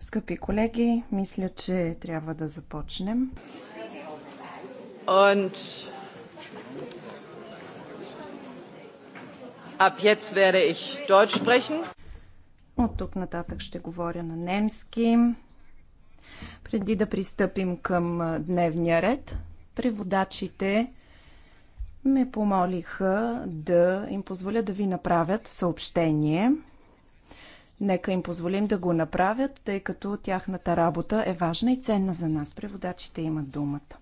Скъпи колеги, мисля, че трябва да започнем. Und ab jetzt werde ich Deutsch sprechen. От тук нататък ще говоря на немски. Преди да пристъпим към дневния ред, преводачите ме помолиха да им позволя да ви направят съобщение. Нека им позволим да го направят, тъй като тяхната работа е важна и ценна за нас. Преводачите имат думата.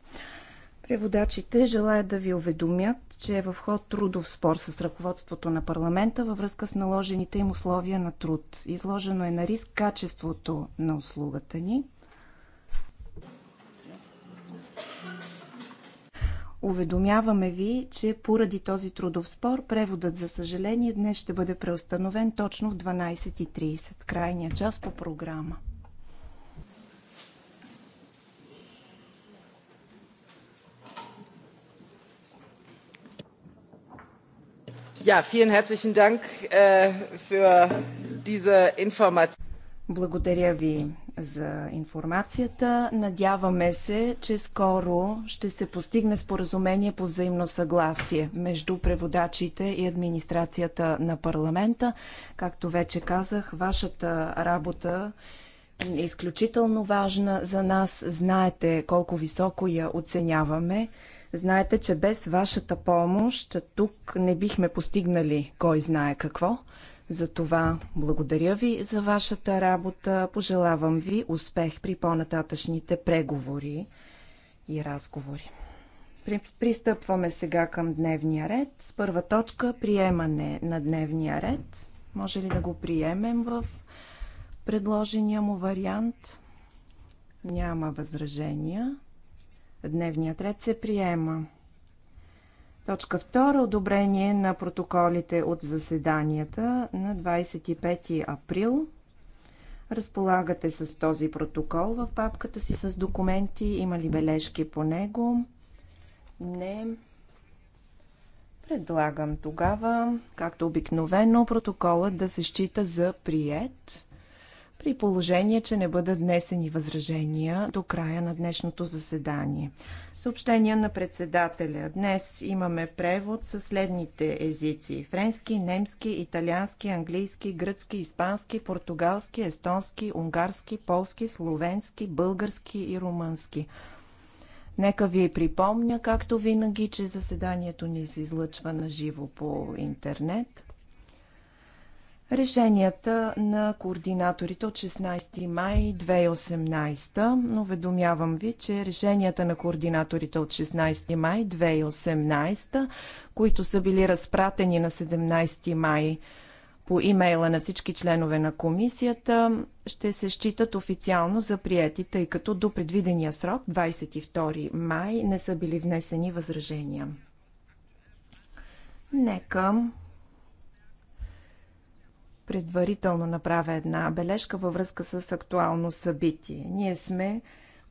Преводачите желаят да ви уведомят, че е в ход трудов спор с ръководството на парламента във връзка с наложените им условия на труд. Изложено е на риск качеството на услугата ни. Уведомяваме ви, че поради този трудов спор преводът за съжаление днес ще бъде преустановен точно в 12.30, крайния час по програма. Ja, vielen herzlichen Dank äh, für diese Information. Благодаря ви за информацията. Надяваме се, че скоро ще се постигне споразумение по взаимно съгласие между преводачите и администрацията на парламента. Както вече казах, вашата работа е изключително важна за нас. Знаете колко високо я оценяваме. Знаете, че без вашата помощ тук не бихме постигнали кой знае какво. За това благодаря ви за вашата работа. Пожелавам ви успех при по-нататъчните преговори и разговори. Пристъпваме сега към дневния ред. Първа точка приемане на дневния ред. Може ли да го приемем в предложения му вариант? Няма възражения. Дневният ред се приема. Точка 2. Одобрение на протоколите от заседанията на 25 април. Разполагате с този протокол в папката си с документи. Има ли бележки по него? Не. Предлагам тогава, както обикновено, протоколът да се счита за прият при положение, че не бъдат днесени възражения до края на днешното заседание. Съобщения на председателя. Днес имаме превод със следните езици. Френски, немски, италиански, английски, гръцки, испански, португалски, естонски, унгарски, полски, словенски, български и румънски. Нека ви припомня, както винаги, че заседанието ни се излъчва на живо по интернет – решенията на координаторите от 16 май 2018. Уведомявам ви, че решенията на координаторите от 16 май 2018, които са били разпратени на 17 май по имейла на всички членове на комисията, ще се считат официално за приети, тъй като до предвидения срок 22 май не са били внесени възражения. Нека предварително направя една бележка във връзка с актуално събитие. Ние сме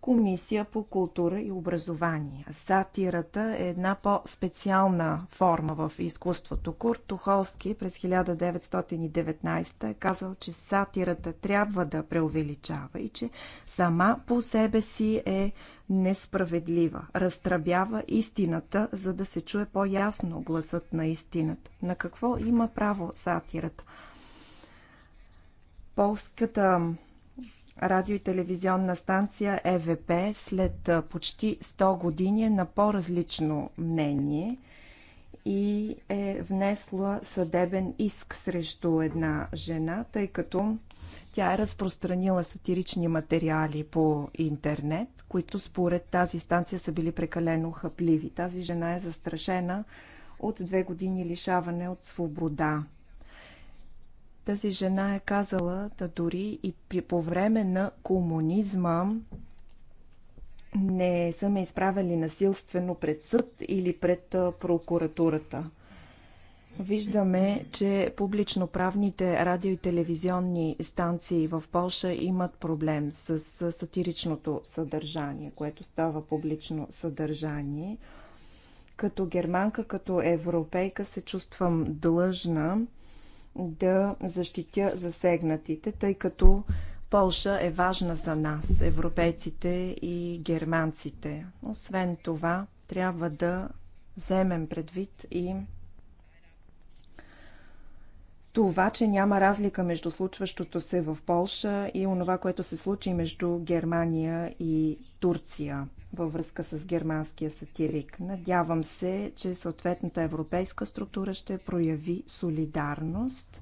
Комисия по култура и образование. Сатирата е една по-специална форма в изкуството. Курт Тухолски през 1919 е казал, че сатирата трябва да преувеличава и че сама по себе си е несправедлива. Разтрабява истината, за да се чуе по-ясно гласът на истината. На какво има право сатирата? Полската радио и телевизионна станция ЕВП след почти 100 години е на по-различно мнение и е внесла съдебен иск срещу една жена, тъй като тя е разпространила сатирични материали по интернет, които според тази станция са били прекалено хъпливи. Тази жена е застрашена от две години лишаване от свобода. Тази жена е казала да дори и при, по време на комунизма не са ме изправили насилствено пред съд или пред прокуратурата. Виждаме, че публично правните радио и телевизионни станции в Польша имат проблем с сатиричното съдържание, което става публично съдържание. Като германка, като европейка се чувствам длъжна да защитя засегнатите, тъй като Полша е важна за нас, европейците и германците. Освен това, трябва да вземем предвид и това, че няма разлика между случващото се в Полша и онова, което се случи между Германия и Турция във връзка с германския сатирик. Надявам се, че съответната европейска структура ще прояви солидарност.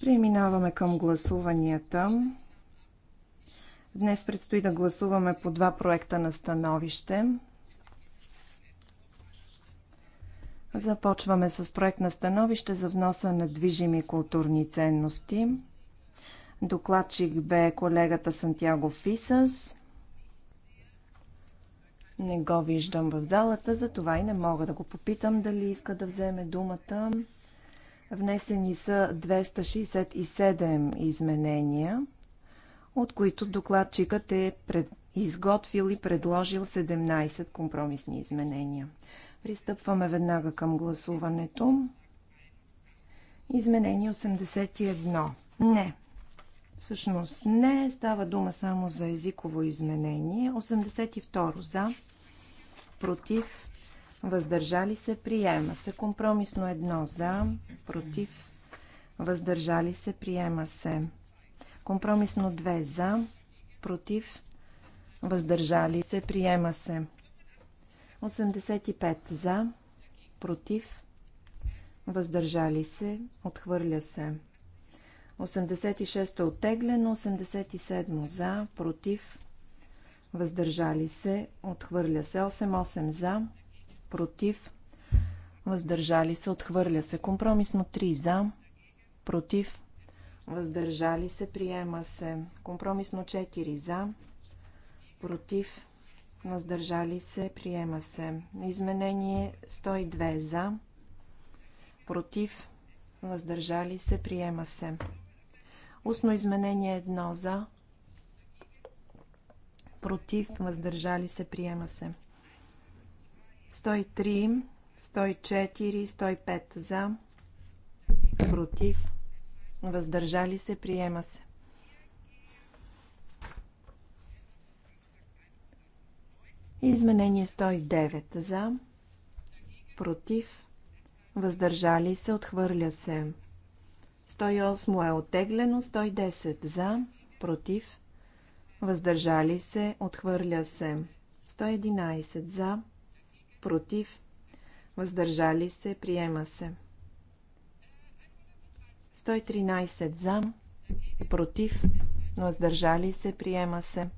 Преминаваме към гласуванията. Днес предстои да гласуваме по два проекта на становище. Започваме с проект на становище за вноса на движими културни ценности. Докладчик бе колегата Сантьяго Фисас. Не го виждам в залата, затова и не мога да го попитам дали иска да вземе думата. Внесени са 267 изменения – от които докладчикът е пред... изготвил и предложил 17 компромисни изменения. Пристъпваме веднага към гласуването. Изменение 81. Не. Всъщност не. Става дума само за езиково изменение. 82. За. Против. Въздържали се. Приема се. Компромисно едно. За. Против. Въздържали се. Приема се. Компромисно 2 за, против, въздържали се, приема се. 85 за, против, въздържали се, отхвърля се. 86 е оттеглено, 87 за, против, въздържали се, отхвърля се. 88 за, против, въздържали се, отхвърля се. Компромисно 3 за, против, въздържали се, приема се. Компромисно 4 за, против, въздържали се, приема се. Изменение 102 за, против, въздържали се, приема се. Устно изменение 1 за, против, въздържали се, приема се. 103, 104, 105 за, против, въздържали се, приема се. Изменение 109 за, против, въздържали се, отхвърля се. 108 е оттеглено, 110 за, против, въздържали се, отхвърля се. 111 за, против, въздържали се, приема се. 113 за, против, въздържали се, приема се.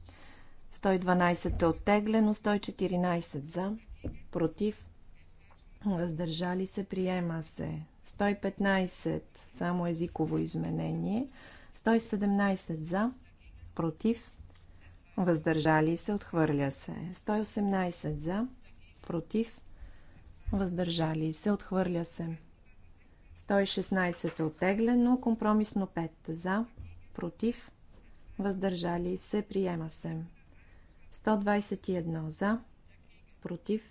112 е оттеглено, 114 за, против, въздържали се, приема се. 115 само езиково изменение, 117 за, против, въздържали се, отхвърля се. 118 за, против, въздържали се, отхвърля се. 116 е оттеглено. Компромисно 5 за, против, въздържали се, приема се. 121 за, против,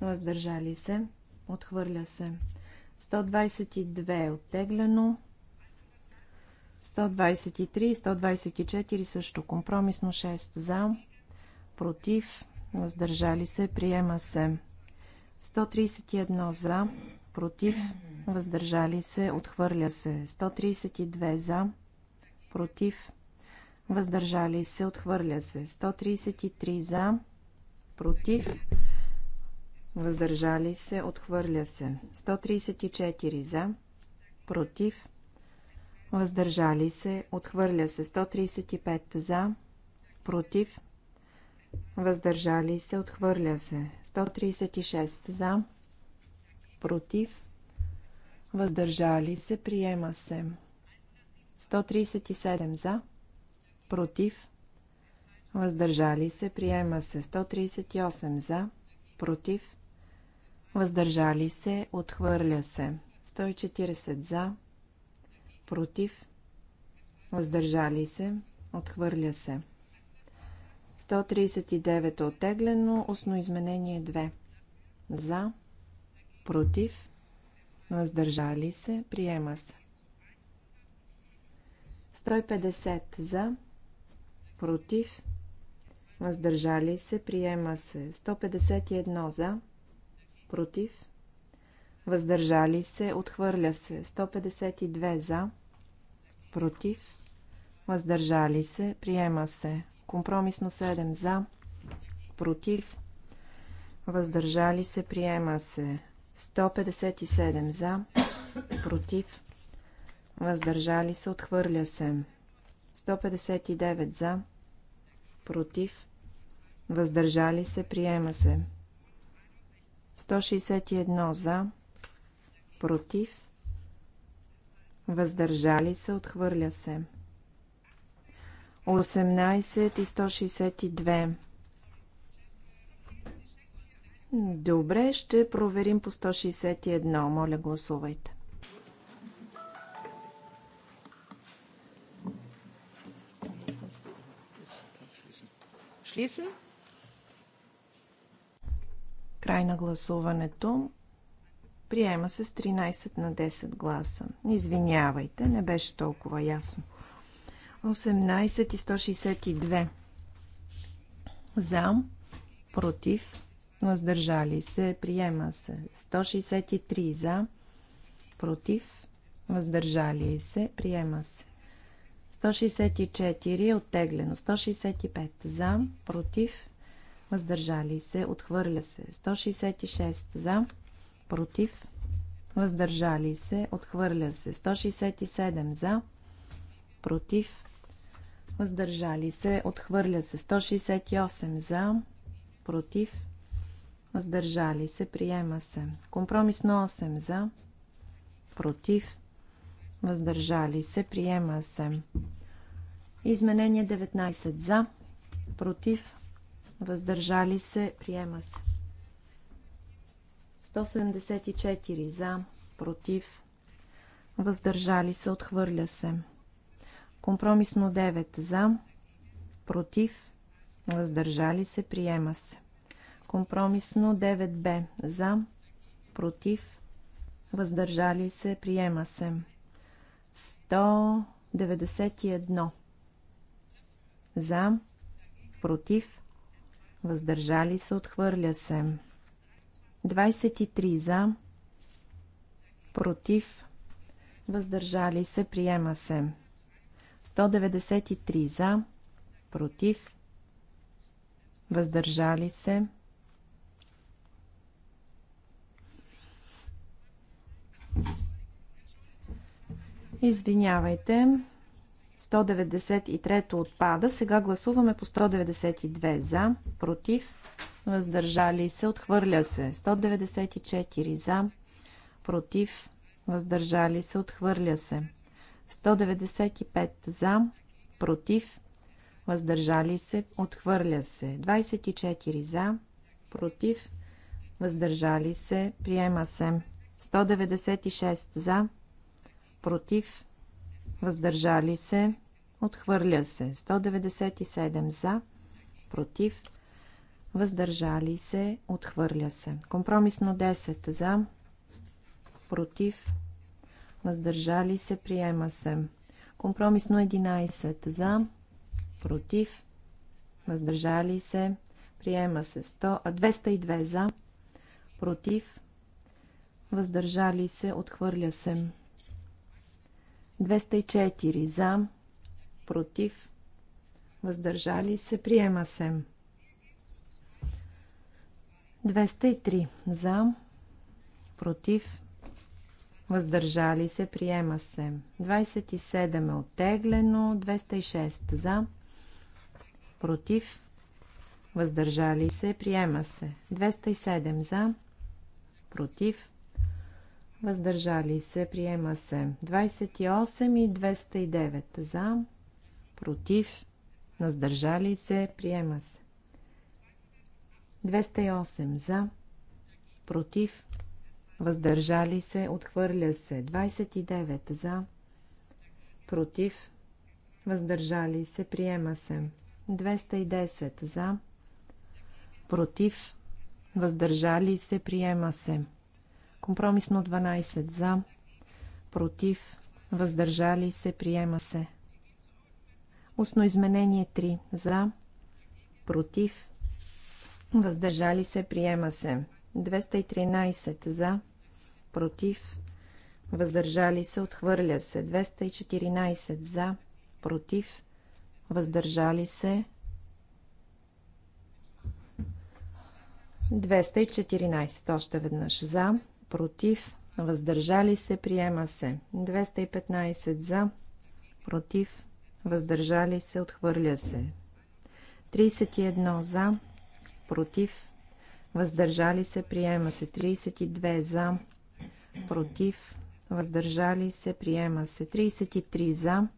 въздържали се, отхвърля се. 122 е оттеглено. 123 и 124 също компромисно 6 за, против, въздържали се, приема се. 131 за, против, въздържали се, отхвърля се. 132 за, против, въздържали се, отхвърля се. 133 за, против, въздържали се, отхвърля се. 134 за, против, въздържали се, отхвърля се. 135 за, против, въздържали се, отхвърля се. 136 за, против, против, въздържали се, приема се. 137 за, против, въздържали се, приема се. 138 за, против, въздържали се, отхвърля се. 140 за, против, въздържали се, отхвърля се. 139 е оттеглено, устно изменение 2. За, против, въздържали се, приема се. 150 за, против, въздържали се, приема се. 151 за, против, въздържали се, отхвърля се. 152 за, против, въздържали се, приема се. Компромисно 7 за, против, въздържали се, приема се. 157 за, против, въздържали се, отхвърля се. 159 за, против, въздържали се, приема се. 161 за, против, въздържали се, отхвърля се. 18 и 162 Добре, ще проверим по 161. Моля, гласувайте. Шлисен? Край на гласуването. Приема се с 13 на 10 гласа. Извинявайте, не беше толкова ясно. 18 и 162. За, против, въздържали се, приема се. 163 за, против, въздържали се, приема се. 164 е оттеглено, 165 за, против, въздържали се, отхвърля се. 166 за, против, въздържали се, отхвърля се. 167 за, против, въздържали се, отхвърля се. 168 за, против, въздържали се, приема се. Компромисно 8 за, против, въздържали се, приема се. Изменение 19 за, против, въздържали се, приема се. 174 за, против, въздържали се, отхвърля се. Компромисно 9 за, против, въздържали се, приема се. Компромисно 9Б. За. Против. Въздържали се. Приема се. 191. За. Против. Въздържали се. Отхвърля се. 23 за, против, въздържали се, приема се. 193 за, против, въздържали се, Извинявайте. 193 отпада. Сега гласуваме по 192 за, против, въздържали се, отхвърля се. 194 за, против, въздържали се, отхвърля се. 195 за, против, въздържали се, отхвърля се. 24 за, против, въздържали се, приема се. 196 за, против, въздържали се, отхвърля се. 197 за, против, въздържали се, отхвърля се. Компромисно 10 за, против, въздържали се, приема се. Компромисно 11 за, против, въздържали се, приема се. 100, 202 за, против, въздържали се, отхвърля се. 204 за, против, въздържали се, приема се. 203 за, против, въздържали се, приема се. 27 е оттеглено, 206 за, против, въздържали се, приема се. 207 за, против, въздържали се, приема се. 28 и 209 за, против, въздържали се, приема се. 208 за, против, въздържали се, отхвърля се. 29 за, против, въздържали се, приема се. 210 за, против, въздържали се, приема се. Компромисно 12 за, против, въздържали се, приема се. Устно изменение 3 за, против, въздържали се, приема се. 213 за, против, въздържали се, отхвърля се. 214 за, против, въздържали се. 214 още веднъж за, против, въздържали се, приема се. 215 за, против, въздържали се, отхвърля се. 31 за, против, въздържали се, приема се. 32 за, против, въздържали се, приема се. 33 за,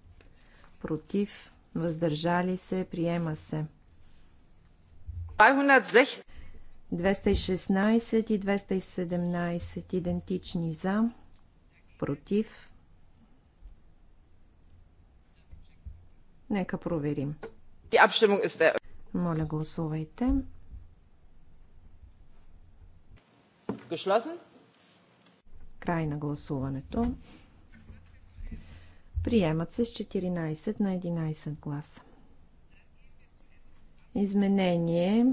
против, въздържали се, приема се. 560 216 и 217 идентични за, против. Нека проверим. Моля, гласувайте. Край на гласуването. Приемат се с 14 на 11 гласа. Изменение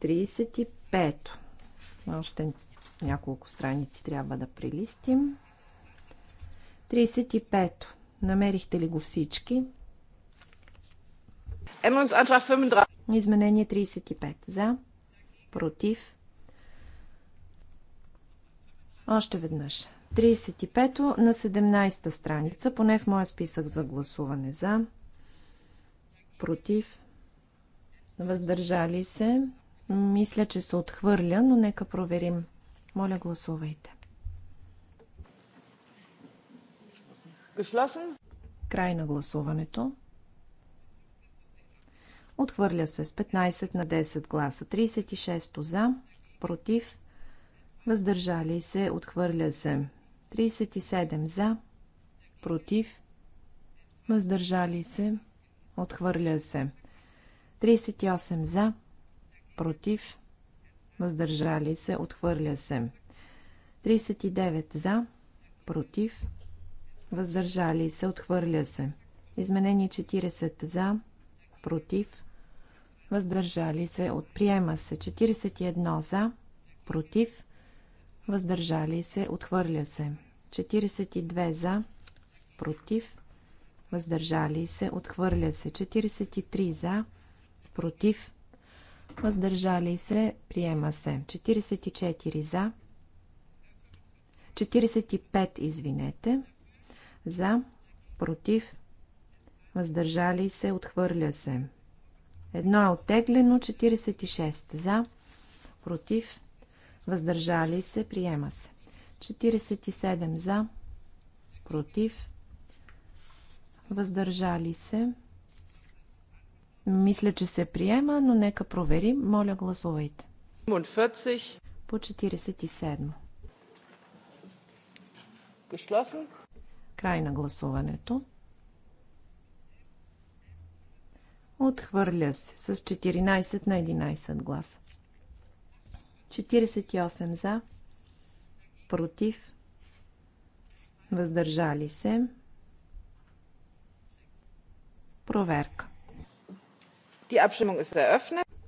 35. Още няколко страници трябва да прелистим. 35. Намерихте ли го всички? Изменение 35. За. Против. Още веднъж. 35 на 17-та страница, поне в моя списък за гласуване за, против, въздържали се, мисля, че се отхвърля, но нека проверим. Моля, гласувайте. Geschlossen. Край на гласуването. Отхвърля се с 15 на 10 гласа. 36 за, против, въздържали се, отхвърля се. 37 за, против, въздържали се, отхвърля се. 38 за, против, въздържали се, отхвърля се. 39 за, против, въздържали се, отхвърля се. Изменение 40 за, против, въздържали се, отприема се. 41 за, против, въздържали се, отхвърля се. 42 за, против, въздържали се, отхвърля се. 43 за, против, въздържали се, приема се. 44 за, 45 извинете, за, против, въздържали се, отхвърля се. Едно е оттеглено, 46 за, против, въздържали се, приема се. 47 за, против, въздържали се, се. Мисля, че се приема, но нека проверим. Моля, гласувайте. По 47. Край на гласуването. Отхвърля се с 14 на 11 гласа. 48 за, против, въздържали се. Проверка.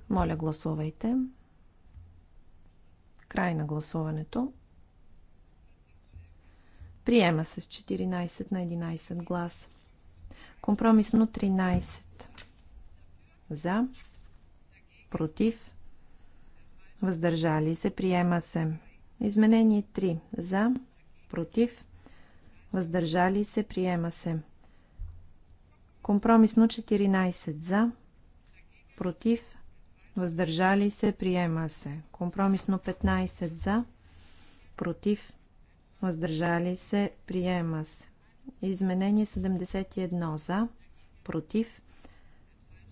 Моля, гласувайте. Край на гласуването. Приема се с 14 на 11 глас. Компромисно 13. За. Против. Въздържали се. Приема се. Изменение 3. За. Против. Въздържали се. Приема се. Компромисно 14. За против, въздържали се, приема се. Компромисно 15 за, против, въздържали се, приема се. Изменение 71 за, против,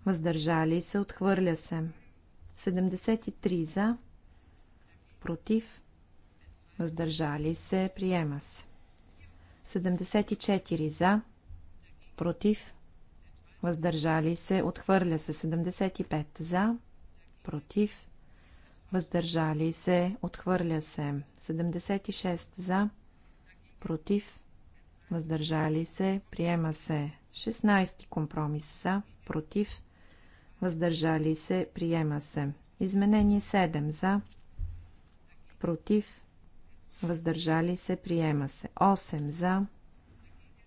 въздържали се, отхвърля се. 73 за, против, въздържали се, приема се. 74 за, против, въздържали се, отхвърля се 75 за, против, въздържали се, отхвърля се 76 за, против, въздържали се, приема се 16 компромис за, против, въздържали се, приема се. Изменение 7 за, против, въздържали се, приема се. 8 за,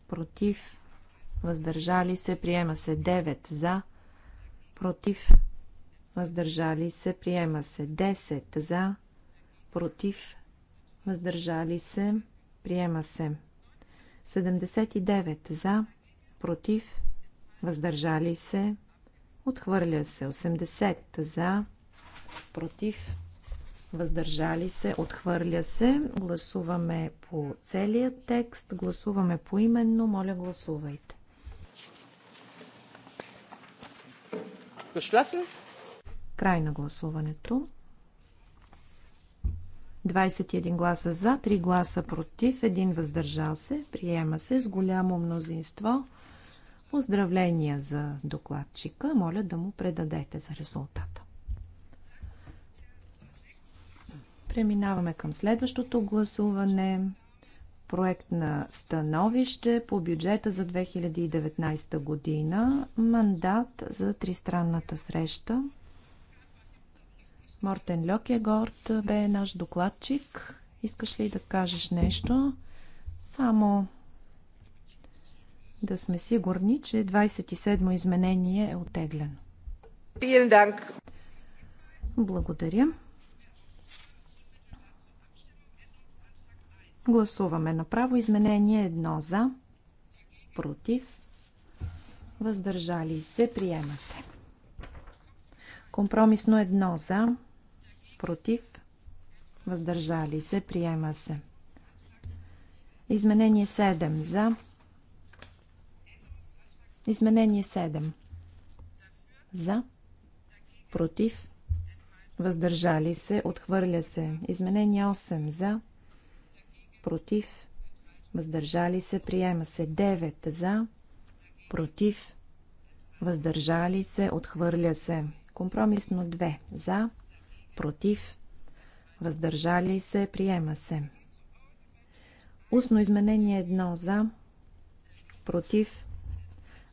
против, въздържали се, приема се 9 за, против, въздържали се, приема се 10 за, против, въздържали се, приема се 79 за, против, въздържали се, отхвърля се 80 за, против, въздържали се, отхвърля се. Гласуваме по целия текст, гласуваме поименно, моля гласувайте. Geschlossen. Край на гласуването. 21 гласа за, 3 гласа против, 1 въздържал се. Приема се с голямо мнозинство. Поздравления за докладчика. Моля да му предадете за резултата. Преминаваме към следващото гласуване проект на становище по бюджета за 2019 година, мандат за тристранната среща. Мортен Льокегорд бе наш докладчик. Искаш ли да кажеш нещо? Само да сме сигурни, че 27-мо изменение е отеглено. Благодаря. Гласуваме направо изменение 1 за, против, въздържали се, приема се. Компромисно едно за, против, въздържали се, приема се. Изменение 7 за. Изменение 7 за, против, въздържали се, отхвърля се. Изменение 8 за, против, въздържали се, приема се 9 за, против, въздържали се, отхвърля се. Компромисно 2 за, против, въздържали се, приема се. Устно изменение 1 за, против,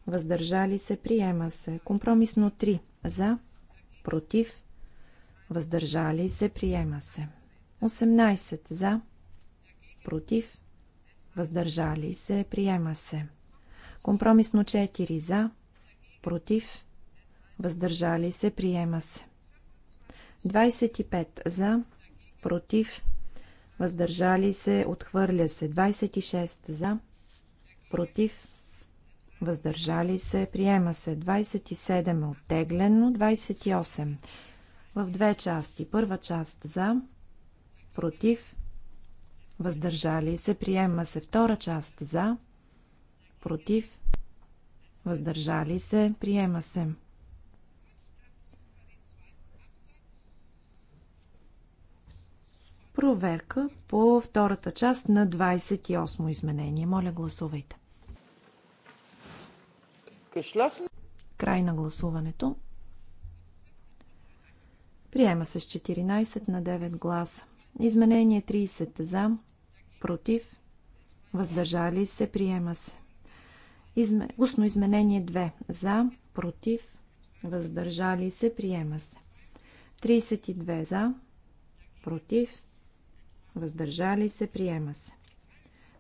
въздържали се, приема се. Компромисно 3 за, против, въздържали се, приема се. 18 за, против, против, въздържали се, приема се. Компромисно 4 за, против, въздържали се, приема се. 25 за, против, въздържали се, отхвърля се. 26 за, против, въздържали се, приема се. 27 е оттеглено, 28 в две части. Първа част за, против, въздържали се, приема се втора част за, против, въздържали се, приема се. Проверка по втората част на 28 изменение. Моля, гласувайте. Край на гласуването. Приема се с 14 на 9 гласа. Изменение 30 за, против, въздържали се, приема се. Изме... Устно изменение 2 за, против, въздържали се, приема се. 32 за, против, въздържали се, приема се.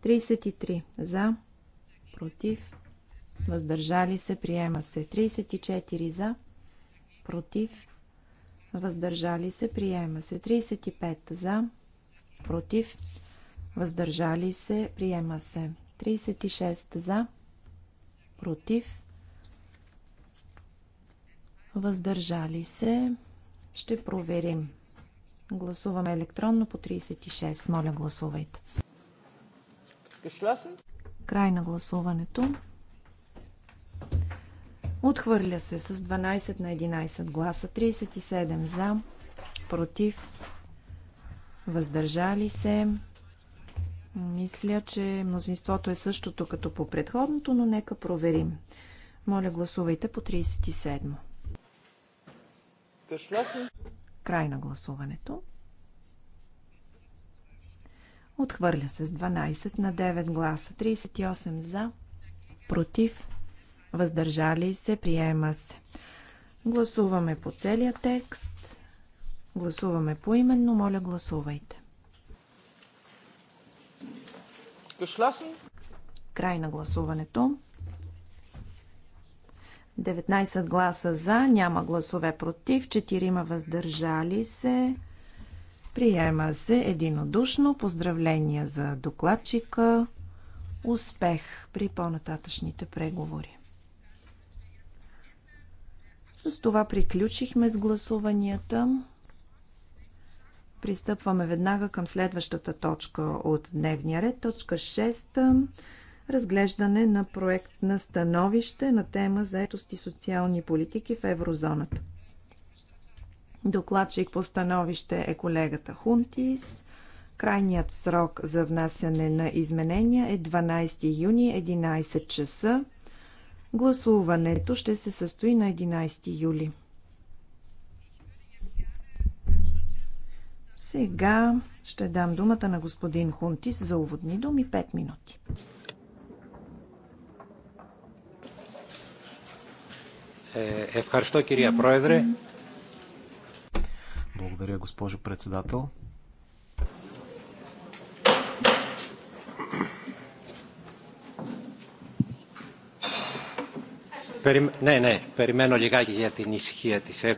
33 за, против, въздържали се, приема се. 34 за, против, въздържали се, приема се. 35 за, против, въздържали се, приема се. 36 за, против, въздържали се. Ще проверим. Гласуваме електронно по 36. Моля, гласувайте. Край на гласуването. Отхвърля се с 12 на 11 гласа. 37 за, против, въздържали се. Мисля, че мнозинството е същото като по предходното, но нека проверим. Моля, гласувайте по 37. Край на гласуването. Отхвърля се с 12 на 9 гласа. 38 за, против, въздържали се, приема се. Гласуваме по целия текст. Гласуваме поименно. Моля, гласувайте. Geschlossen. Край на гласуването. 19 гласа за, няма гласове против, 4 въздържали се. Приема се единодушно. Поздравления за докладчика. Успех при по-нататъчните преговори. С това приключихме с гласуванията. Пристъпваме веднага към следващата точка от дневния ред. Точка 6. Разглеждане на проект на становище на тема за етост и социални политики в еврозоната. Докладчик по становище е колегата Хунтис. Крайният срок за внасяне на изменения е 12 юни 11 часа. Гласуването ще се състои на 11 юли. Сега ще дам думата на господин Хунтис за уводни думи 5 минути. Ευχαριστώ, е, кирия проедре. Благодаря, госпожо председател. Не, ναι, περιμένω λιγάκι για την ти се.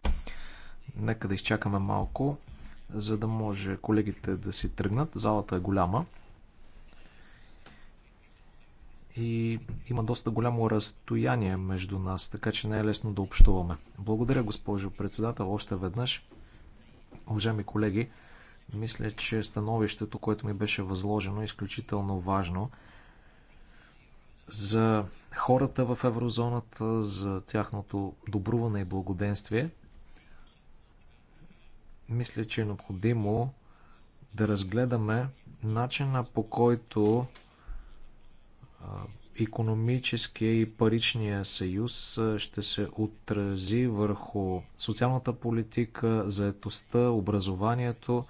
Нека да изчакаме малко, за да може колегите да си тръгнат. Залата е голяма. И има доста голямо разстояние между нас, така че не е лесно да общуваме. Благодаря, госпожо председател, още веднъж. Уважаеми колеги, мисля, че становището, което ми беше възложено, е изключително важно за хората в еврозоната, за тяхното добруване и благоденствие. Мисля, че е необходимо да разгледаме начина по който економическия и паричния съюз ще се отрази върху социалната политика, заетостта, образованието.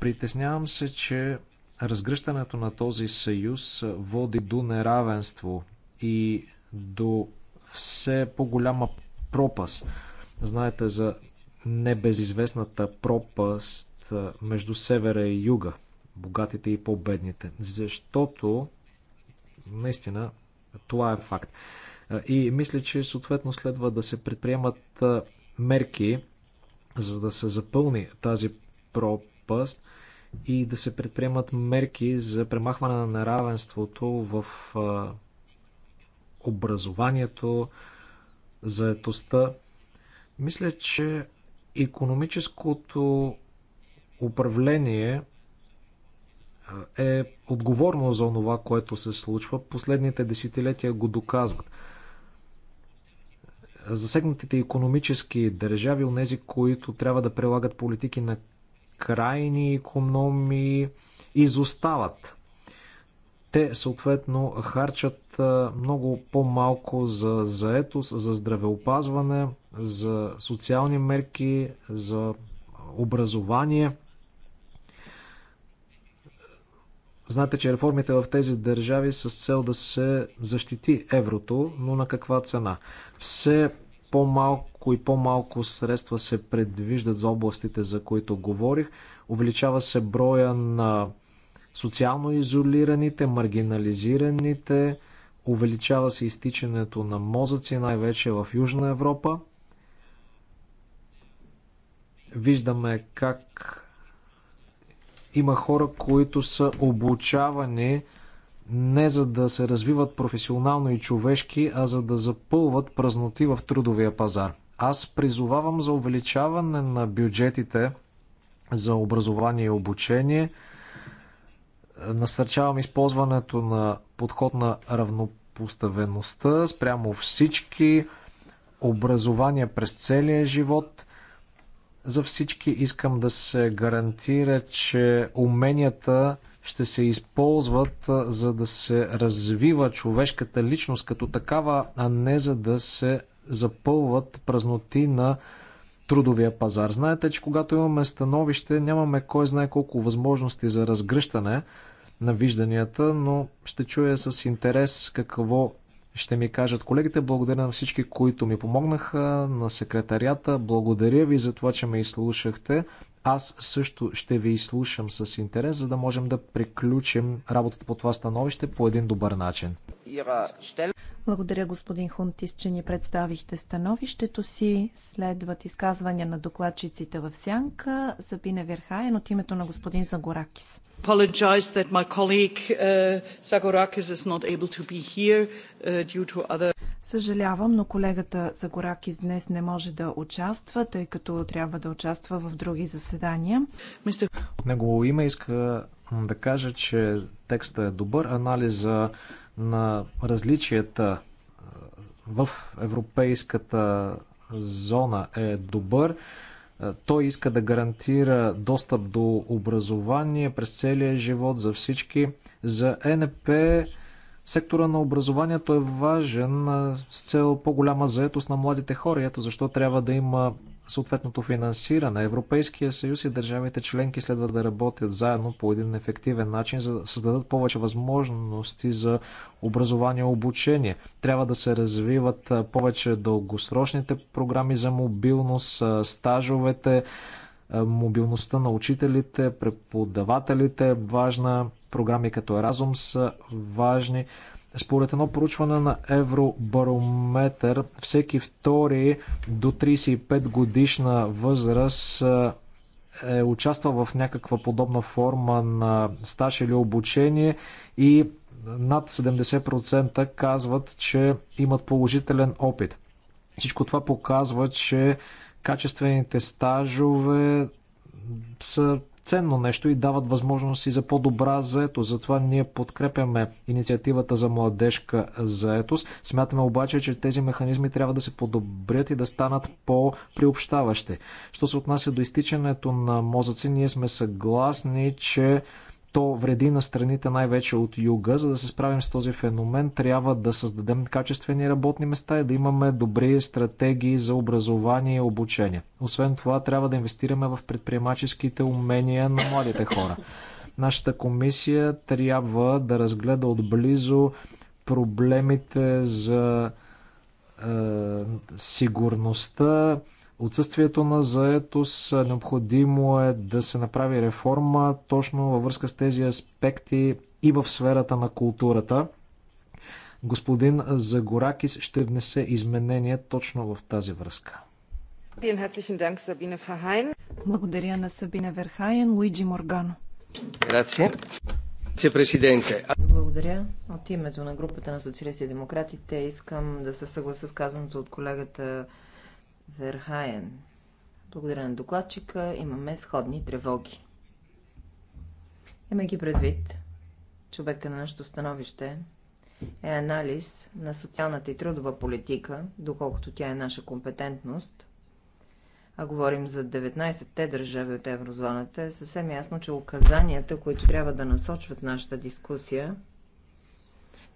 Притеснявам се, че разгръщането на този съюз води до неравенство и до все по-голяма пропаст. Знаете за небезизвестната пропаст между севера и юга, богатите и по-бедните. Защото наистина това е факт. И мисля, че съответно следва да се предприемат мерки, за да се запълни тази пропаст и да се предприемат мерки за премахване на неравенството в образованието, заетостта. Мисля, че економическото управление е отговорно за това, което се случва. Последните десетилетия го доказват. Засегнатите економически държави, онези, които трябва да прилагат политики на крайни економии изостават. Те съответно харчат много по-малко за заетост, за здравеопазване, за социални мерки, за образование. Знаете, че реформите в тези държави са с цел да се защити еврото, но на каква цена? Все по-малко и по-малко средства се предвиждат за областите, за които говорих. Увеличава се броя на социално изолираните, маргинализираните, увеличава се изтичането на мозъци, най-вече в Южна Европа. Виждаме как има хора, които са обучавани не за да се развиват професионално и човешки, а за да запълват празноти в трудовия пазар. Аз призовавам за увеличаване на бюджетите за образование и обучение. Насърчавам използването на подход на равнопоставеността спрямо всички образование през целия живот. За всички искам да се гарантира, че уменията ще се използват за да се развива човешката личност като такава, а не за да се запълват празноти на трудовия пазар. Знаете, че когато имаме становище, нямаме кой знае колко възможности за разгръщане на вижданията, но ще чуя с интерес какво ще ми кажат колегите. Благодаря на всички, които ми помогнаха, на секретарията. Благодаря ви за това, че ме изслушахте. Аз също ще ви изслушам с интерес, за да можем да приключим работата по това становище по един добър начин. Благодаря, господин Хунтис, че ни представихте становището си. Следват изказвания на докладчиците в сянка. Забина Верхаен от името на господин Загоракис apologize that my colleague uh, is not able to be here uh, due to other Съжалявам, но колегата Загоракис днес не може да участва, тъй като трябва да участва в други заседания. От негово име иска да кажа, че текста е добър. Анализа на различията в европейската зона е добър. Е, той иска да гарантира достъп до образование през целия живот за всички. За НП Сектора на образованието е важен с цел по-голяма заетост на младите хора. Ето защо трябва да има съответното финансиране. Европейския съюз и държавите членки следва да работят заедно по един ефективен начин, за да създадат повече възможности за образование и обучение. Трябва да се развиват повече дългосрочните програми за мобилност, стажовете, е, мобилността на учителите, преподавателите е важна. Програми като Еразум са важни. Според едно проучване на Евробарометър, всеки втори до 35 годишна възраст е, е участвал в някаква подобна форма на стаж или обучение и над 70% казват, че имат положителен опит. Всичко това показва, че качествените стажове са ценно нещо и дават възможност и за по-добра заетост. Затова ние подкрепяме инициативата за младежка заетост. Смятаме обаче, че тези механизми трябва да се подобрят и да станат по-приобщаващи. Що се отнася до изтичането на мозъци, ние сме съгласни, че то вреди на страните най-вече от юга. За да се справим с този феномен, трябва да създадем качествени работни места и да имаме добри стратегии за образование и обучение. Освен това, трябва да инвестираме в предприемаческите умения на младите хора. Нашата комисия трябва да разгледа отблизо проблемите за е, сигурността, отсъствието на заетост. Необходимо е да се направи реформа точно във връзка с тези аспекти и в сферата на културата. Господин Загоракис ще внесе изменения точно в тази връзка. Благодаря на Сабина Верхайен, Луиджи Моргано. Благодаря. От името на групата на социалисти и демократите искам да се съгласа с казаното от колегата Верхаен. Благодаря на докладчика. Имаме сходни тревоги. Имайки предвид, че обекта на нашето становище е анализ на социалната и трудова политика, доколкото тя е наша компетентност, а говорим за 19-те държави от еврозоната, е съвсем ясно, че указанията, които трябва да насочват нашата дискусия,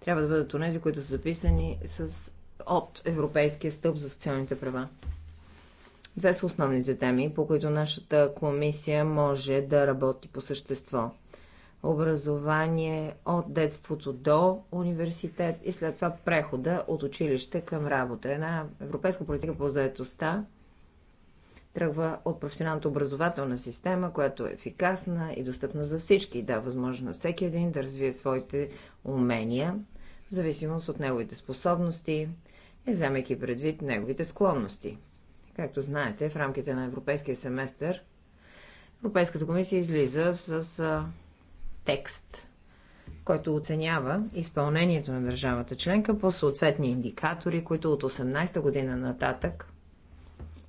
трябва да бъдат онези, които са записани с от Европейския стълб за социалните права. Две са основните теми, по които нашата комисия може да работи по същество. Образование от детството до университет и след това прехода от училище към работа. Една европейска политика по заедостта тръгва от професионалната образователна система, която е ефикасна и достъпна за всички Да, дава възможност на всеки един да развие своите умения, в зависимост от неговите способности и вземайки предвид неговите склонности – Както знаете, в рамките на Европейския семестър Европейската комисия излиза с а, текст, който оценява изпълнението на държавата членка по съответни индикатори, които от 18-та година нататък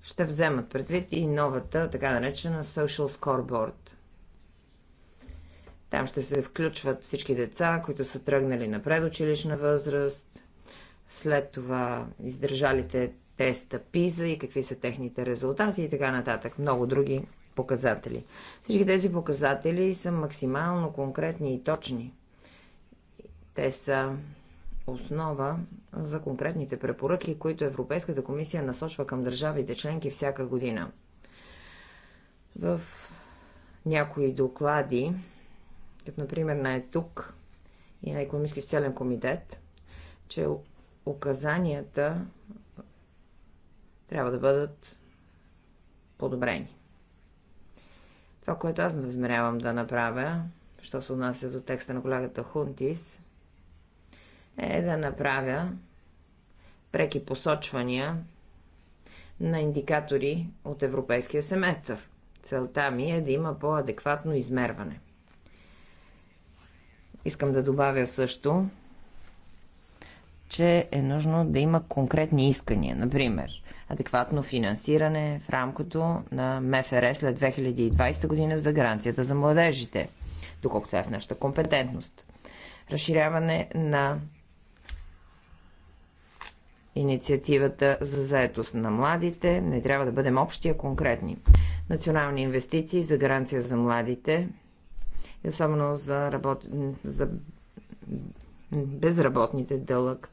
ще вземат предвид и новата, така наречена Social Scoreboard. Там ще се включват всички деца, които са тръгнали на предучилищна възраст, след това издържалите теста ПИЗА и какви са техните резултати и така нататък. Много други показатели. Всички тези показатели са максимално конкретни и точни. Те са основа за конкретните препоръки, които Европейската комисия насочва към държавите членки всяка година. В някои доклади, като например на ЕТУК и на Економически социален комитет, че указанията трябва да бъдат подобрени. Това, което аз възмерявам да направя, що се отнася до текста на колегата Хунтис, е да направя преки посочвания на индикатори от европейския семестър. Целта ми е да има по-адекватно измерване. Искам да добавя също, че е нужно да има конкретни искания. Например, адекватно финансиране в рамкото на МФР след 2020 година за гаранцията за младежите, доколкото е в нашата компетентност. Разширяване на инициативата за заетост на младите. Не трябва да бъдем общи, а конкретни. Национални инвестиции за гаранция за младите и особено за, работ... за безработните дълъг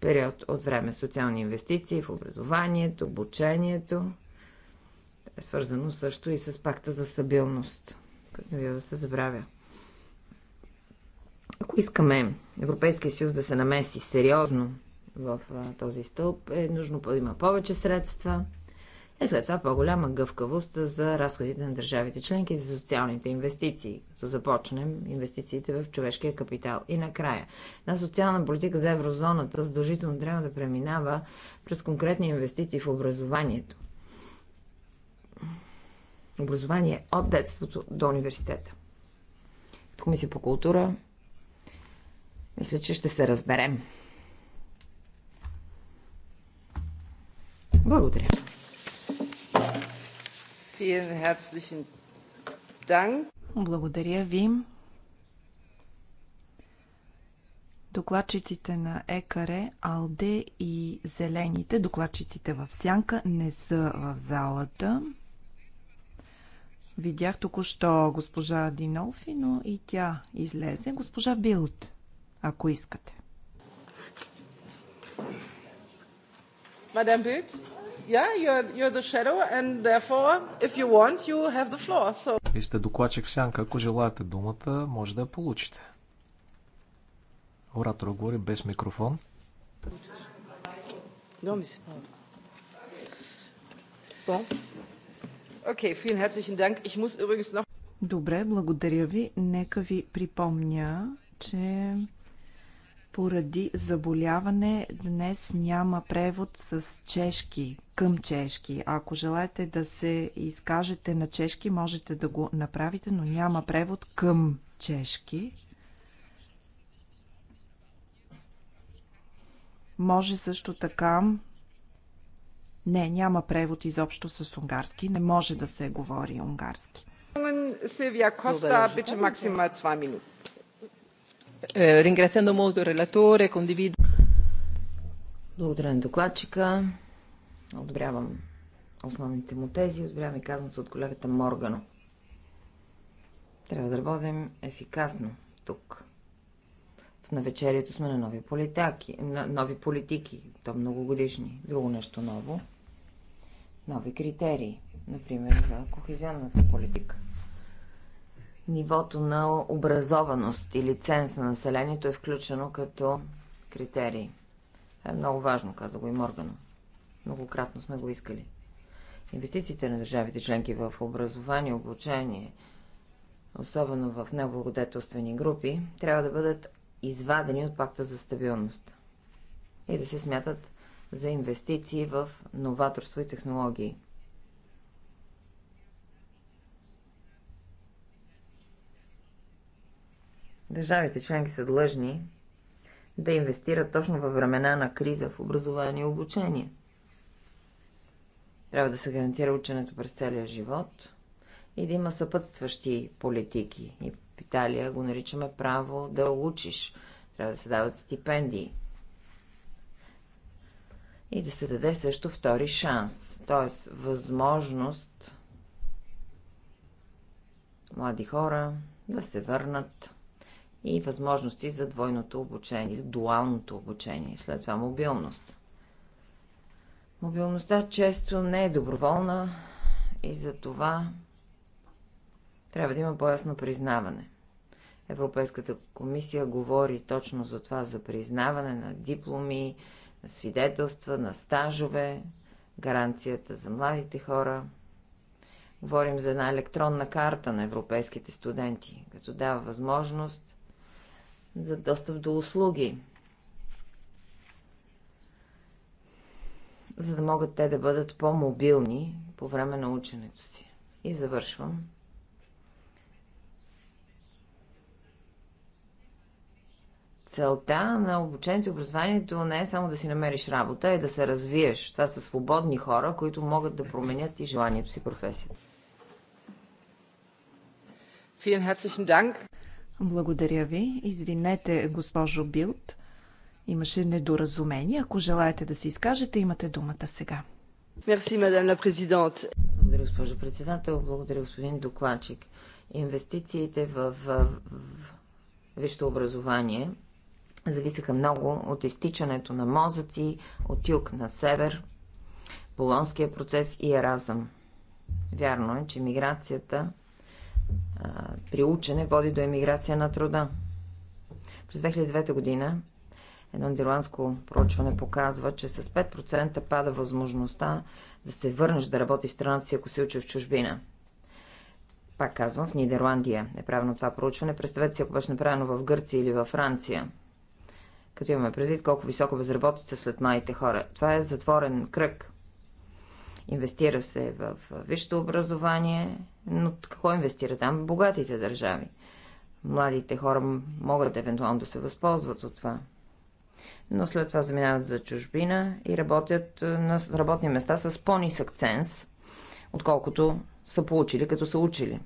период от време. Социални инвестиции в образованието, обучението. Е свързано също и с пакта за стабилност, който не да се забравя. Ако искаме Европейския съюз да се намеси сериозно в този стълб, е нужно да има повече средства – е след това по-голяма гъвкавост за разходите на държавите членки за социалните инвестиции, като започнем инвестициите в човешкия капитал. И накрая, на социална политика за еврозоната задължително трябва да преминава през конкретни инвестиции в образованието. Образование от детството до университета. Комисия по култура мисля, че ще се разберем. Благодаря. Благодаря ви. Докладчиците на ЕКАРЕ, АЛДЕ и Зелените, докладчиците в Сянка, не са в залата. Видях току-що госпожа Динолфи, но и тя излезе. Госпожа Билт, ако искате. Мадам Билт? И сте докладчик в сянка, ако желаете думата, може да я получите. Оратора говори без микрофон. Добре, благодаря ви. Нека ви припомня, че поради заболяване днес няма превод с чешки към чешки. Ако желаете да се изкажете на чешки, можете да го направите, но няма превод към чешки. Може също така. Не, няма превод изобщо с унгарски. Не може да се говори унгарски. Силвия Коста, биче максимал 2 минути. Е, ringraziando molto il relatore, condivido. Благодаря на докладчика. Одобрявам основните му тези. Одобрявам и казаното от колегата Моргано. Трябва да работим ефикасно тук. В навечерието сме на нови, политаки, на нови политики, то многогодишни. Друго нещо ново. Нови критерии, например за кохезионната политика нивото на образованост или ценз на населението е включено като критерий. Това е много важно, каза го и Моргано. Многократно сме го искали. Инвестициите на държавите членки в образование, обучение, особено в неблагодетелствени групи, трябва да бъдат извадени от пакта за стабилност и да се смятат за инвестиции в новаторство и технологии. Държавите членки са длъжни да инвестират точно във времена на криза в образование и обучение. Трябва да се гарантира ученето през целия живот и да има съпътстващи политики. И в Италия го наричаме право да учиш. Трябва да се дават стипендии. И да се даде също втори шанс, т.е. възможност млади хора да се върнат и възможности за двойното обучение или дуалното обучение, след това мобилност. Мобилността често не е доброволна и за това трябва да има по-ясно признаване. Европейската комисия говори точно за това, за признаване на дипломи, на свидетелства, на стажове, гаранцията за младите хора. Говорим за една електронна карта на европейските студенти, като дава възможност за достъп до услуги, за да могат те да бъдат по-мобилни по време на ученето си. И завършвам. целта на обучението и образованието не е само да си намериш работа, е да се развиеш. Това са свободни хора, които могат да променят и желанието си професията. Благодаря ви. Извинете, госпожо Билт. Имаше недоразумение. Ако желаете да се изкажете, имате думата сега. Мерси, мадам ла президент. Благодаря, госпожо председател. Благодаря, господин докладчик. Инвестициите в, в, в висшето образование зависеха много от изтичането на мозъци от юг на север, Болонския процес и еразъм. Вярно е, че миграцията при учене води до емиграция на труда. През 2009 година едно нидерландско проучване показва, че с 5% пада възможността да се върнеш да работи в страната си, ако се учи в чужбина. Пак казвам, в Нидерландия е правено това проучване. Представете си, ако беше направено в Гърция или във Франция. Като имаме предвид колко високо безработица след младите хора. Това е затворен кръг. Инвестира се в висшето образование, но какво инвестира там? Богатите държави. Младите хора могат евентуално да се възползват от това. Но след това заминават за чужбина и работят е, на работни места с по-нисък ценз, отколкото са получили, като са учили.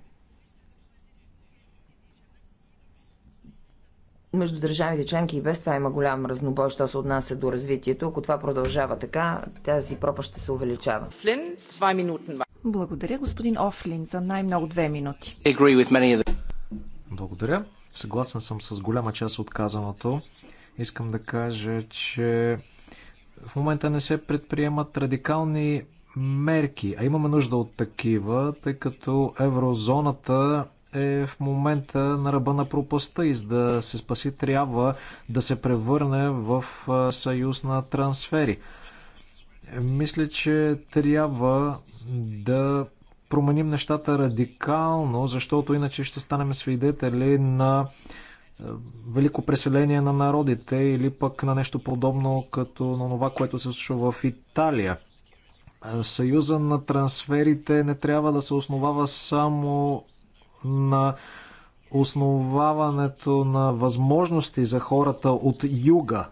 между държавите членки и без това има голям разнобой, що се отнася до развитието. Ако това продължава така, тази пропа ще се увеличава. Флин, 2 минути. Благодаря, господин Офлин, за най-много две минути. Благодаря. Съгласен съм с голяма част от казаното. Искам да кажа, че в момента не се предприемат радикални мерки, а имаме нужда от такива, тъй като еврозоната е в момента на ръба на пропаста и за да се спаси трябва да се превърне в съюз на трансфери. Мисля, че трябва да променим нещата радикално, защото иначе ще станем свидетели на е, велико преселение на народите или пък на нещо подобно като на това, което се случва в Италия. Съюза на трансферите не трябва да се основава само на основаването на възможности за хората от юга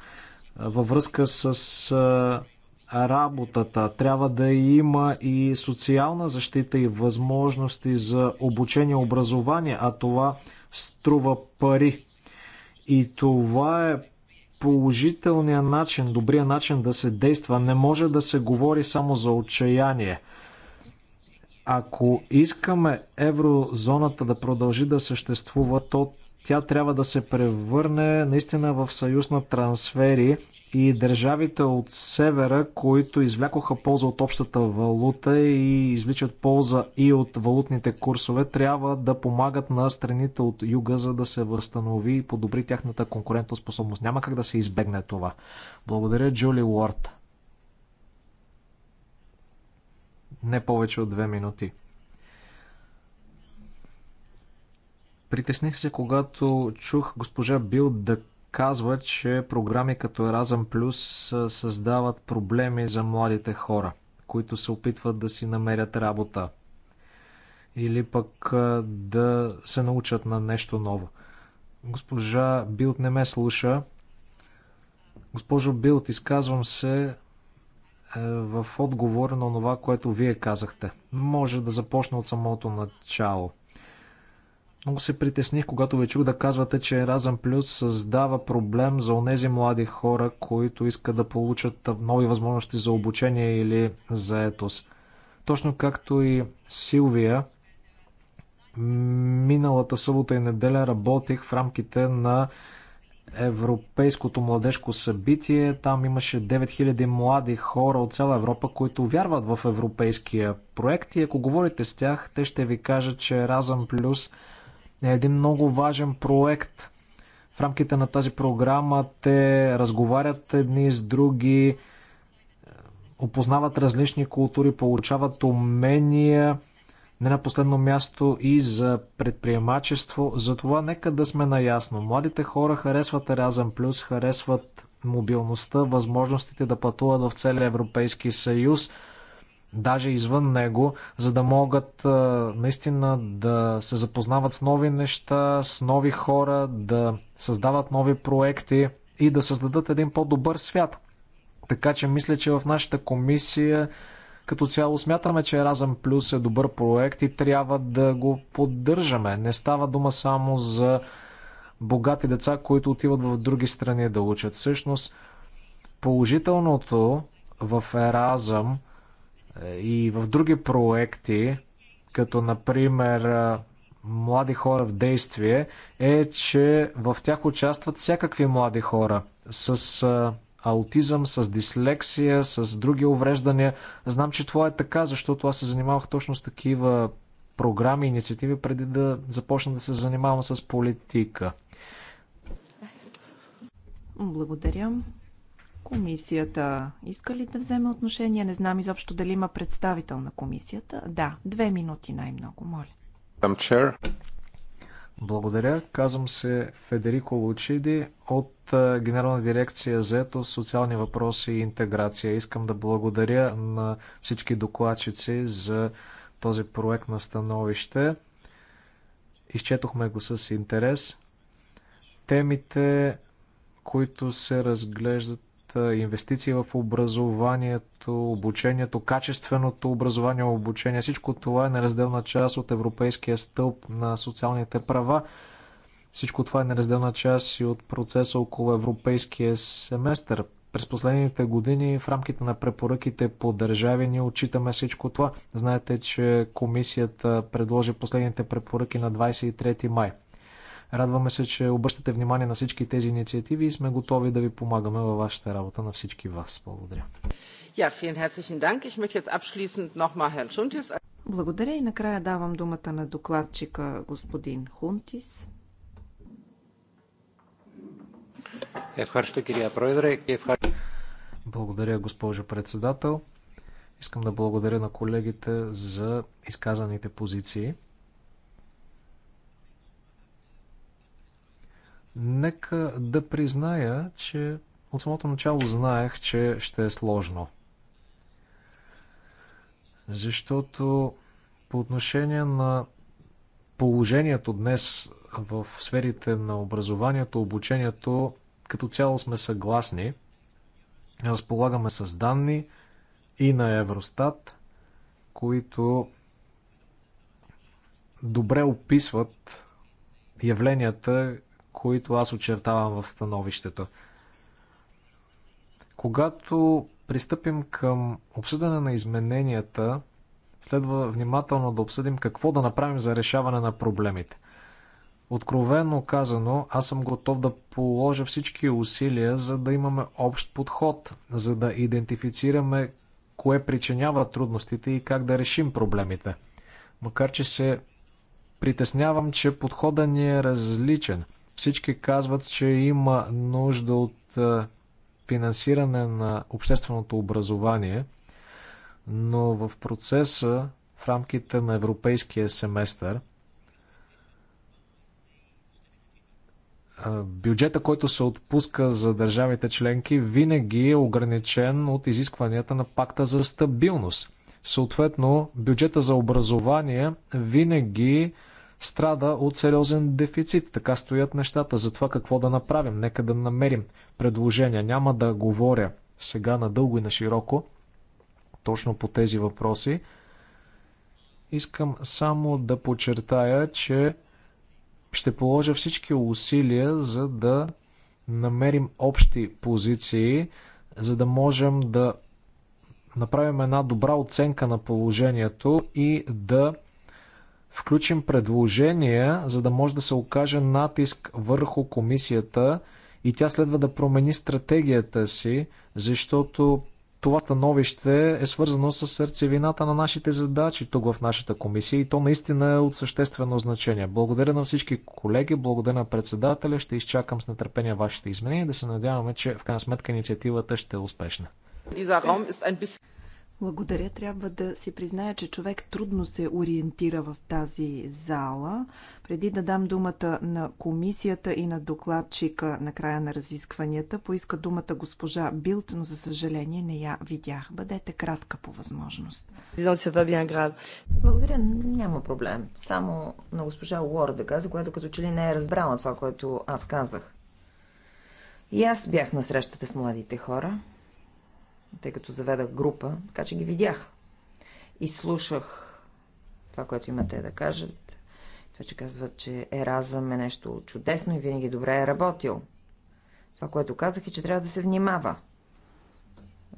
е, във връзка с е, работата. Трябва да има и социална защита и възможности за обучение, образование, а това струва пари. И това е положителният начин, добрият начин да се действа. Не може да се говори само за отчаяние. Ако искаме еврозоната да продължи да съществува, то тя трябва да се превърне наистина в съюз на трансфери и държавите от севера, които извлякоха полза от общата валута и извличат полза и от валутните курсове, трябва да помагат на страните от юга, за да се възстанови и подобри тяхната конкурентоспособност. Няма как да се избегне това. Благодаря, Джули Уорд. Не повече от две минути. Притесних се, когато чух госпожа Бил да казва, че програми като Еразъм Плюс създават проблеми за младите хора, които се опитват да си намерят работа или пък да се научат на нещо ново. Госпожа Билт не ме слуша. Госпожо Билт, изказвам се е, в отговор на това, което вие казахте. Може да започна от самото начало. Много се притесних, когато ви чух да казвате, че Еразъм Плюс създава проблем за онези млади хора, които искат да получат нови възможности за обучение или за етос. Точно както и Силвия, миналата събота и неделя работих в рамките на Европейското младежко събитие. Там имаше 9000 млади хора от цяла Европа, които вярват в европейския проект и ако говорите с тях, те ще ви кажат, че Разъм Плюс – е един много важен проект. В рамките на тази програма те разговарят едни с други, опознават различни култури, получават умения, не на последно място и за предприемачество. Затова нека да сме наясно. Младите хора харесват Erasmus Плюс, харесват мобилността, възможностите да пътуват в целия Европейски съюз – даже извън него, за да могат наистина да се запознават с нови неща, с нови хора, да създават нови проекти и да създадат един по-добър свят. Така че мисля, че в нашата комисия като цяло смятаме, че Еразъм Плюс е добър проект и трябва да го поддържаме. Не става дума само за богати деца, които отиват в други страни да учат. Всъщност, положителното в Еразъм – и в други проекти, като например млади хора в действие, е, че в тях участват всякакви млади хора с аутизъм, с дислексия, с други увреждания. Знам, че това е така, защото аз се занимавах точно с такива програми и инициативи преди да започна да се занимавам с политика. Благодаря. Комисията иска ли да вземе отношение? Не знам изобщо дали има представител на комисията. Да, две минути най-много, моля. Благодаря. Казвам се Федерико Лучиди от Генерална дирекция ЗЕТО социални въпроси и интеграция. Искам да благодаря на всички докладчици за този проект на становище. Изчетохме го с интерес. Темите, които се разглеждат инвестиции в образованието, обучението, качественото образование, обучение. Всичко това е неразделна част от Европейския стълб на социалните права. Всичко това е неразделна част и от процеса около Европейския семестър. През последните години в рамките на препоръките по държави ние отчитаме всичко това. Знаете, че комисията предложи последните препоръки на 23 май. Радваме се, че обръщате внимание на всички тези инициативи и сме готови да ви помагаме във вашата работа на всички вас. Благодаря. Благодаря и накрая давам думата на докладчика господин Хунтис. Благодаря, госпожо председател. Искам да благодаря на колегите за изказаните позиции. Нека да призная, че от самото начало знаех, че ще е сложно. Защото по отношение на положението днес в сферите на образованието, обучението, като цяло сме съгласни. Разполагаме с данни и на Евростат, които добре описват явленията, които аз очертавам в становището. Когато пристъпим към обсъдане на измененията, следва внимателно да обсъдим какво да направим за решаване на проблемите. Откровенно казано, аз съм готов да положа всички усилия, за да имаме общ подход, за да идентифицираме кое причинява трудностите и как да решим проблемите. Макар, че се притеснявам, че подходът ни е различен – всички казват, че има нужда от е, финансиране на общественото образование, но в процеса в рамките на европейския семестър е, бюджета, който се отпуска за държавите членки, винаги е ограничен от изискванията на пакта за стабилност. Съответно, бюджета за образование винаги страда от сериозен дефицит. Така стоят нещата за това какво да направим. Нека да намерим предложения. Няма да говоря сега надълго и на широко точно по тези въпроси. Искам само да подчертая, че ще положа всички усилия, за да намерим общи позиции, за да можем да направим една добра оценка на положението и да включим предложения, за да може да се окаже натиск върху комисията и тя следва да промени стратегията си, защото това становище е свързано с сърцевината на нашите задачи тук в нашата комисия и то наистина е от съществено значение. Благодаря на всички колеги, благодаря на председателя, ще изчакам с нетърпение вашите изменения и да се надяваме, че в крайна сметка инициативата ще е успешна. Благодаря. Трябва да си призная, че човек трудно се ориентира в тази зала. Преди да дам думата на комисията и на докладчика на края на разискванията, поиска думата госпожа Билт, но за съжаление не я видях. Бъдете кратка по възможност. Благодаря, няма проблем. Само на госпожа Уорд да каза, която като че ли не е разбрала това, което аз казах. И аз бях на срещата с младите хора тъй като заведах група, така че ги видях. И слушах това, което имате да кажат. Това, че казват, че еразъм е нещо чудесно и винаги добре е работил. Това, което казах е, че трябва да се внимава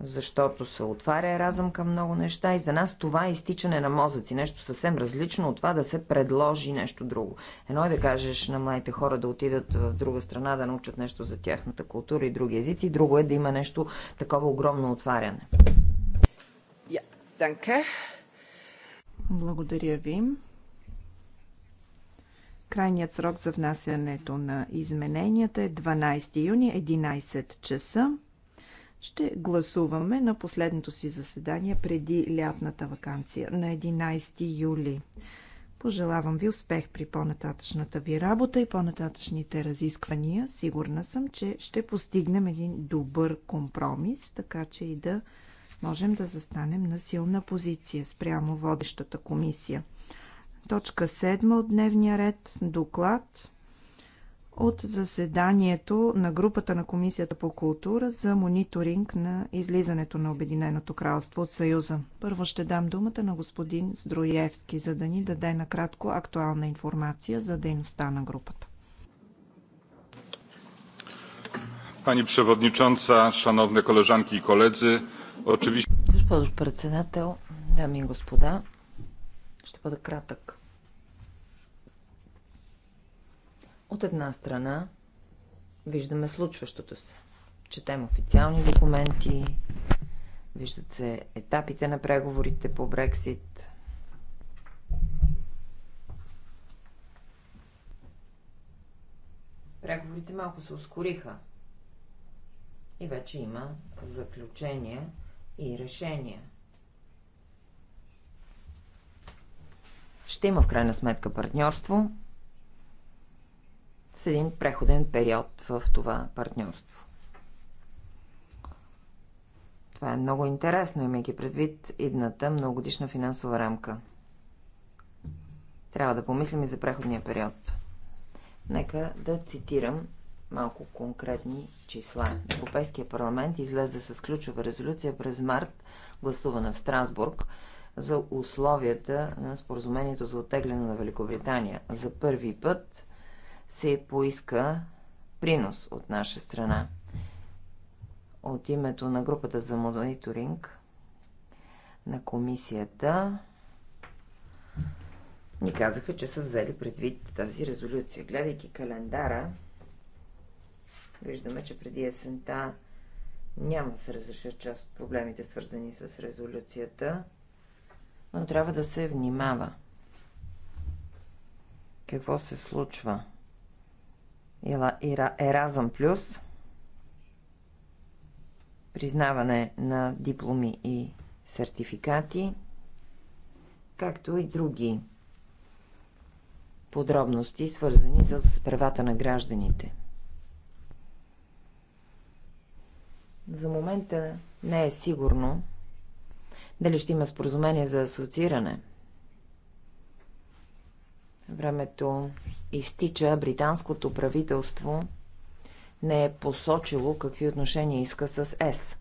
защото се отваря разъм към много неща и за нас това е изтичане на мозъци, нещо съвсем различно от това да се предложи нещо друго. Едно е да кажеш на младите хора да отидат в друга страна, да научат нещо за тяхната култура и други езици, друго е да има нещо такова огромно отваряне. Благодаря ви. Крайният срок за внасянето на измененията е 12 юни, 11 часа ще гласуваме на последното си заседание преди лятната вакансия на 11 юли. Пожелавам ви успех при по-нататъчната ви работа и по-нататъчните разисквания. Сигурна съм, че ще постигнем един добър компромис, така че и да можем да застанем на силна позиция спрямо водещата комисия. Точка 7 от дневния ред доклад от заседанието на групата на Комисията по култура за мониторинг на излизането на Обединеното кралство от Съюза. Първо ще дам думата на господин Здроевски, за да ни даде накратко актуална информация за дейността на групата. Пани przewodnicząca, шановни колежанки и колеги, очевидно. Госпожо председател, дами и господа, ще бъда кратък. От една страна виждаме случващото се. Четем официални документи, виждат се етапите на преговорите по Брексит. Преговорите малко се ускориха и вече има заключения и решения. Ще има в крайна сметка партньорство, с един преходен период в това партньорство. Това е много интересно, имайки предвид идната многогодишна финансова рамка. Трябва да помислим и за преходния период. Нека да цитирам малко конкретни числа. Европейския парламент излезе с ключова резолюция през март, гласувана в Страсбург, за условията на споразумението за оттегляне на Великобритания. За първи път се поиска принос от наша страна. От името на групата за мониторинг на комисията ни казаха, че са взели предвид тази резолюция. Гледайки календара, виждаме, че преди есента няма да се разрешат част от проблемите, свързани с резолюцията, но трябва да се внимава. Какво се случва? Еразъм Плюс, признаване на дипломи и сертификати, както и други подробности, свързани с правата на гражданите. За момента не е сигурно дали ще има споразумение за асоцииране – времето изтича, британското правителство не е посочило какви отношения иска с ЕС.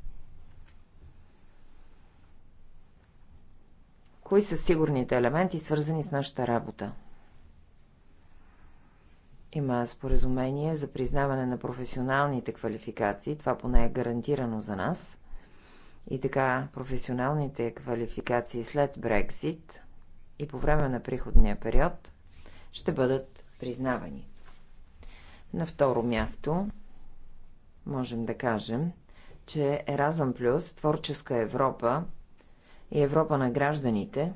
Кои са сигурните елементи, свързани с нашата работа? Има споразумение за признаване на професионалните квалификации. Това поне е гарантирано за нас. И така, професионалните квалификации след Брексит и по време на приходния период – ще бъдат признавани. На второ място можем да кажем, че Еразъм Плюс, Творческа Европа и Европа на гражданите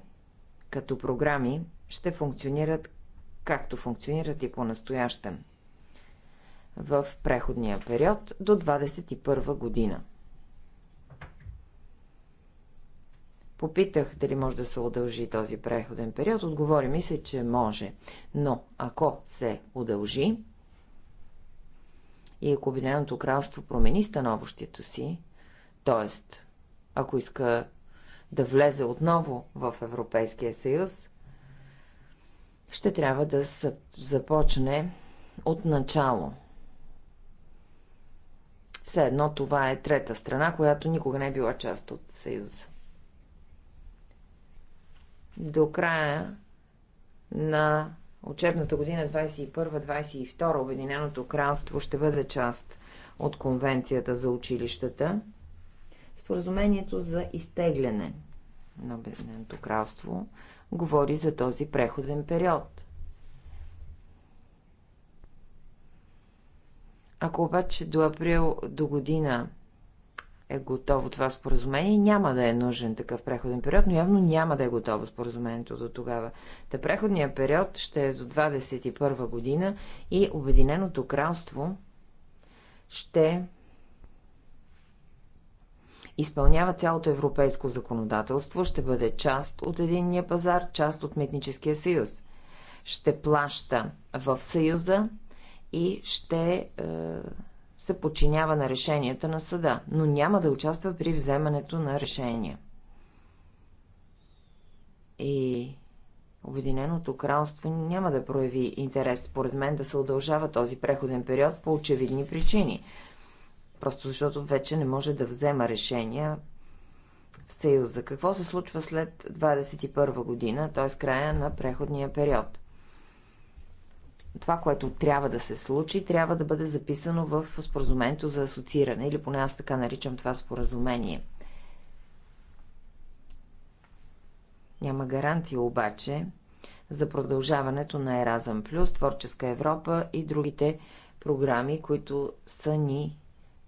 като програми ще функционират както функционират и по-настоящем в преходния период до 2021 година. Попитах дали може да се удължи този преходен период. Отговори ми се, че може. Но ако се удължи и ако Обединеното кралство промени становището си, т.е. ако иска да влезе отново в Европейския съюз, ще трябва да започне от начало. Все едно това е трета страна, която никога не е била част от Съюза до края на учебната година 21-22 Обединеното кралство ще бъде част от Конвенцията за училищата. Споразумението за изтегляне на Обединеното кралство говори за този преходен период. Ако обаче до април до година е готово това споразумение. Няма да е нужен такъв преходен период, но явно няма да е готово споразумението до тогава. Та преходният период ще е до 21 година и Обединеното кралство ще изпълнява цялото европейско законодателство, ще бъде част от единния пазар, част от митническия съюз. Ще плаща в съюза и ще е, се подчинява на решенията на съда, но няма да участва при вземането на решения. И Обединеното кралство няма да прояви интерес, според мен, да се удължава този преходен период по очевидни причини. Просто защото вече не може да взема решения в Съюза. Какво се случва след 21 година, т.е. края на преходния период? това, което трябва да се случи, трябва да бъде записано в споразумението за асоцииране, или поне аз така наричам това споразумение. Няма гаранция обаче за продължаването на Еразъм Плюс, Творческа Европа и другите програми, които са ни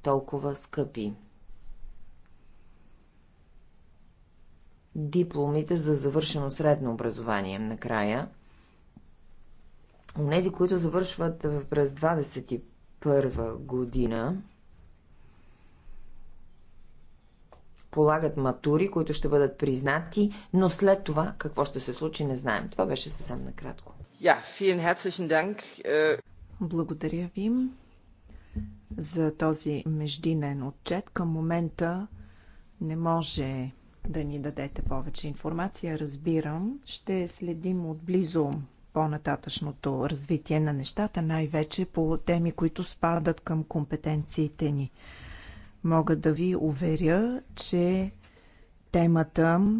толкова скъпи. Дипломите за завършено средно образование накрая – Онези, които завършват през 21 година, полагат матури, които ще бъдат признати, но след това какво ще се случи, не знаем. Това беше съвсем накратко. Ja, vielen herzlichen Dank. Äh, Благодаря ви за този междинен отчет. Към момента не може да ни дадете повече информация, разбирам. Ще следим отблизо по-нататъчното развитие на нещата, най-вече по теми, които спадат към компетенциите ни. Мога да ви уверя, че темата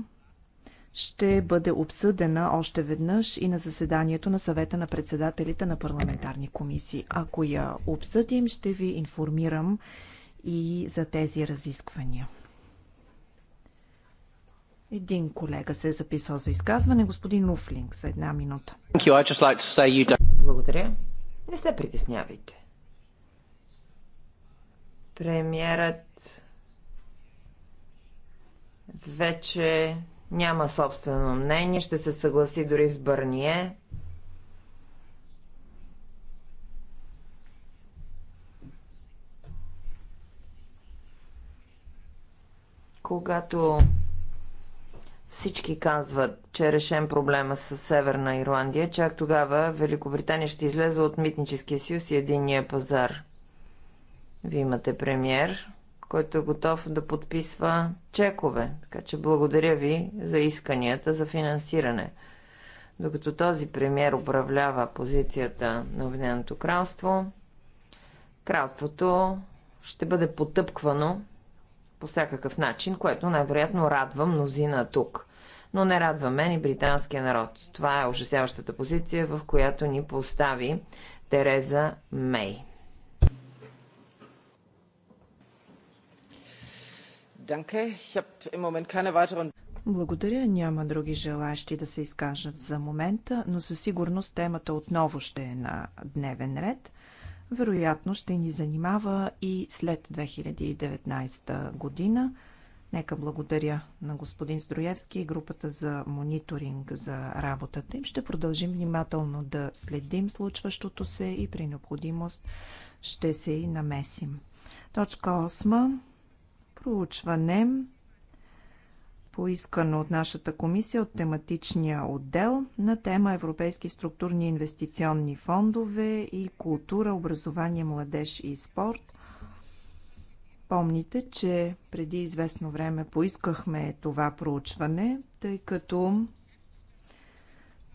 ще бъде обсъдена още веднъж и на заседанието на съвета на председателите на парламентарни комисии. Ако я обсъдим, ще ви информирам и за тези разисквания. Един колега се е записал за изказване, господин Уфлинг, за една минута. Благодаря. Не се притеснявайте. Премьерът вече няма собствено мнение, ще се съгласи дори с Бърние. Когато всички казват, че е решен проблема с Северна Ирландия, чак тогава Великобритания ще излезе от митническия съюз и единния пазар. Вие имате премьер, който е готов да подписва чекове, така че благодаря ви за исканията за финансиране. Докато този премьер управлява позицията на Обединеното кралство, кралството ще бъде потъпквано по всякакъв начин, което най-вероятно радва мнозина тук. Но не радва мен и британския народ. Това е ужасяващата позиция, в която ни постави Тереза Мей. Благодаря. Няма други желащи да се изкажат за момента, но със сигурност темата отново ще е на дневен ред вероятно ще ни занимава и след 2019 година. Нека благодаря на господин Строевски и групата за мониторинг за работата им. Ще продължим внимателно да следим случващото се и при необходимост ще се и намесим. Точка 8. Проучване поискано от нашата комисия от тематичния отдел на тема Европейски структурни инвестиционни фондове и култура, образование, младеж и спорт. Помните, че преди известно време поискахме това проучване, тъй като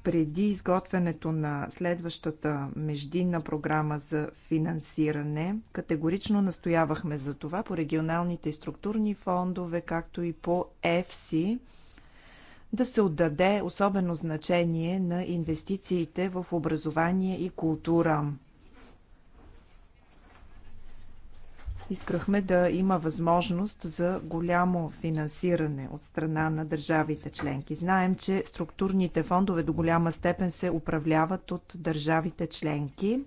преди изготвянето на следващата междинна програма за финансиране, категорично настоявахме за това по регионалните и структурни фондове, както и по ЕФСИ, да се отдаде особено значение на инвестициите в образование и култура. Искахме да има възможност за голямо финансиране от страна на държавите членки. Знаем, че структурните фондове до голяма степен се управляват от държавите членки.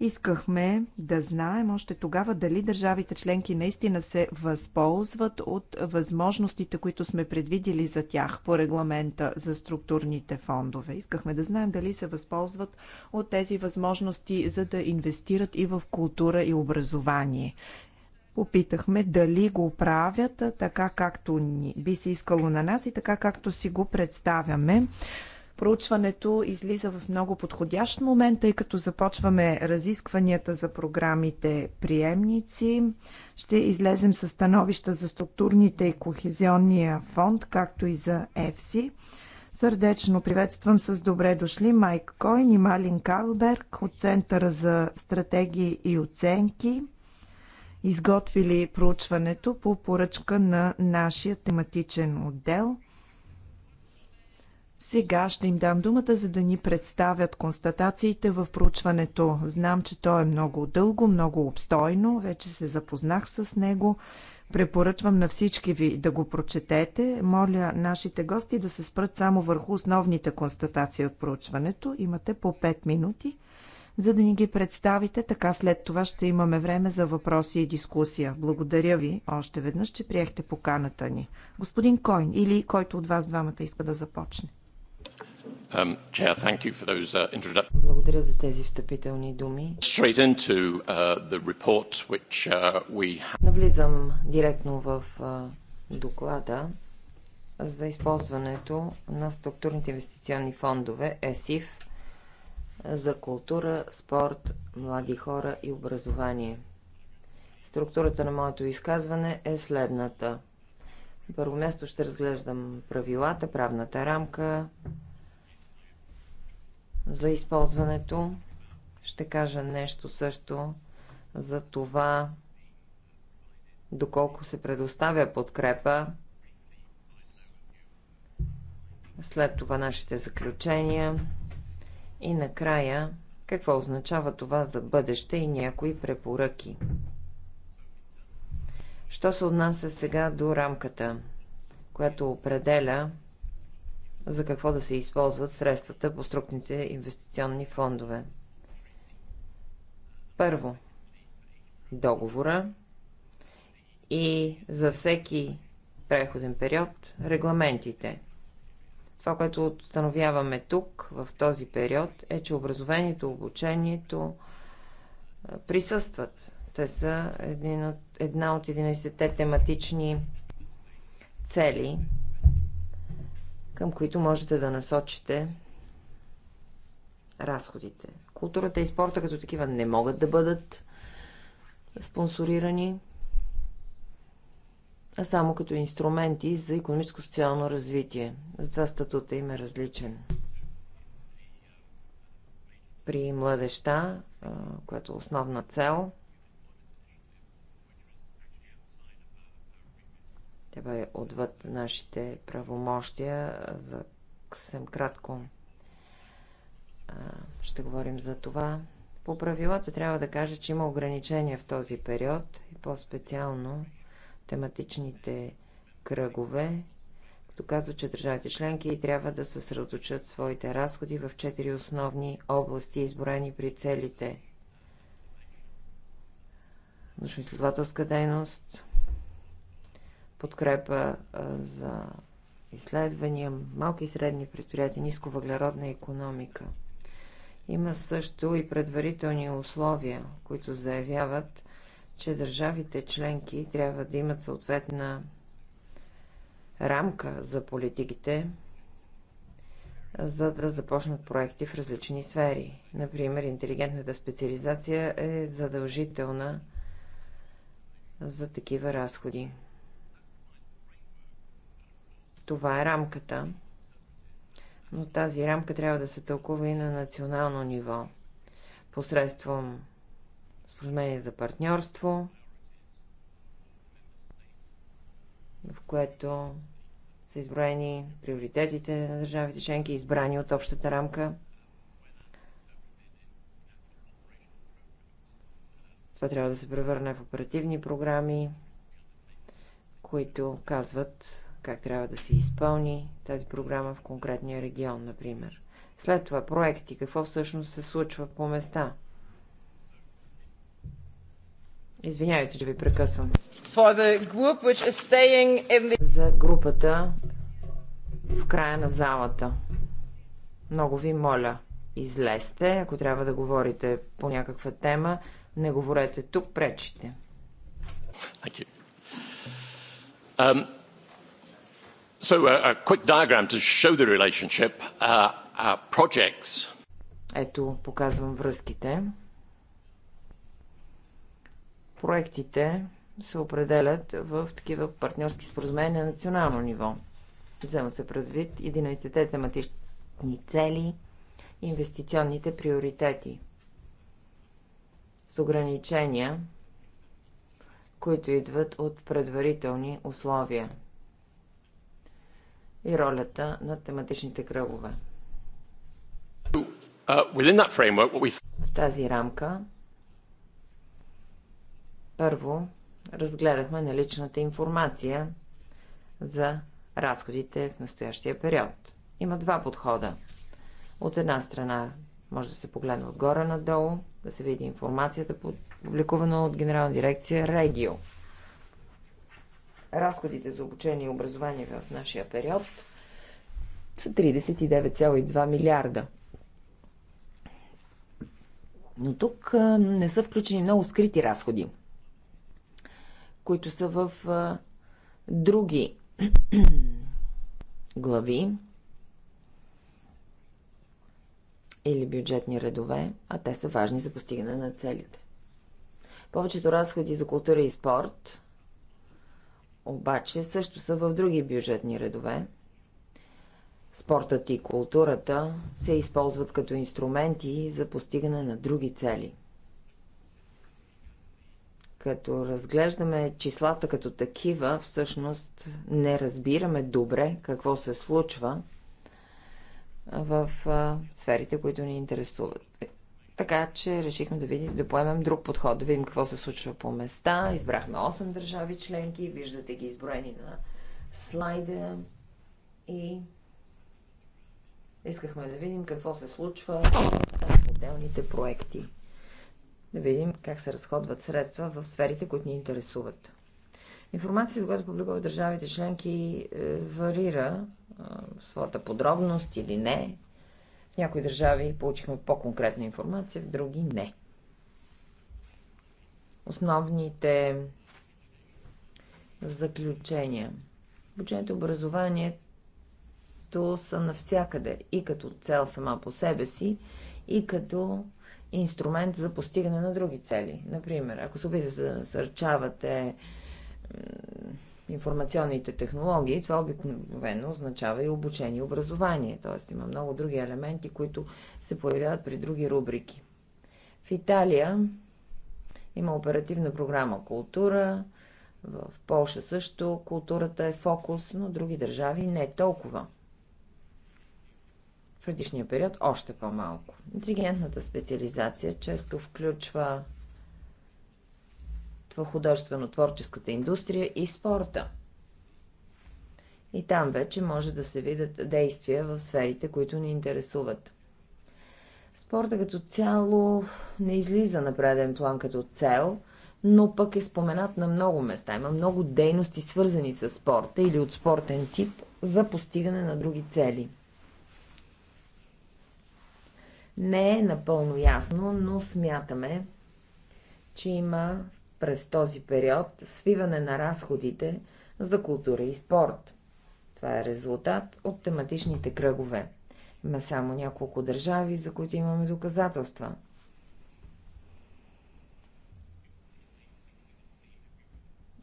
Искахме да знаем още тогава дали държавите членки наистина се възползват от възможностите, които сме предвидили за тях по регламента за структурните фондове. Искахме да знаем дали се възползват от тези възможности, за да инвестират и в култура и образование. Опитахме дали го правят така, както би се искало на нас и така, както си го представяме. Проучването излиза в много подходящ момент, тъй като започваме разискванията за програмите приемници. Ще излезем с становища за структурните и кохезионния фонд, както и за ЕФСИ. Сърдечно приветствам с добре дошли Майк Койн и Малин Карлберг от Центъра за стратегии и оценки, изготвили проучването по поръчка на нашия тематичен отдел – сега ще им дам думата, за да ни представят констатациите в проучването. Знам, че то е много дълго, много обстойно. Вече се запознах с него. Препоръчвам на всички ви да го прочетете. Моля нашите гости да се спрат само върху основните констатации от проучването. Имате по 5 минути, за да ни ги представите. Така след това ще имаме време за въпроси и дискусия. Благодаря ви още веднъж, че приехте поканата ни. Господин Койн или който от вас двамата иска да започне. Um, uh, Благодаря за тези встъпителни думи. Uh, uh, Навлизам директно в доклада за използването на структурните инвестиционни фондове ЕСИФ за култура, спорт, млади хора и образование. Структурата на моето изказване е следната. първо място ще разглеждам правилата, правната рамка, за използването. Ще кажа нещо също за това, доколко се предоставя подкрепа. След това нашите заключения. И накрая, какво означава това за бъдеще и някои препоръки. Що се отнася сега до рамката, която определя за какво да се използват средствата по структните инвестиционни фондове. Първо, договора и за всеки преходен период регламентите. Това, което установяваме тук, в този период, е, че образованието, обучението присъстват. Те са един от, една от 11-те тематични цели към които можете да насочите разходите. Културата и спорта като такива не могат да бъдат спонсорирани, а само като инструменти за економическо-социално развитие. Затова статута им е различен. При младеща, която е основна цел – Те отвъд нашите правомощия за съвсем кратко. Ще говорим за това. По правилата трябва да кажа, че има ограничения в този период и по-специално тематичните кръгове, като казва, че държавите членки трябва да съсредоточат своите разходи в четири основни области, изброени при целите. Научно-изследователска дейност, подкрепа за изследвания, малки и средни предприятия, ниско въглеродна економика. Има също и предварителни условия, които заявяват, че държавите членки трябва да имат съответна рамка за политиките, за да започнат проекти в различни сфери. Например, интелигентната специализация е задължителна за такива разходи. Това е рамката. Но тази рамка трябва да се тълкува и на национално ниво. Посредством споразумение за партньорство, в което са изброени приоритетите на държавите членки, избрани от общата рамка. Това трябва да се превърне в оперативни програми, които казват как трябва да се изпълни тази програма в конкретния регион, например. След това проекти, какво всъщност се случва по места. Извинявайте, че ви прекъсвам. The... За групата в края на залата. Много ви моля, излезте, ако трябва да говорите по някаква тема, не говорете тук, пречите. Thank you. Um... So a, uh, a quick diagram to show the relationship. Uh, uh, projects. Ето, показвам връзките. Проектите се определят в такива партньорски споразумения на национално ниво. Взема се предвид 11-те тематични цели, инвестиционните приоритети с ограничения, които идват от предварителни условия – и ролята на тематичните кръгове. Uh, в тази рамка първо разгледахме наличната информация за разходите в настоящия период. Има два подхода. От една страна може да се погледне отгоре надолу, да се види информацията, публикувана от Генерална дирекция Регио разходите за обучение и образование в нашия период са 39,2 милиарда. Но тук не са включени много скрити разходи, които са в други глави или бюджетни редове, а те са важни за постигане на целите. Повечето разходи за култура и спорт обаче също са в други бюджетни редове. Спортът и културата се използват като инструменти за постигане на други цели. Като разглеждаме числата като такива, всъщност не разбираме добре какво се случва в сферите, които ни интересуват. Така че решихме да, видим, да поемем друг подход, да видим какво се случва по места. Избрахме 8 държави членки, виждате ги изброени на слайда и искахме да видим какво се случва с места в отделните проекти. Да видим как се разходват средства в сферите, които ни интересуват. Информацията, която публикуват държавите членки, е, варира е, своята подробност или не, в някои държави получихме по-конкретна информация, в други не. Основните заключения. Обучението и образованието са навсякъде и като цел сама по себе си, и като инструмент за постигане на други цели. Например, ако се обичате да насърчавате информационните технологии, това обикновено означава и обучение и образование. Т.е. има много други елементи, които се появяват при други рубрики. В Италия има оперативна програма Култура, в Польша също културата е фокус, но други държави не е толкова. В предишния период още по-малко. Интелигентната специализация често включва в художествено-творческата индустрия и спорта. И там вече може да се видят действия в сферите, които ни интересуват. Спорта като цяло не излиза на преден план като цел, но пък е споменат на много места. Има много дейности, свързани с спорта или от спортен тип, за постигане на други цели. Не е напълно ясно, но смятаме, че има през този период свиване на разходите за култура и спорт. Това е резултат от тематичните кръгове. Има само няколко държави, за които имаме доказателства.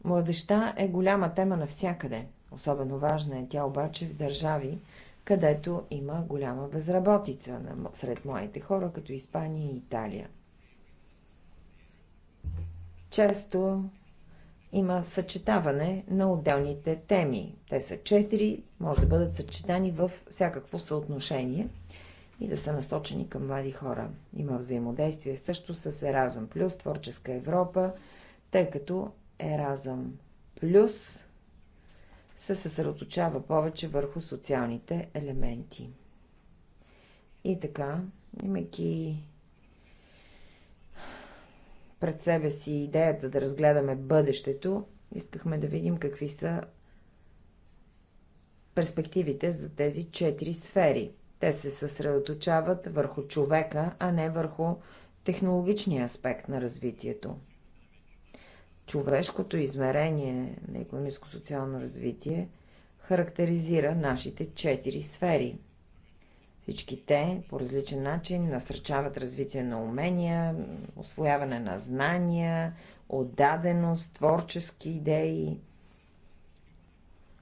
Младеща е голяма тема навсякъде. Особено важна е тя обаче в държави, където има голяма безработица сред младите хора, като Испания и Италия често има съчетаване на отделните теми. Те са четири, може да бъдат съчетани в всякакво съотношение и да са насочени към млади хора. Има взаимодействие също с Еразъм Плюс, Творческа Европа, тъй като Еразъм Плюс се съсредоточава повече върху социалните елементи. И така, имайки пред себе си идеята да разгледаме бъдещето, искахме да видим какви са перспективите за тези четири сфери. Те се съсредоточават върху човека, а не върху технологичния аспект на развитието. Човешкото измерение на економическо-социално развитие характеризира нашите четири сфери – всички те по различен начин насърчават развитие на умения, освояване на знания, отдаденост, творчески идеи.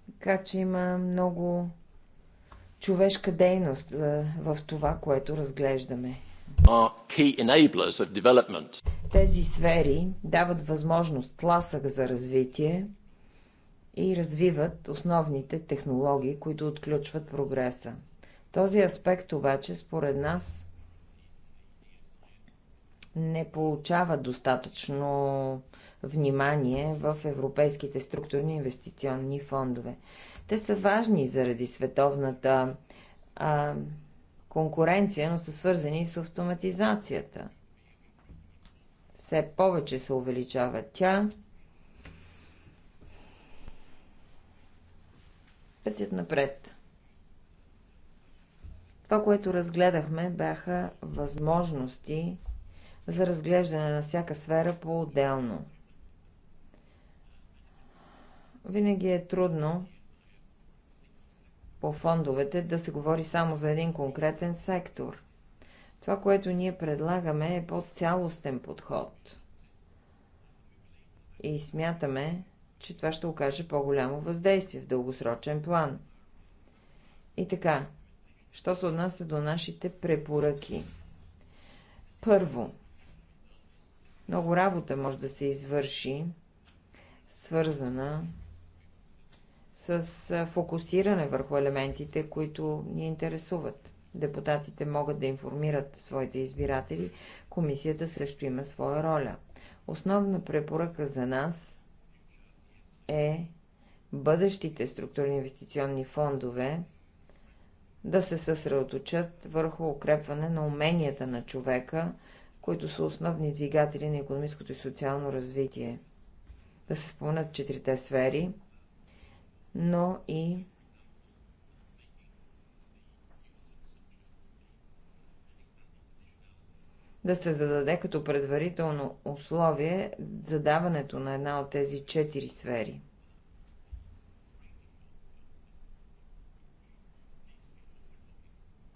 Така че има много човешка дейност в това, което разглеждаме. Тези сфери дават възможност тласък за развитие и развиват основните технологии, които отключват прогреса. Този аспект обаче, според нас, не получава достатъчно внимание в европейските структурни инвестиционни фондове. Те са важни заради световната а, конкуренция, но са свързани с автоматизацията. Все повече се увеличава тя. Пътят напред това, което разгледахме, бяха възможности за разглеждане на всяка сфера по-отделно. Винаги е трудно по фондовете да се говори само за един конкретен сектор. Това, което ние предлагаме, е по-цялостен подход. И смятаме, че това ще окаже по-голямо въздействие в дългосрочен план. И така, що се отнася до нашите препоръки. Първо, много работа може да се извърши, свързана с фокусиране върху елементите, които ни интересуват. Депутатите могат да информират своите избиратели, комисията също има своя роля. Основна препоръка за нас е бъдещите структурни инвестиционни фондове да се съсредоточат върху укрепване на уменията на човека, които са основни двигатели на економическото и социално развитие. Да се спомнят четирите сфери, но и да се зададе като предварително условие задаването на една от тези четири сфери –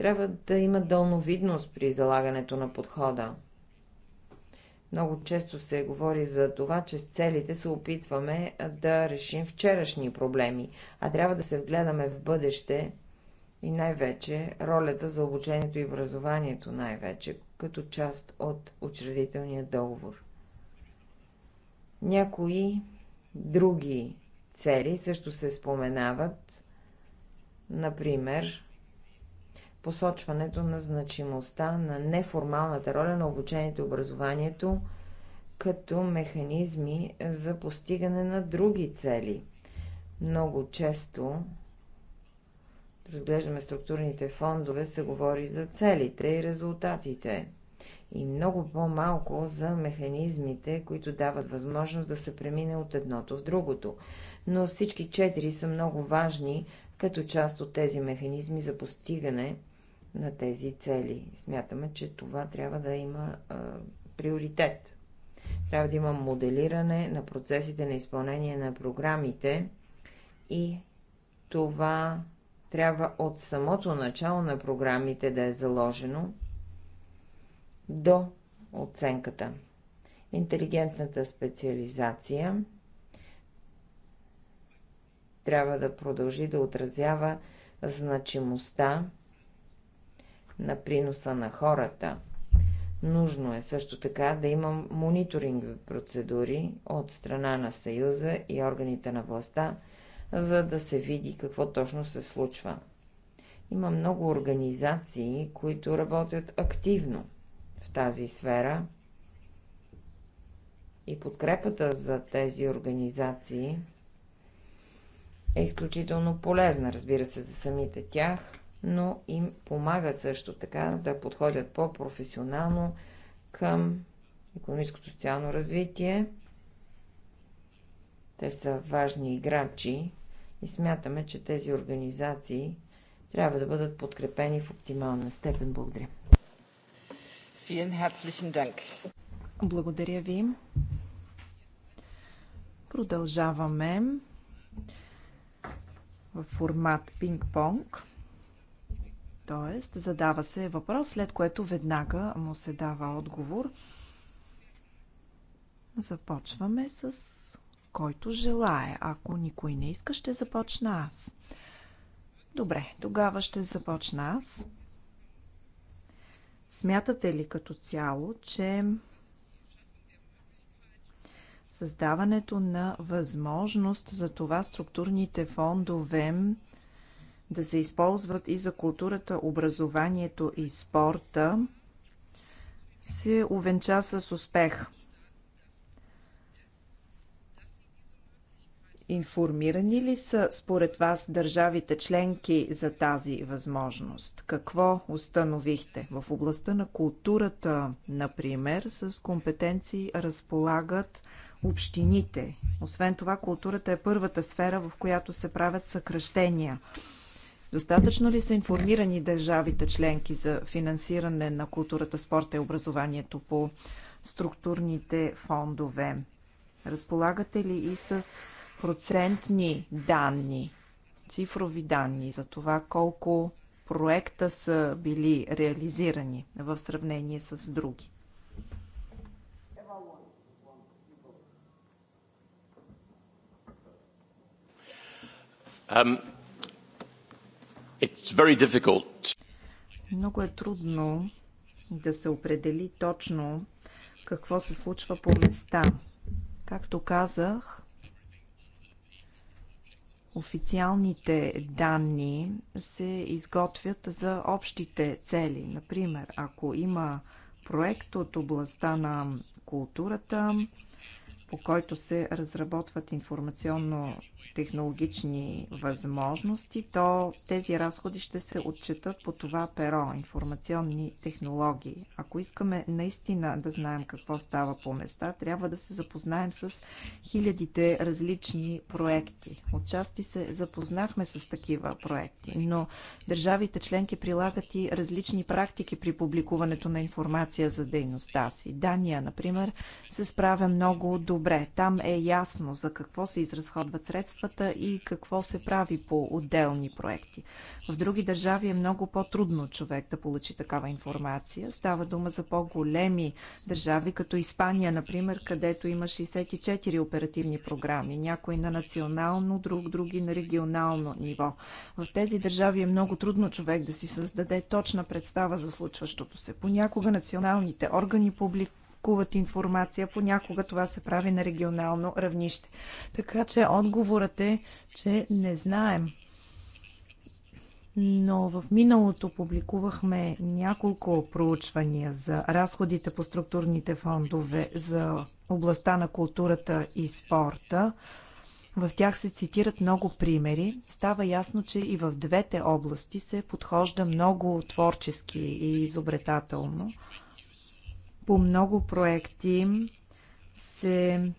Трябва да има дълновидност при залагането на подхода. Много често се говори за това, че с целите се опитваме да решим вчерашни проблеми, а трябва да се вгледаме в бъдеще и най-вече ролята за обучението и образованието най-вече, като част от учредителния договор. Някои други цели също се споменават, например посочването на значимостта на неформалната роля на обучението и образованието като механизми за постигане на други цели. Много често разглеждаме структурните фондове, се говори за целите и резултатите и много по-малко за механизмите, които дават възможност да се премине от едното в другото. Но всички четири са много важни като част от тези механизми за постигане на тези цели. Смятаме, че това трябва да има а, приоритет. Трябва да има моделиране на процесите на изпълнение на програмите и това трябва от самото начало на програмите да е заложено до оценката. Интелигентната специализация – трябва да продължи да отразява значимостта на приноса на хората. Нужно е също така да има мониторингови процедури от страна на Съюза и органите на властта, за да се види какво точно се случва. Има много организации, които работят активно в тази сфера и подкрепата за тези организации – е изключително полезна, разбира се, за самите тях, но им помага също така да подходят по-професионално към економическото социално развитие. Те са важни играчи и смятаме, че тези организации трябва да бъдат подкрепени в оптимална степен. Благодаря. Благодаря ви. Продължаваме в формат пинг-понг. Тоест, задава се въпрос, след което веднага му се дава отговор. Започваме с който желая. Ако никой не иска, ще започна аз. Добре, тогава ще започна аз. Смятате ли като цяло, че създаването на възможност за това структурните фондове да се използват и за културата, образованието и спорта се увенча с успех. Информирани ли са според вас държавите членки за тази възможност? Какво установихте? В областта на културата, например, с компетенции разполагат общините. Освен това, културата е първата сфера, в която се правят съкръщения. Достатъчно ли са информирани държавите членки за финансиране на културата, спорта и образованието по структурните фондове? Разполагате ли и с процентни данни, цифрови данни за това колко проекта са били реализирани в сравнение с други? Um, it's very difficult. Много е трудно да се определи точно какво се случва по места. Както казах, официалните данни се изготвят за общите цели. Например, ако има проект от областта на културата, по който се разработват информационно технологични възможности, то тези разходи ще се отчетат по това перо информационни технологии. Ако искаме наистина да знаем какво става по места, трябва да се запознаем с хилядите различни проекти. Отчасти се запознахме с такива проекти, но държавите членки прилагат и различни практики при публикуването на информация за дейността си. Дания, например, се справя много добре. Там е ясно за какво се изразходват средства средствата и какво се прави по отделни проекти. В други държави е много по-трудно човек да получи такава информация. Става дума за по-големи държави, като Испания, например, където има 64 оперативни програми, някои на национално, друг, други на регионално ниво. В тези държави е много трудно човек да си създаде точна представа за случващото се. Понякога националните органи публикуват публикуват информация. Понякога това се прави на регионално равнище. Така че отговорът е, че не знаем. Но в миналото публикувахме няколко проучвания за разходите по структурните фондове за областта на културата и спорта. В тях се цитират много примери. Става ясно, че и в двете области се подхожда много творчески и изобретателно. По много проекти се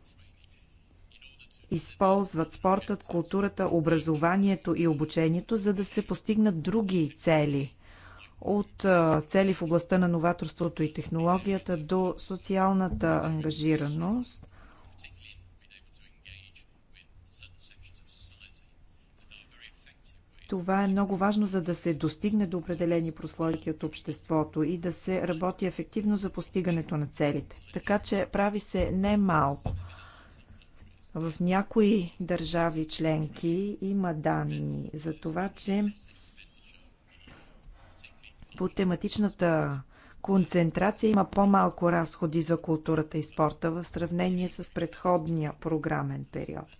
използват спортът, културата, образованието и обучението, за да се постигнат други цели. От цели в областта на новаторството и технологията до социалната ангажираност Това е много важно, за да се достигне до определени прослойки от обществото и да се работи ефективно за постигането на целите. Така че прави се не малко. В някои държави членки има данни за това, че по тематичната концентрация има по-малко разходи за културата и спорта в сравнение с предходния програмен период –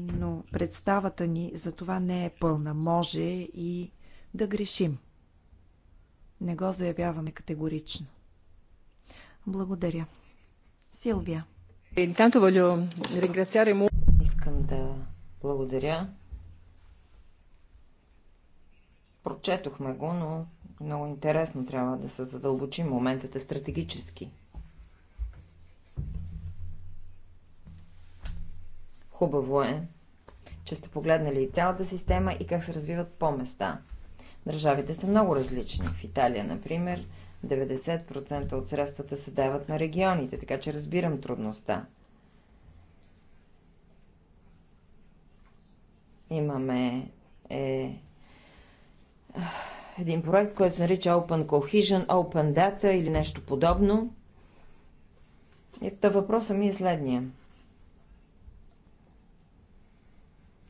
но представата ни за това не е пълна. Може и да грешим. Не го заявяваме категорично. Благодаря. Силвия. Искам да благодаря. Прочетохме го, но много интересно трябва да се задълбочим. моментът е стратегически. Хубаво е, че сте погледнали и цялата система и как се развиват по места. Държавите са много различни. В Италия, например, 90% от средствата се дават на регионите, така че разбирам трудността. Имаме е, един проект, който се нарича Open Cohesion, Open Data или нещо подобно. Та въпросът ми е следния.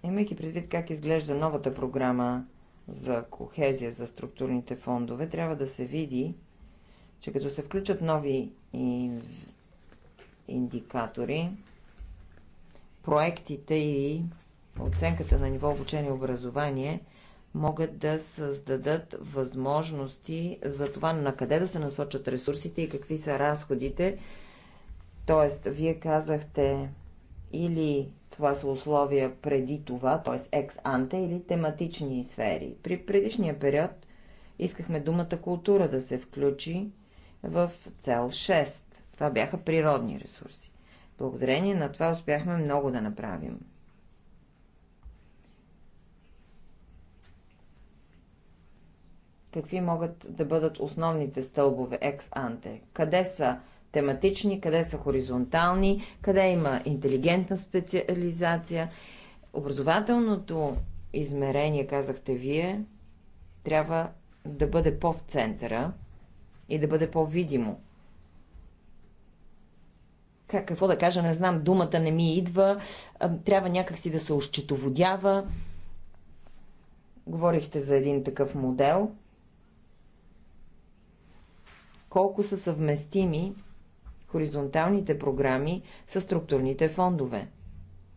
Имайки предвид как изглежда новата програма за кохезия за структурните фондове, трябва да се види, че като се включат нови индикатори, проектите и оценката на ниво обучение и образование могат да създадат възможности за това на къде да се насочат ресурсите и какви са разходите. Тоест, вие казахте или това са условия преди това, т.е. екс-анте или тематични сфери. При предишния период искахме думата култура да се включи в цел 6. Това бяха природни ресурси. Благодарение на това успяхме много да направим. Какви могат да бъдат основните стълбове екс-анте? Къде са тематични, къде са хоризонтални, къде има интелигентна специализация. Образователното измерение, казахте вие, трябва да бъде по-в центъра и да бъде по-видимо. Как, какво да кажа, не знам, думата не ми идва, трябва някакси да се ощетоводява. Говорихте за един такъв модел. Колко са съвместими хоризонталните програми са структурните фондове.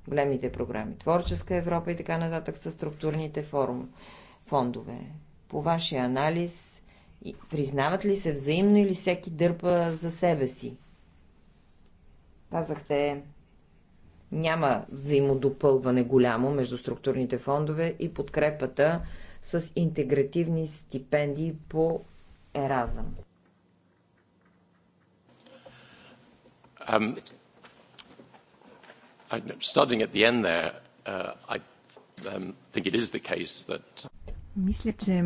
Големите програми. Творческа Европа и така нататък са структурните форум, фондове. По вашия анализ, признават ли се взаимно или всеки дърпа за себе си? Казахте, няма взаимодопълване голямо между структурните фондове и подкрепата с интегративни стипендии по Еразъм. Um, starting at the end there, uh, I um, think it is the case that... Uh, Мисля, че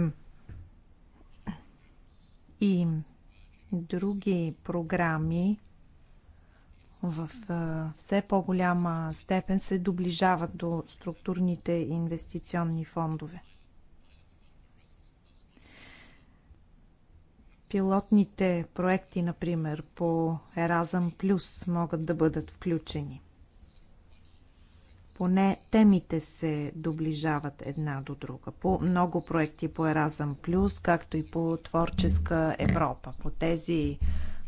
и други програми в все по-голяма степен се доближават до структурните инвестиционни фондове. Пилотните проекти, например, по Еразъм Плюс могат да бъдат включени. Поне темите се доближават една до друга. По много проекти по Еразъм Плюс, както и по Творческа Европа. По тези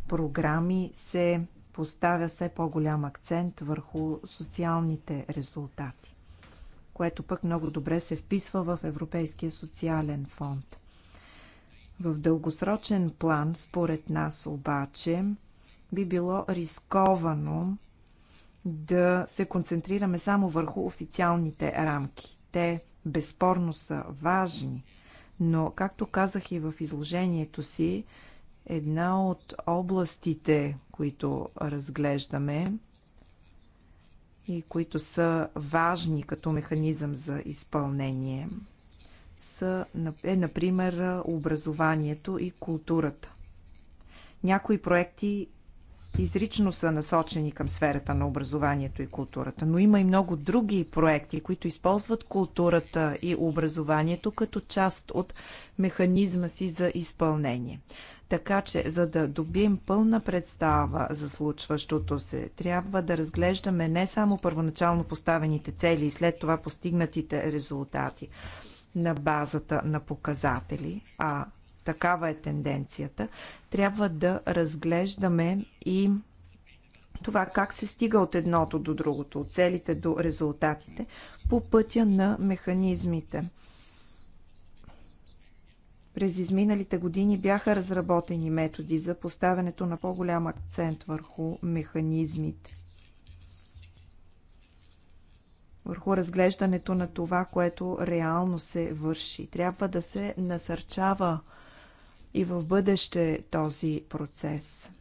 програми се поставя все по-голям акцент върху социалните резултати, което пък много добре се вписва в Европейския социален фонд. В дългосрочен план, според нас обаче, би било рисковано да се концентрираме само върху официалните рамки. Те безспорно са важни, но, както казах и в изложението си, една от областите, които разглеждаме и които са важни като механизъм за изпълнение, са, е, например, образованието и културата. Някои проекти изрично са насочени към сферата на образованието и културата, но има и много други проекти, които използват културата и образованието като част от механизма си за изпълнение. Така че, за да добием пълна представа за случващото се, трябва да разглеждаме не само първоначално поставените цели и след това постигнатите резултати, на базата на показатели, а такава е тенденцията, трябва да разглеждаме и това как се стига от едното до другото, от целите до резултатите, по пътя на механизмите. През изминалите години бяха разработени методи за поставянето на по-голям акцент върху механизмите върху разглеждането на това, което реално се върши. Трябва да се насърчава и в бъдеще този процес.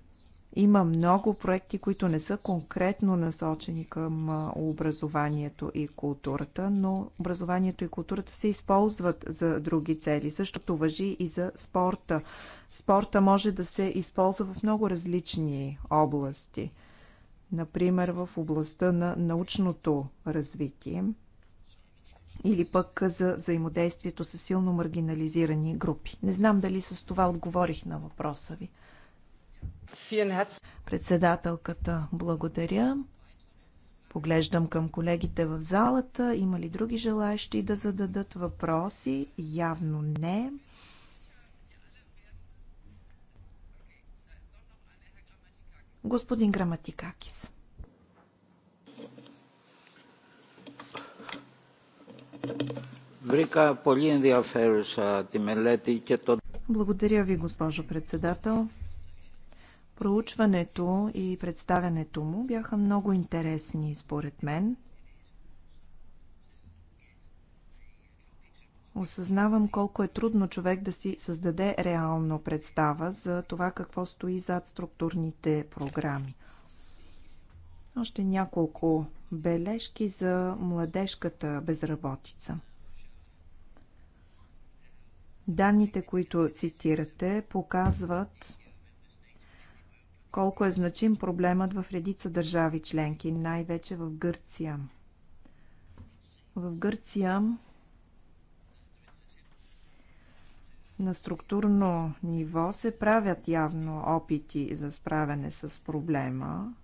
Има много проекти, които не са конкретно насочени към образованието и културата, но образованието и културата се използват за други цели. Същото въжи и за спорта. Спорта може да се използва в много различни области например в областта на научното развитие или пък за взаимодействието с силно маргинализирани групи. Не знам дали с това отговорих на въпроса ви. Председателката, благодаря. Поглеждам към колегите в залата. Има ли други желаящи да зададат въпроси? Явно не. Господин Граматикакис. Благодаря ви, госпожо председател. Проучването и представянето му бяха много интересни, според мен. Осъзнавам колко е трудно човек да си създаде реално представа за това какво стои зад структурните програми. Още няколко бележки за младежката безработица. Данните, които цитирате, показват колко е значим проблемът в редица държави членки, най-вече в Гърция. В Гърция На структурно ниво се правят явно опити за справяне с проблема,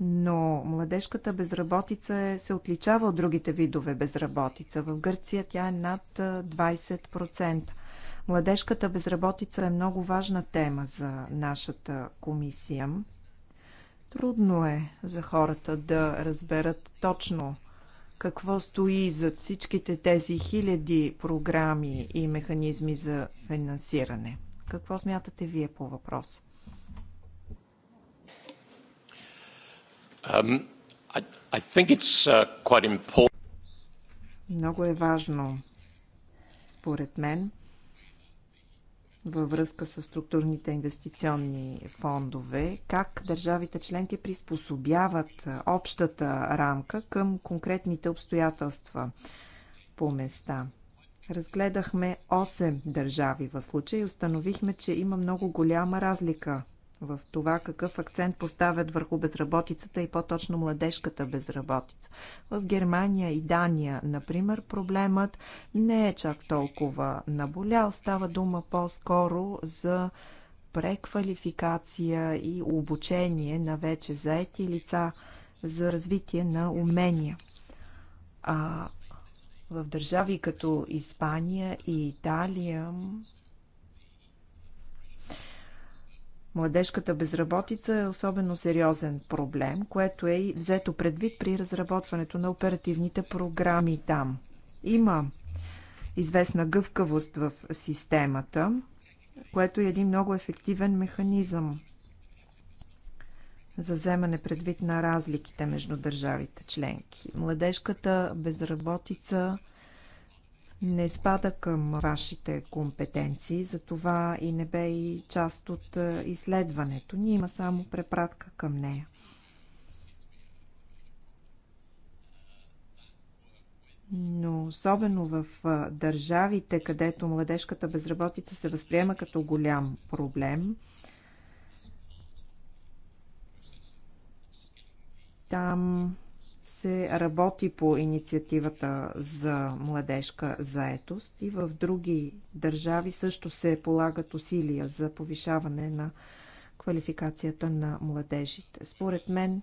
но младежката безработица е, се отличава от другите видове безработица. В Гърция тя е над 20%. Младежката безработица е много важна тема за нашата комисия. Трудно е за хората да разберат точно какво стои зад всичките тези хиляди програми и механизми за финансиране. Какво смятате вие по въпрос? Um, I, I uh, Много е важно, според мен, във връзка с структурните инвестиционни фондове, как държавите членки приспособяват общата рамка към конкретните обстоятелства по места. Разгледахме 8 държави в случая и установихме, че има много голяма разлика в това какъв акцент поставят върху безработицата и по-точно младежката безработица. В Германия и Дания, например, проблемът не е чак толкова наболял. Става дума по-скоро за преквалификация и обучение на вече заети лица за развитие на умения. А в държави като Испания и Италия Младежката безработица е особено сериозен проблем, което е и взето предвид при разработването на оперативните програми там. Има известна гъвкавост в системата, което е един много ефективен механизъм за вземане предвид на разликите между държавите членки. Младежката безработица – не спада към вашите компетенции, затова и не бе и част от е, изследването ни. Има само препратка към нея. Но особено в е, държавите, където младежката безработица се възприема като голям проблем, там се работи по инициативата за младежка заетост и в други държави също се полагат усилия за повишаване на квалификацията на младежите. Според мен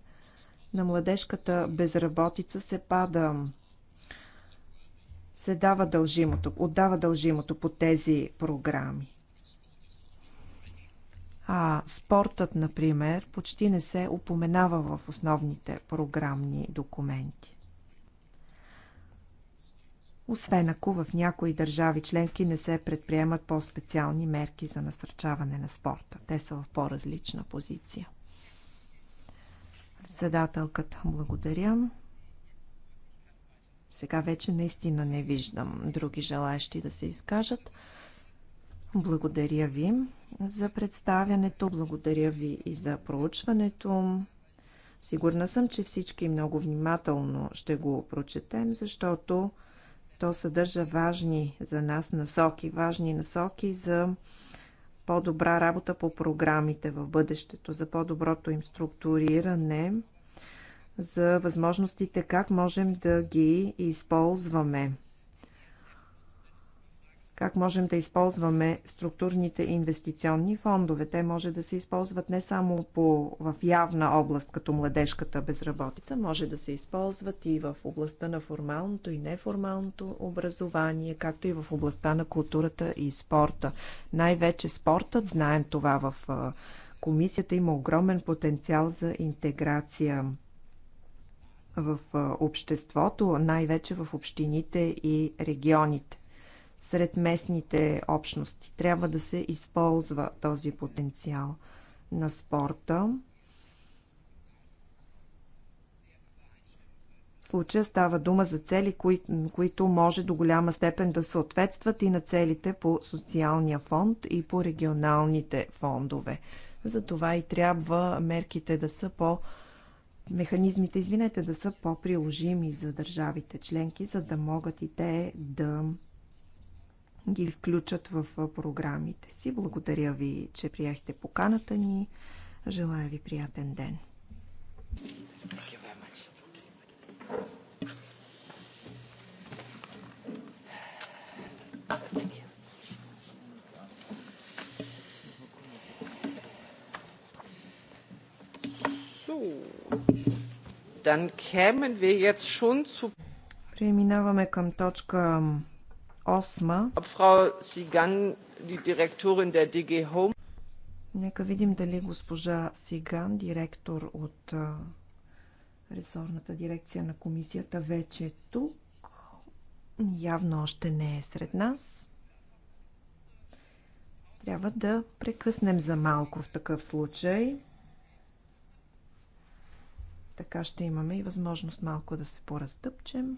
на младежката безработица се пада се дава дължимото, отдава дължимото по тези програми. А спортът, например, почти не се упоменава в основните програмни документи. Освен ако в някои държави членки не се предприемат по-специални мерки за насърчаване на спорта. Те са в по-различна позиция. Председателката, благодаря. Сега вече наистина не виждам други желаящи да се изкажат. Благодаря ви за представянето, благодаря ви и за проучването. Сигурна съм, че всички много внимателно ще го прочетем, защото то съдържа важни за нас насоки, важни насоки за по-добра работа по програмите в бъдещето, за по-доброто им структуриране, за възможностите как можем да ги използваме как можем да използваме структурните инвестиционни фондове. Те може да се използват не само по, в явна област, като младежката безработица, може да се използват и в областта на формалното и неформалното образование, както и в областта на културата и спорта. Най-вече спортът, знаем това в комисията, има огромен потенциал за интеграция в обществото, най-вече в общините и регионите сред местните общности. Трябва да се използва този потенциал на спорта. В случая става дума за цели, кои, които може до голяма степен да съответстват и на целите по социалния фонд и по регионалните фондове. Затова и трябва мерките да са по- механизмите, извинете, да са по-приложими за държавите членки, за да могат и те да ги включат в програмите си. Благодаря ви, че приехте поканата ни. Желая ви приятен ден. Dann kämen wir jetzt schon zu Преминаваме към точка Home. Нека видим дали госпожа Сиган, директор от ресорната дирекция на комисията, вече е тук. Явно още не е сред нас. Трябва да прекъснем за малко в такъв случай. Така ще имаме и възможност малко да се поразтъпчем.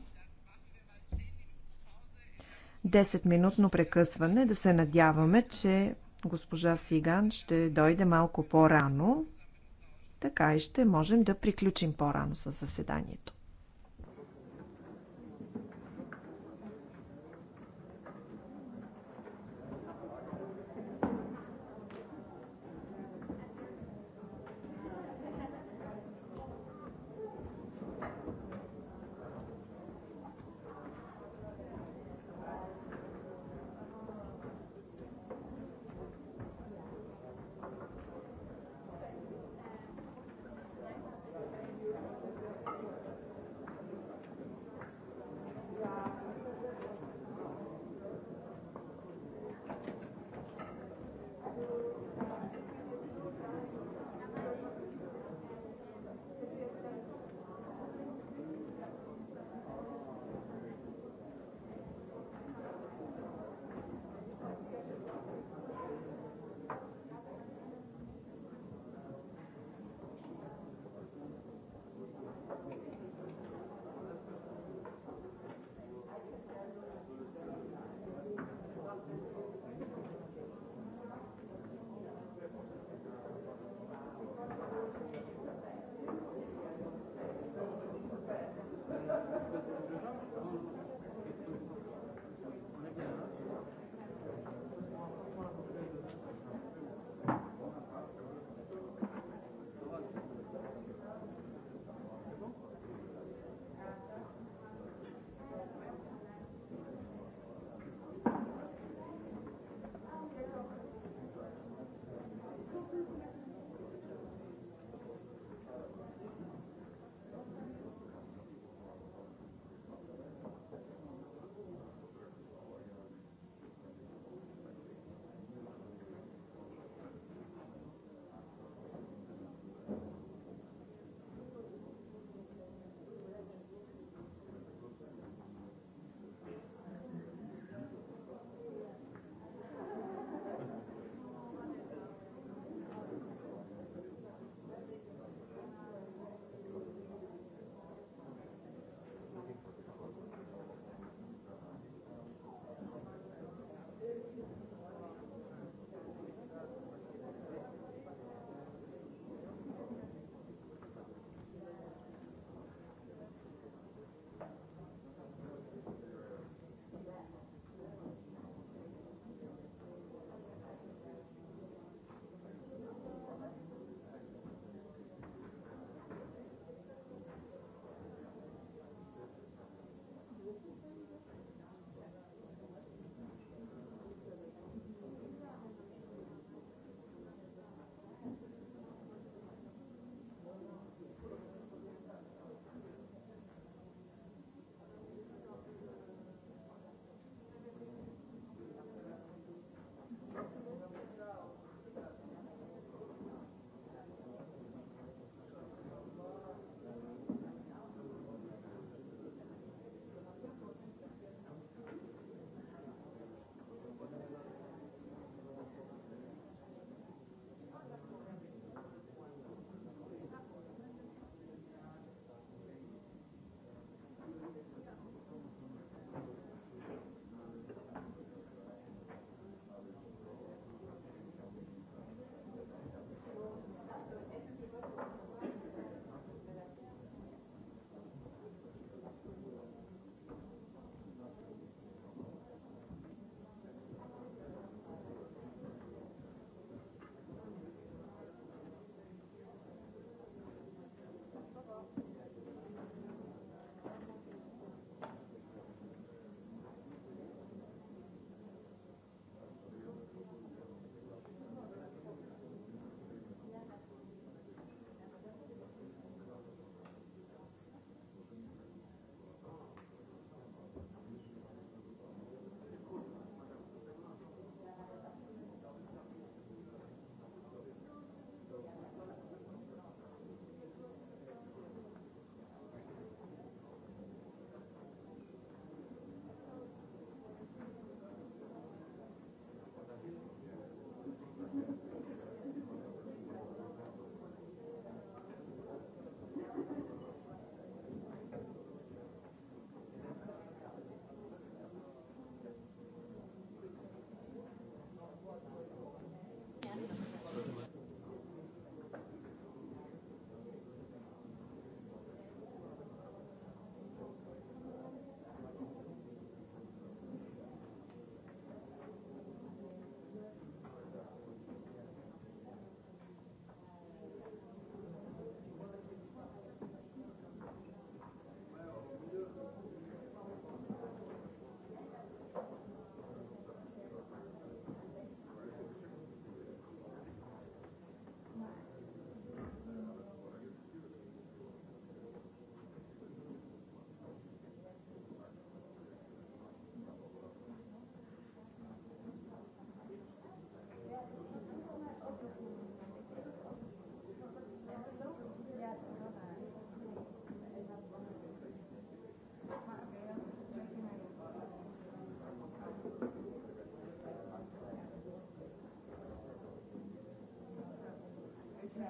10-минутно прекъсване. Да се надяваме, че госпожа Сиган ще дойде малко по-рано. Така и ще можем да приключим по-рано с заседанието.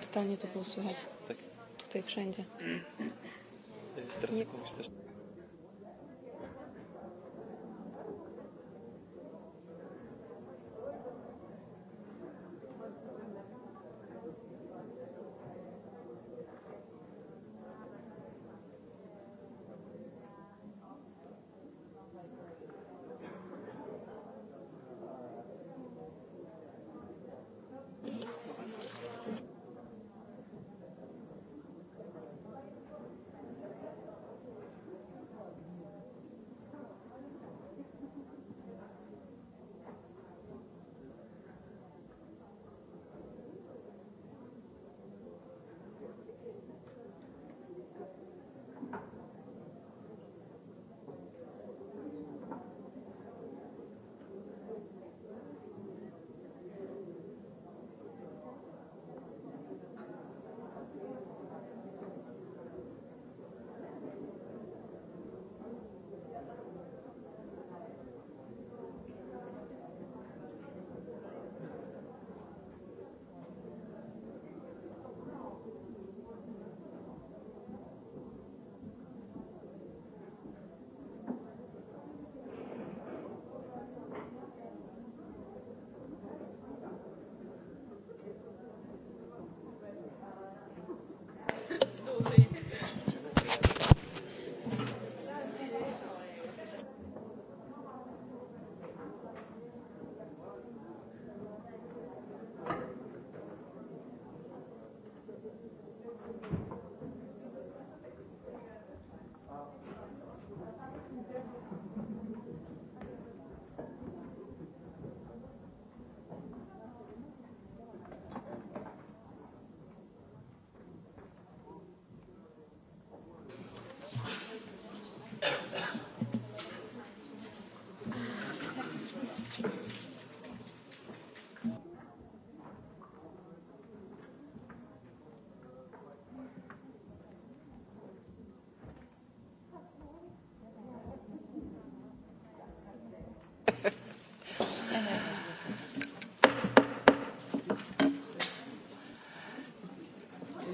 Totalnie to było słychać. Tutaj wszędzie. Teraz jak też.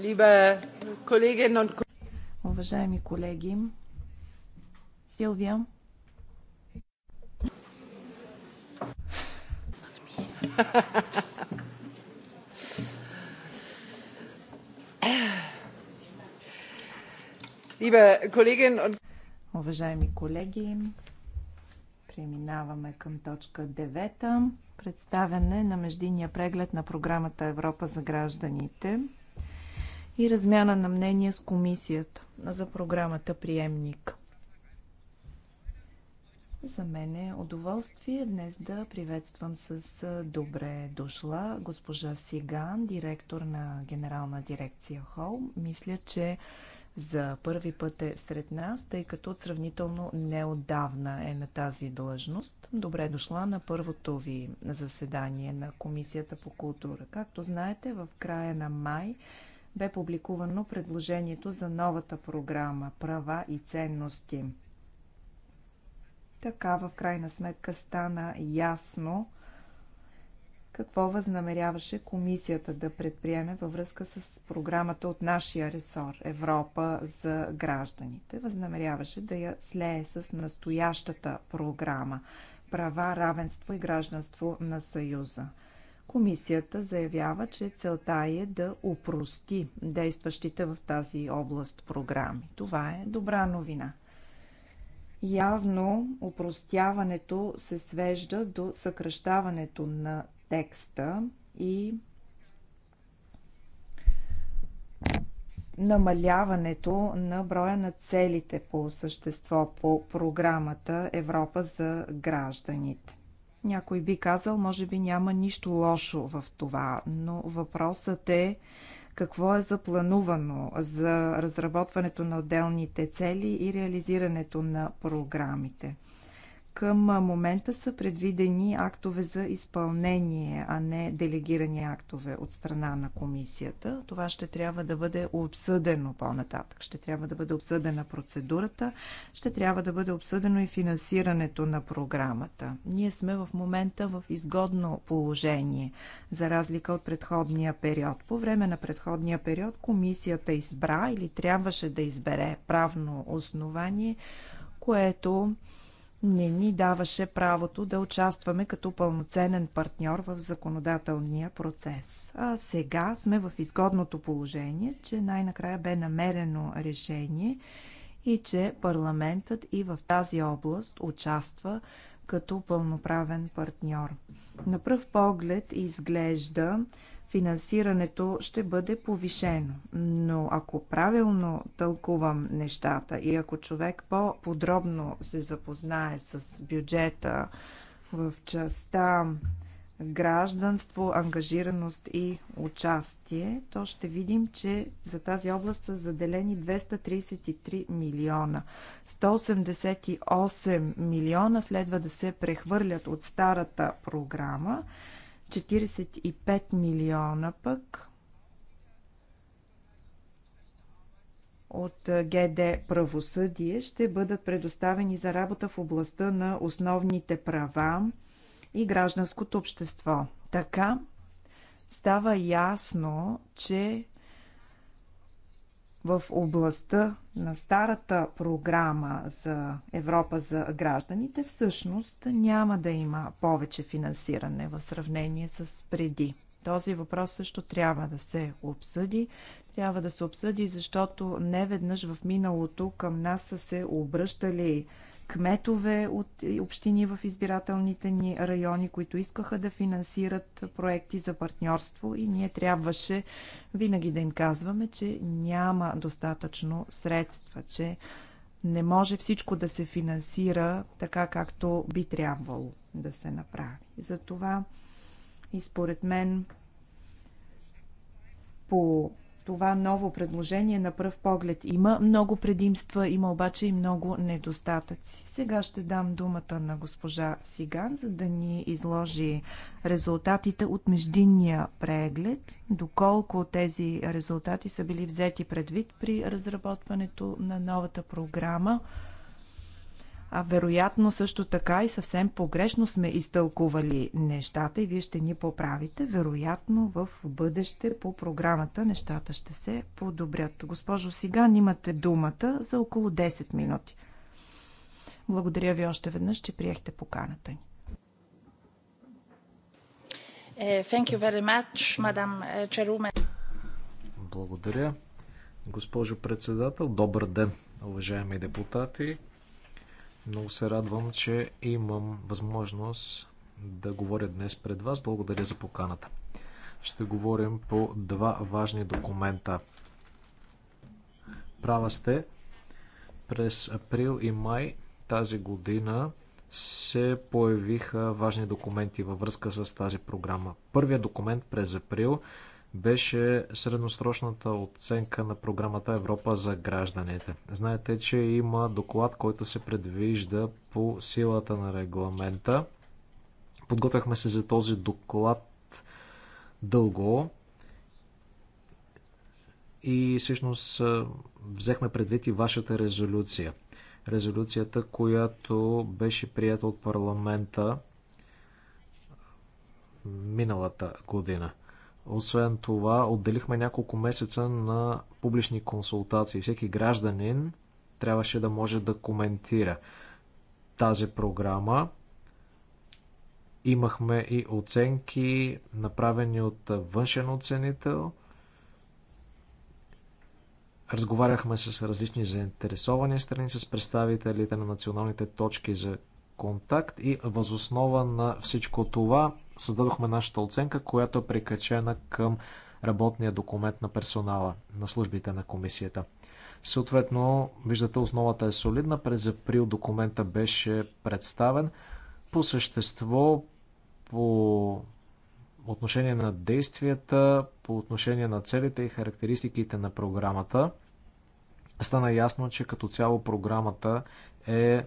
Уважаеми колеги, Силвия. Уважаеми колеги, преминаваме към точка 9 представяне на междинния преглед на програмата Европа за гражданите и размяна на мнения с комисията за програмата Приемник. За мен е удоволствие днес да приветствам с добре дошла госпожа Сиган, директор на Генерална дирекция Холм. Мисля, че за първи път е сред нас, тъй като сравнително неодавна е на тази длъжност. Добре дошла на първото ви заседание на Комисията по култура. Както знаете, в края на май бе публикувано предложението за новата програма Права и ценности. Така в крайна сметка стана ясно какво възнамеряваше комисията да предприеме във връзка с програмата от нашия ресор Европа за гражданите. Възнамеряваше да я слее с настоящата програма Права, равенство и гражданство на Съюза. Комисията заявява, че целта е да упрости действащите в тази област програми. Това е добра новина. Явно упростяването се свежда до съкръщаването на текста и намаляването на броя на целите по същество по програмата Европа за гражданите. Някой би казал, може би няма нищо лошо в това, но въпросът е какво е запланувано за разработването на отделните цели и реализирането на програмите към момента са предвидени актове за изпълнение, а не делегирани актове от страна на комисията. Това ще трябва да бъде обсъдено по-нататък. Ще трябва да бъде обсъдена процедурата, ще трябва да бъде обсъдено и финансирането на програмата. Ние сме в момента в изгодно положение, за разлика от предходния период. По време на предходния период комисията избра или трябваше да избере правно основание, което не ни даваше правото да участваме като пълноценен партньор в законодателния процес. А сега сме в изгодното положение, че най-накрая бе намерено решение и че парламентът и в тази област участва като пълноправен партньор. На пръв поглед изглежда, финансирането ще бъде повишено. Но ако правилно тълкувам нещата и ако човек по-подробно се запознае с бюджета в частта гражданство, ангажираност и участие, то ще видим, че за тази област са заделени 233 милиона. 188 милиона следва да се прехвърлят от старата програма 45 милиона пък от е, ГД Правосъдие ще бъдат предоставени за работа в областта на основните права и гражданското общество. Така става ясно, че в областта на старата програма за Европа за гражданите, всъщност няма да има повече финансиране в сравнение с преди. Този въпрос също трябва да се обсъди. Трябва да се обсъди, защото неведнъж в миналото към нас са се обръщали кметове от общини в избирателните ни райони, които искаха да финансират проекти за партньорство и ние трябваше винаги да им казваме, че няма достатъчно средства, че не може всичко да се финансира така, както би трябвало да се направи. Затова и според мен по това ново предложение на пръв поглед има много предимства, има обаче и много недостатъци. Сега ще дам думата на госпожа Сиган, за да ни изложи резултатите от междинния преглед, доколко тези резултати са били взети предвид при разработването на новата програма а вероятно също така и съвсем погрешно сме изтълкували нещата и вие ще ни поправите. Вероятно в бъдеще по програмата нещата ще се подобрят. Госпожо Сиган, имате думата за около 10 минути. Благодаря ви още веднъж, че приехте поканата ни. Е, thank you very much, е, Благодаря. Госпожо председател, добър ден, уважаеми депутати. Много се радвам, че имам възможност да говоря днес пред вас. Благодаря за поканата. Ще говорим по два важни документа. Права сте. През април и май тази година се появиха важни документи във връзка с тази програма. Първият документ през април беше средносрочната оценка на програмата Европа за гражданите. Знаете, че има доклад, който се предвижда по силата на регламента. Подготвяхме се за този доклад дълго и всъщност взехме предвид и вашата резолюция. Резолюцията, която беше прията от парламента миналата година. Освен това, отделихме няколко месеца на публични консултации. Всеки гражданин трябваше да може да коментира тази програма. Имахме и оценки, направени от външен оценител. Разговаряхме с различни заинтересовани страни, с представителите на националните точки за контакт и възоснова на всичко това създадохме нашата оценка, която е прикачена към работния документ на персонала на службите на комисията. Съответно, виждате, основата е солидна. През април документа беше представен. По същество, по отношение на действията, по отношение на целите и характеристиките на програмата, стана ясно, че като цяло програмата е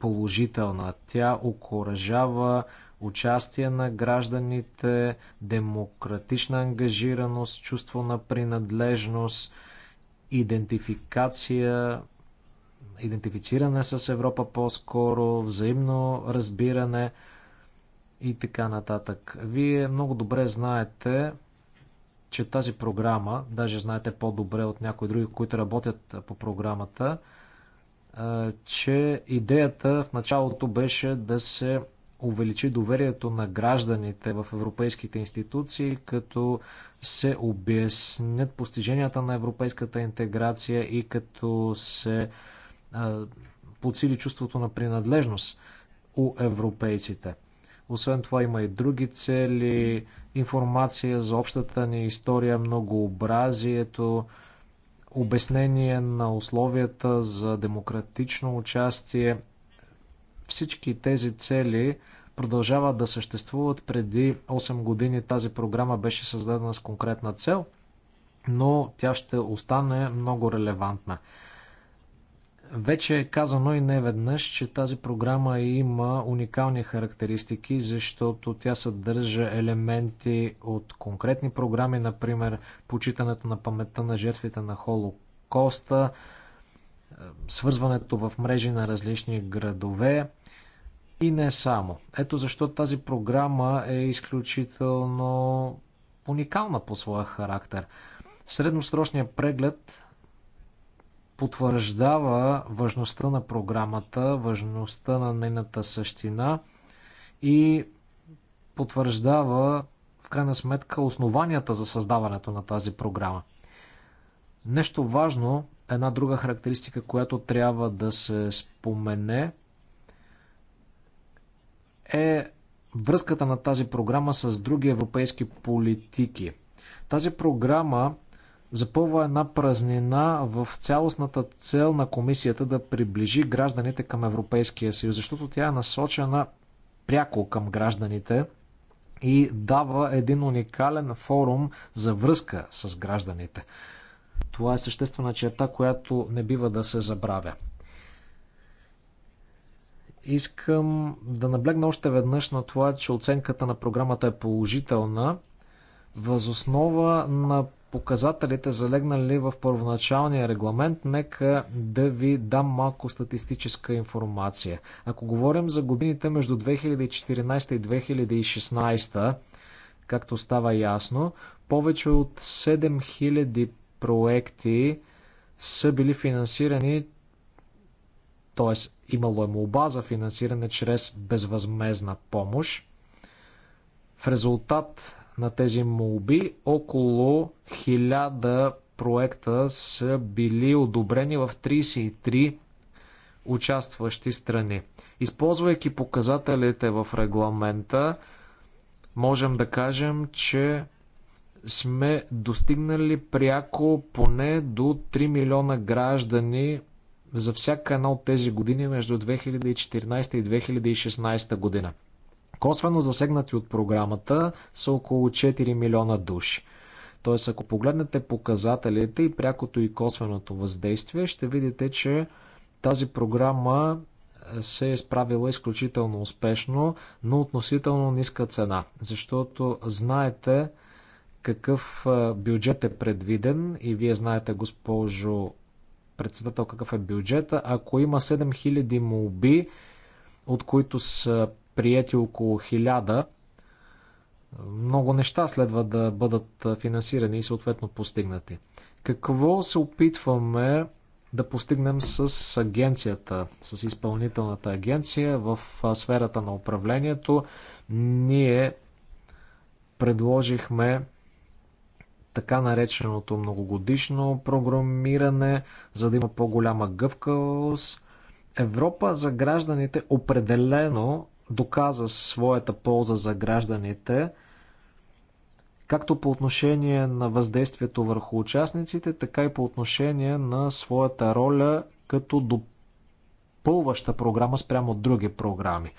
положителна. Тя окоръжава участие на гражданите, демократична ангажираност, чувство на принадлежност, идентификация, идентифициране с Европа по-скоро, взаимно разбиране и така нататък. Вие много добре знаете, че тази програма, даже знаете по-добре от някои други, които работят по програмата, че идеята в началото беше да се увеличи доверието на гражданите в европейските институции, като се обяснят постиженията на европейската интеграция и като се подсили чувството на принадлежност у европейците. Освен това има и други цели, информация за общата ни история, многообразието, обяснение на условията за демократично участие. Всички тези цели продължават да съществуват. Преди 8 години тази програма беше създадена с конкретна цел, но тя ще остане много релевантна. Вече е казано и не веднъж, че тази програма има уникални характеристики, защото тя съдържа елементи от конкретни програми, например почитането на паметта на жертвите на Холокоста, е, свързването в мрежи на различни градове и не само. Ето защо тази програма е изключително уникална по своя характер. Средносрочният преглед потвърждава важността на програмата, важността на нейната същина и потвърждава в крайна сметка основанията за създаването на тази програма. Нещо важно, една друга характеристика, която трябва да се спомене е връзката на тази програма с други европейски политики. Тази програма запълва една празнина в цялостната цел на комисията да приближи гражданите към Европейския съюз, защото тя е насочена пряко към гражданите и дава един уникален форум за връзка с гражданите. Това е съществена черта, която не бива да се забравя. Искам да наблегна още веднъж на това, че оценката на програмата е положителна. Възоснова на показателите залегнали в първоначалния регламент, нека да ви дам малко статистическа информация. Ако говорим за годините между 2014 и 2016, както става ясно, повече от 7000 проекти са били финансирани, т.е. имало е молба за финансиране чрез безвъзмезна помощ. В резултат на тези молби. Около 1000 проекта са били одобрени в 33 участващи страни. Използвайки показателите в регламента, можем да кажем, че сме достигнали пряко поне до 3 милиона граждани за всяка една от тези години между 2014 и 2016 година. Косвено засегнати от програмата са около 4 милиона души. Тоест, ако погледнете показателите и прякото и косвеното въздействие, ще видите, че тази програма е, се е справила изключително успешно, но относително ниска цена. Защото знаете какъв е, бюджет е предвиден и вие знаете, госпожо председател, какъв е бюджета. Ако има 7000 молби, от които са прияти около 1000. Много неща следва да бъдат финансирани и съответно постигнати. Какво се опитваме да постигнем с агенцията, с изпълнителната агенция в сферата на управлението? Ние предложихме така нареченото многогодишно програмиране, за да има по-голяма гъвкавост. Европа за гражданите определено доказа своята полза за гражданите, както по отношение на въздействието върху участниците, така и по отношение на своята роля като допълваща програма спрямо други програми.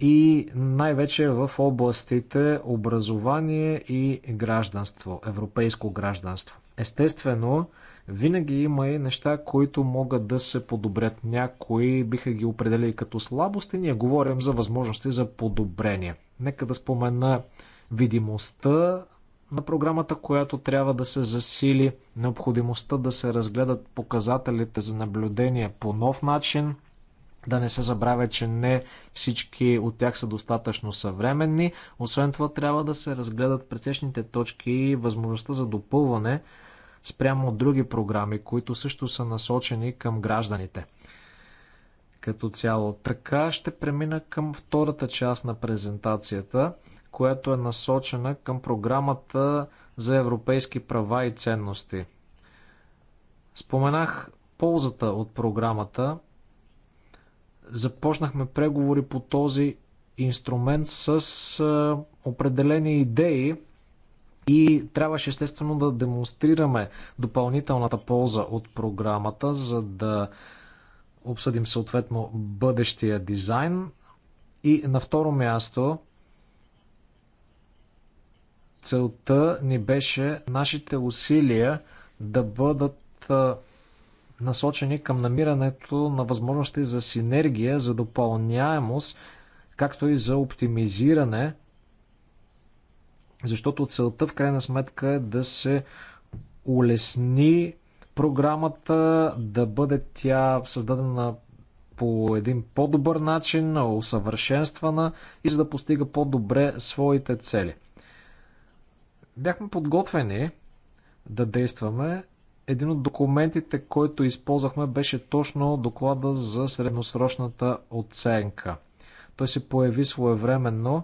И най-вече в областите образование и гражданство, европейско гражданство. Естествено, винаги има и неща, които могат да се подобрят. Някои биха ги определили като слабости. Ние говорим за възможности за подобрение. Нека да спомена видимостта на програмата, която трябва да се засили, необходимостта да се разгледат показателите за наблюдение по нов начин, да не се забравя, че не всички от тях са достатъчно съвременни. Освен това, трябва да се разгледат пресечните точки и възможността за допълване спрямо от други програми, които също са насочени към гражданите като цяло. Така ще премина към втората част на презентацията, която е насочена към програмата за европейски права и ценности. Споменах ползата от програмата. Започнахме преговори по този инструмент с определени идеи, и трябваше естествено да демонстрираме допълнителната полза от програмата, за да обсъдим съответно бъдещия дизайн. И на второ място, целта ни беше нашите усилия да бъдат насочени към намирането на възможности за синергия, за допълняемост, както и за оптимизиране защото целта в крайна сметка е да се улесни програмата, да бъде тя създадена по един по-добър начин, усъвършенствана и за да постига по-добре своите цели. Бяхме подготвени да действаме. Един от документите, който използвахме, беше точно доклада за средносрочната оценка. Той се появи своевременно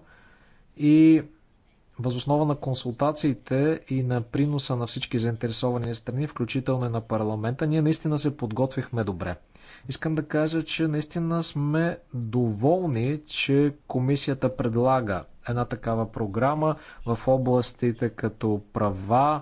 и Възоснова на консултациите и на приноса на всички заинтересовани страни, включително и на парламента, ние наистина се подготвихме добре. Искам да кажа, че наистина сме доволни, че комисията предлага една такава програма в областите като права,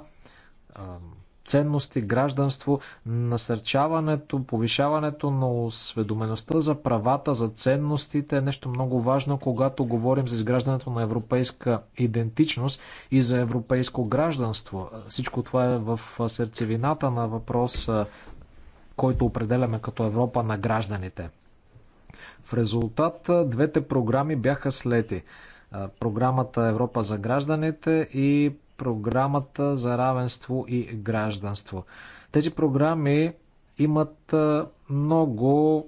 ценности, гражданство, насърчаването, повишаването на осведомеността за правата, за ценностите е нещо много важно, когато говорим за изграждането на европейска идентичност и за европейско гражданство. Всичко това е в сърцевината на въпроса, който определяме като Европа на гражданите. В резултат двете програми бяха слети. Програмата Европа за гражданите и програмата за равенство и гражданство. Тези програми имат много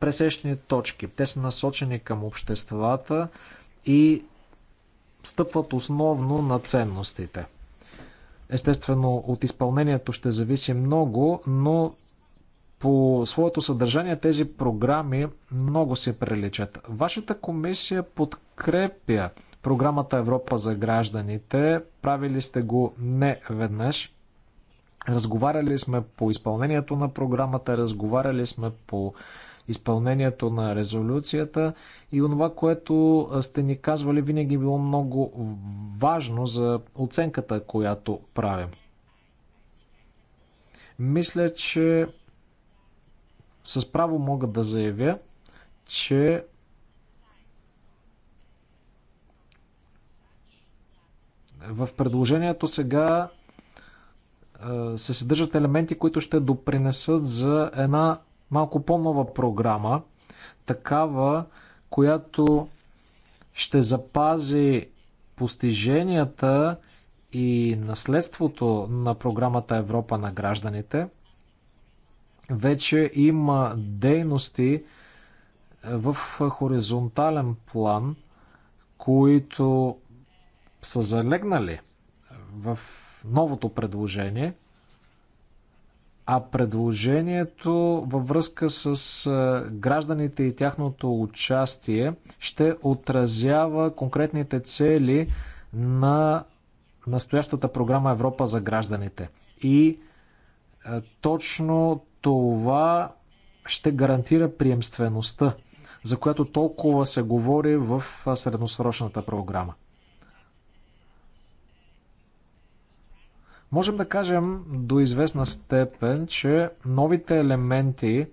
пресечни точки. Те са насочени към обществата и стъпват основно на ценностите. Естествено, от изпълнението ще зависи много, но по своето съдържание тези програми много се приличат. Вашата комисия подкрепя програмата Европа за гражданите. Правили сте го не веднъж. Разговаряли сме по изпълнението на програмата, разговаряли сме по изпълнението на резолюцията и онова, което сте ни казвали, винаги е било много важно за оценката, която правим. Мисля, че с право мога да заявя, че В предложението сега се съдържат елементи, които ще допринесат за една малко по-нова програма, такава, която ще запази постиженията и наследството на програмата Европа на гражданите. Вече има дейности в хоризонтален план, които са залегнали в новото предложение, а предложението във връзка с гражданите и тяхното участие ще отразява конкретните цели на настоящата програма Европа за гражданите. И точно това ще гарантира приемствеността, за която толкова се говори в средносрочната програма. Можем да кажем до известна степен, че новите елементи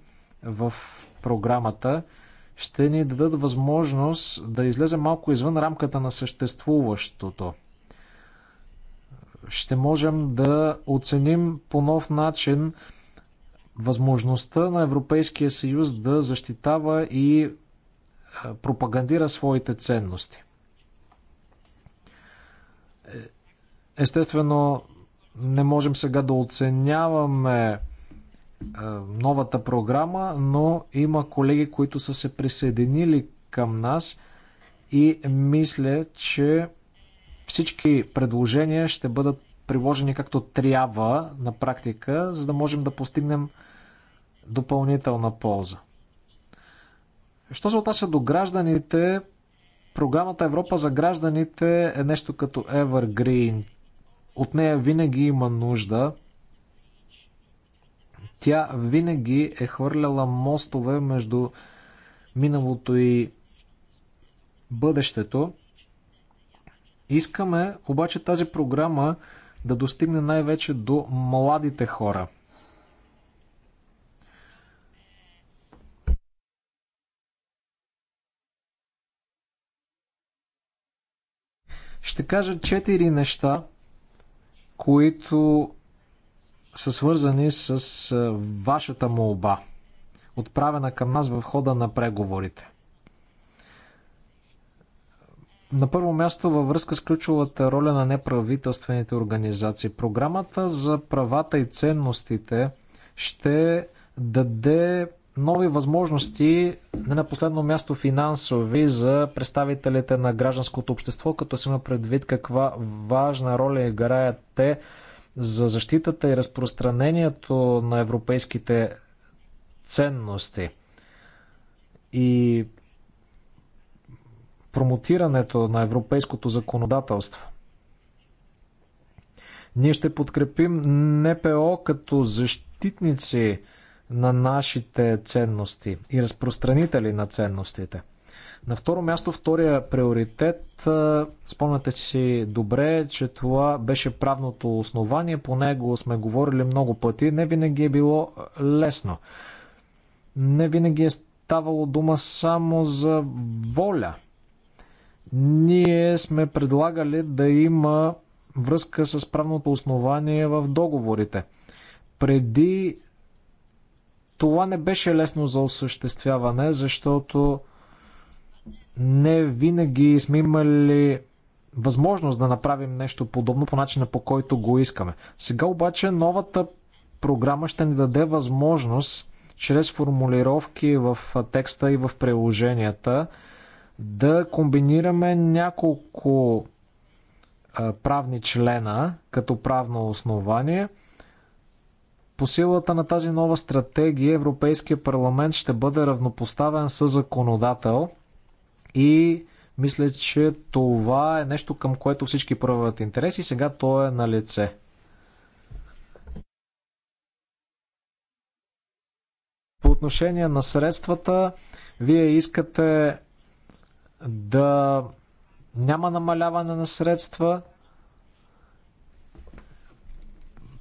в програмата ще ни дадат възможност да излезем малко извън рамката на съществуващото. Ще можем да оценим по нов начин възможността на Европейския съюз да защитава и е, пропагандира своите ценности. Е, естествено, не можем сега да оценяваме е, новата програма, но има колеги, които са се присъединили към нас и мисля, че всички предложения ще бъдат приложени както трябва на практика, за да можем да постигнем допълнителна полза. Що се отнася до гражданите, програмата Европа за гражданите е нещо като Evergreen от нея винаги има нужда. Тя винаги е хвърляла мостове между миналото и бъдещето. Искаме обаче тази програма да достигне най-вече до младите хора. Ще кажа четири неща, които са свързани с вашата молба, отправена към нас в хода на преговорите. На първо място във връзка с ключовата роля на неправителствените организации. Програмата за правата и ценностите ще даде нови възможности, не на последно място финансови, за представителите на гражданското общество, като се има предвид каква важна роля играят те за защитата и разпространението на европейските ценности и промотирането на европейското законодателство. Ние ще подкрепим НПО като защитници на нашите ценности и разпространители на ценностите. На второ място, втория приоритет, спомняте си добре, че това беше правното основание, по него сме говорили много пъти, не винаги е било лесно. Не винаги е ставало дума само за воля. Ние сме предлагали да има връзка с правното основание в договорите. Преди това не беше лесно за осъществяване, защото не винаги сме имали възможност да направим нещо подобно по начина по който го искаме. Сега обаче новата програма ще ни даде възможност чрез формулировки в текста и в приложенията да комбинираме няколко правни члена като правно основание – по силата на тази нова стратегия Европейския парламент ще бъде равнопоставен с законодател и мисля, че това е нещо към което всички правят интерес и сега то е на лице. По отношение на средствата, вие искате да няма намаляване на средства.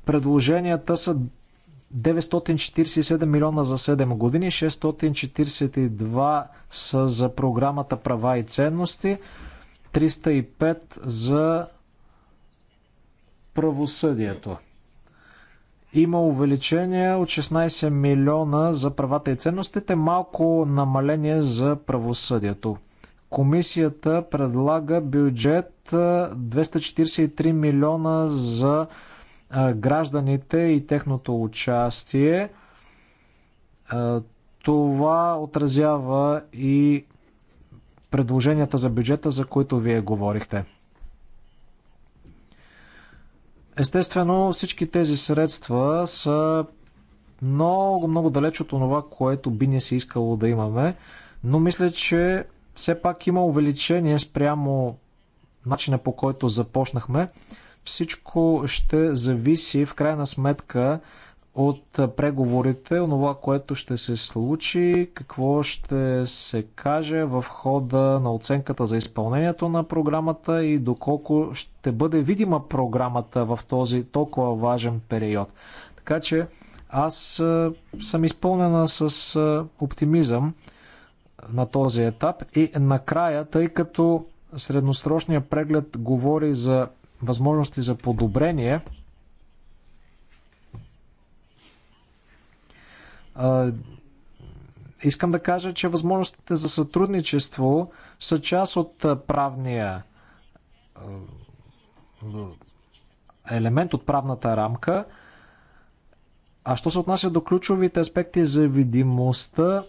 Предложенията са 947 милиона за 7 години, 642 са за програмата права и ценности, 305 за правосъдието. Има увеличение от 16 милиона за правата и ценностите, малко намаление за правосъдието. Комисията предлага бюджет 243 милиона за гражданите и техното участие. Това отразява и предложенията за бюджета, за които вие говорихте. Естествено, всички тези средства са много, много далеч от това, което би ни се искало да имаме, но мисля, че все пак има увеличение спрямо начина по който започнахме. Всичко ще зависи в крайна сметка от преговорите, онова, което ще се случи, какво ще се каже в хода на оценката за изпълнението на програмата и доколко ще бъде видима програмата в този толкова важен период. Така че аз съм изпълнена с оптимизъм на този етап и накрая, тъй като средносрочният преглед говори за възможности за подобрение, искам да кажа, че възможностите за сътрудничество са част от правния елемент от правната рамка. А що се отнася до ключовите аспекти за видимостта,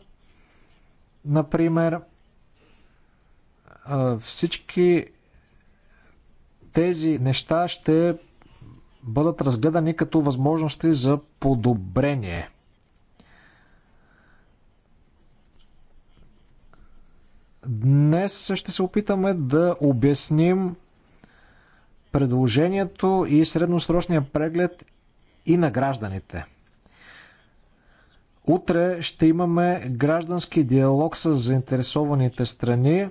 например, всички тези неща ще бъдат разгледани като възможности за подобрение. Днес ще се опитаме да обясним предложението и средносрочния преглед и на гражданите. Утре ще имаме граждански диалог с заинтересованите страни.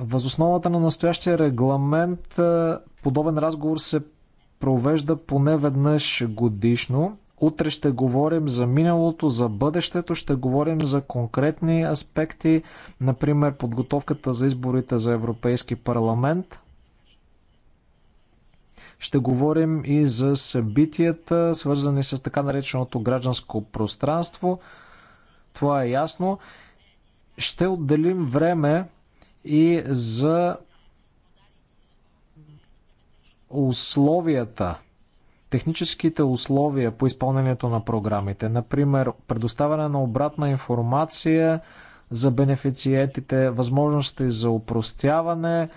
Възосновата на настоящия регламент е, подобен разговор се провежда поне веднъж годишно. Утре ще говорим за миналото, за бъдещето, ще говорим за конкретни аспекти, например подготовката за изборите за Европейски парламент. Ще говорим и за събитията, свързани с така нареченото гражданско пространство. Това е ясно. Ще отделим време и за условията, техническите условия по изпълнението на програмите. Например, предоставяне на обратна информация за бенефициентите, възможности за упростяване, е,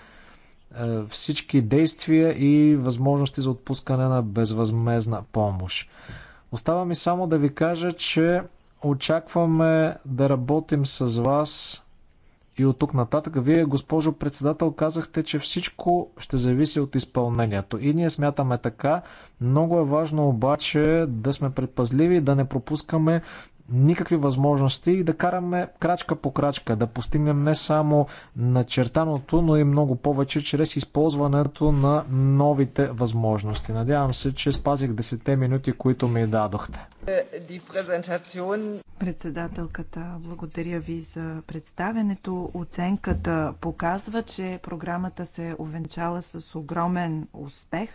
всички действия и възможности за отпускане на безвъзмезна помощ. Остава ми само да ви кажа, че очакваме да работим с вас и от тук нататък. Вие, госпожо председател, казахте, че всичко ще зависи от изпълнението. И ние смятаме така. Много е важно обаче да сме предпазливи, да не пропускаме никакви възможности и да караме крачка по крачка, да постигнем не само начертаното, но и много повече чрез използването на новите възможности. Надявам се, че спазих 10 минути, които ми дадохте. Е, Председателката, благодаря ви за представенето. Оценката показва, че програмата се овенчала е с огромен успех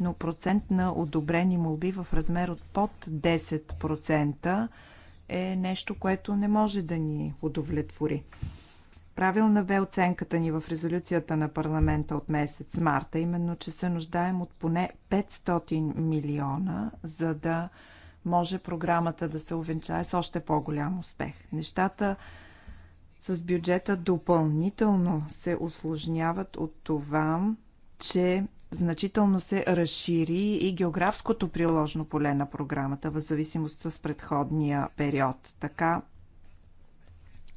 но процент на одобрени молби в размер от под 10% е нещо, което не може да ни удовлетвори. Правилна бе оценката ни в резолюцията на парламента от месец марта, именно, че се нуждаем от поне 500 милиона, за да може програмата да се увенчае с още по-голям успех. Нещата с бюджета допълнително се осложняват от това, че значително се разшири и географското приложно поле на програмата в зависимост с предходния период. Така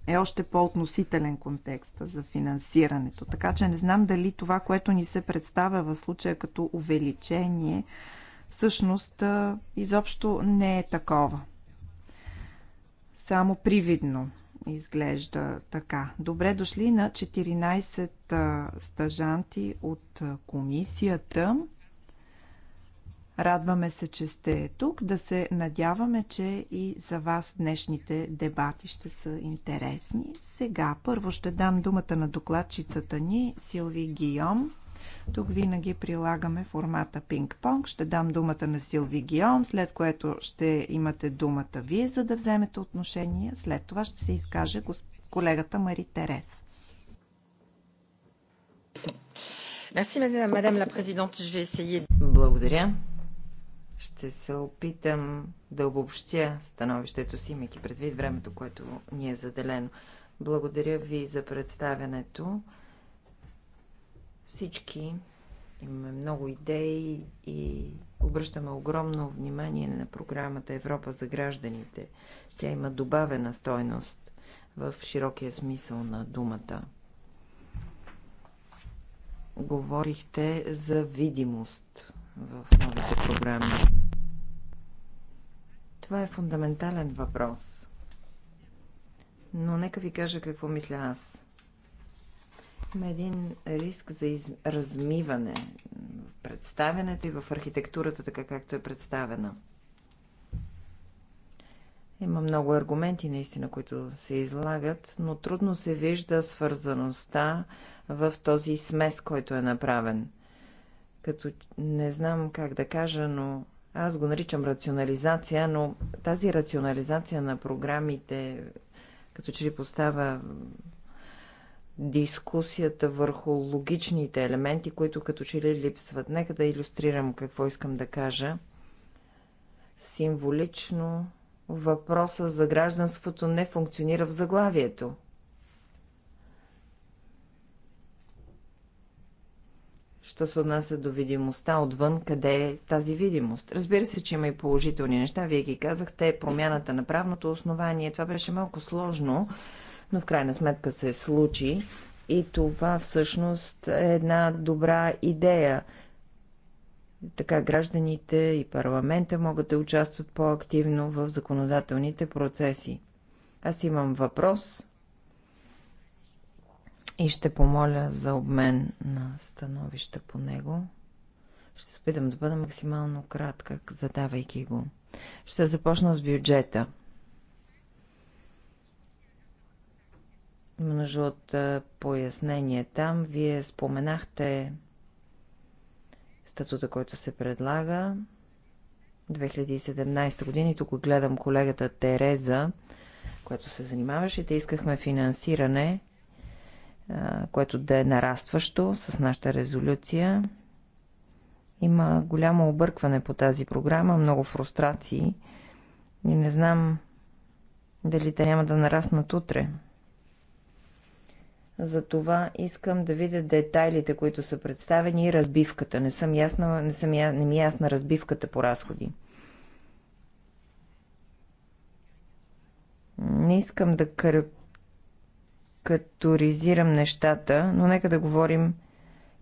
е още по-относителен контекст за финансирането. Така че не знам дали това, което ни се представя в случая като увеличение, всъщност изобщо не е такова. Само привидно изглежда така. Добре дошли на 14 стажанти от комисията. Радваме се, че сте тук. Да се надяваме, че и за вас днешните дебати ще са интересни. Сега първо ще дам думата на докладчицата ни Силви Гийом. Тук винаги прилагаме формата пинг-понг. Ще дам думата на Силви Гиом, след което ще имате думата вие, за да вземете отношение. След това ще се изкаже колегата Мари Терес. Благодаря. Ще се опитам да обобщя становището си, имайки предвид времето, което ни е заделено. Благодаря ви за представянето всички имаме много идеи и обръщаме огромно внимание на програмата Европа за гражданите. Тя има добавена стойност в широкия смисъл на думата. Говорихте за видимост в новите програми. Това е фундаментален въпрос. Но нека ви кажа какво мисля аз. Има един риск за из... размиване в представянето и в архитектурата, така както е представена. Има много аргументи, наистина, които се излагат, но трудно се вижда свързаността в този смес, който е направен. Като не знам как да кажа, но аз го наричам рационализация, но тази рационализация на програмите като че ли поставя дискусията върху логичните елементи, които като че ли липсват. Нека да иллюстрирам какво искам да кажа. Символично въпроса за гражданството не функционира в заглавието. Що се отнася до видимостта отвън, къде е тази видимост? Разбира се, че има и положителни неща. Вие ги казахте, промяната на правното основание. Това беше малко сложно, но в крайна сметка се случи и това всъщност е една добра идея. Така гражданите и парламента могат да участват по-активно в законодателните процеси. Аз имам въпрос и ще помоля за обмен на становища по него. Ще се опитам да бъда максимално кратка, задавайки го. Ще започна с бюджета – Има нужда от пояснение там. Вие споменахте статута, който се предлага. 2017 година и тук гледам колегата Тереза, която се занимаваше. Те искахме финансиране, което да е нарастващо с нашата резолюция. Има голямо объркване по тази програма, много фрустрации и не знам дали те няма да нараснат утре. Затова искам да видя детайлите, които са представени и разбивката. Не, съм ясна, не, съм я, не ми е ясна разбивката по разходи. Не искам да карикатуризирам нещата, но нека да говорим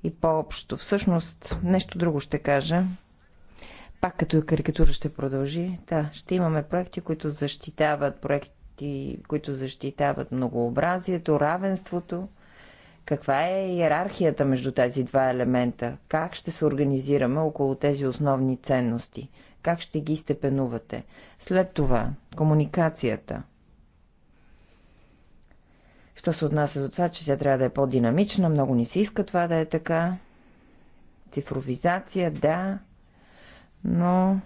и по-общо. Всъщност, нещо друго ще кажа. Пак като карикатура ще продължи. Да, ще имаме проекти, които защитават проекти защити, които защитават многообразието, равенството. Каква е иерархията между тези два елемента? Как ще се организираме около тези основни ценности? Как ще ги степенувате? След това, комуникацията. Що се отнася до това, че тя трябва да е по-динамична, много ни се иска това да е така. Цифровизация, да, но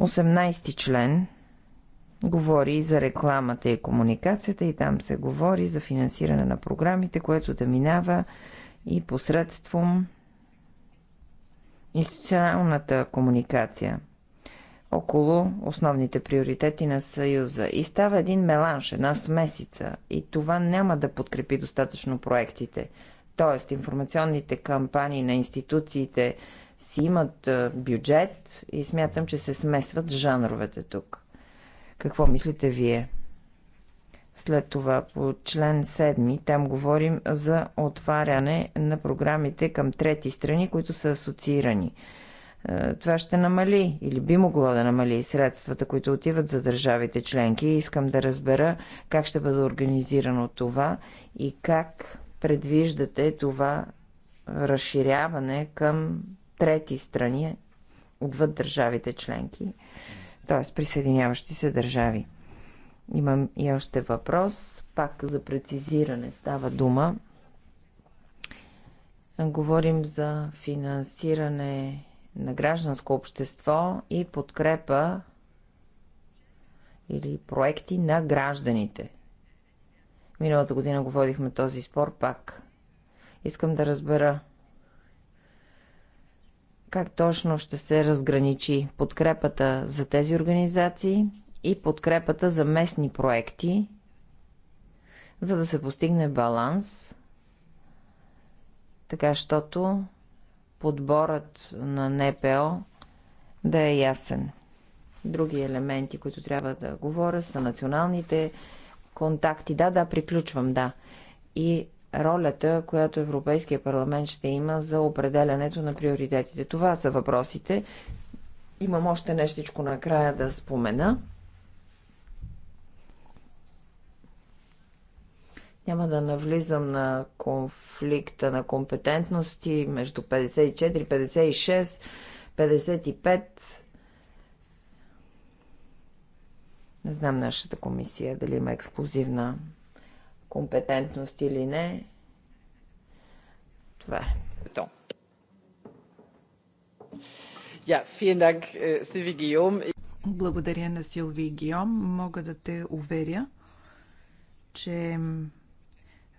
18 член говори за рекламата и комуникацията и там се говори за финансиране на програмите, което да минава и посредством институционалната комуникация около основните приоритети на Съюза. И става един меланж, една смесица. И това няма да подкрепи достатъчно проектите. Тоест, информационните кампании на институциите си имат бюджет и смятам, че се смесват жанровете тук. Какво мислите вие? След това по член 7 там говорим за отваряне на програмите към трети страни, които са асоциирани. Е, това ще намали или би могло да намали средствата, които отиват за държавите членки. Искам да разбера как ще бъде организирано това и как предвиждате това разширяване към трети страни отвъд държавите членки т.е. присъединяващи се държави. Имам и още въпрос, пак за прецизиране става дума. Говорим за финансиране на гражданско общество и подкрепа или проекти на гражданите. Миналата година го водихме този спор пак. Искам да разбера как точно ще се разграничи подкрепата за тези организации и подкрепата за местни проекти, за да се постигне баланс, така щото подборът на НПО да е ясен. Други елементи, които трябва да говоря, са националните контакти. Да, да, приключвам, да. И ролята, която Европейския парламент ще има за определянето на приоритетите. Това са въпросите. Имам още нещичко накрая да спомена. Няма да навлизам на конфликта на компетентности между 54, 56, 55. Не знам нашата комисия дали има ексклюзивна компетентност или не. Това е. Äh, Благодаря на Силви Гиом. Мога да те уверя, че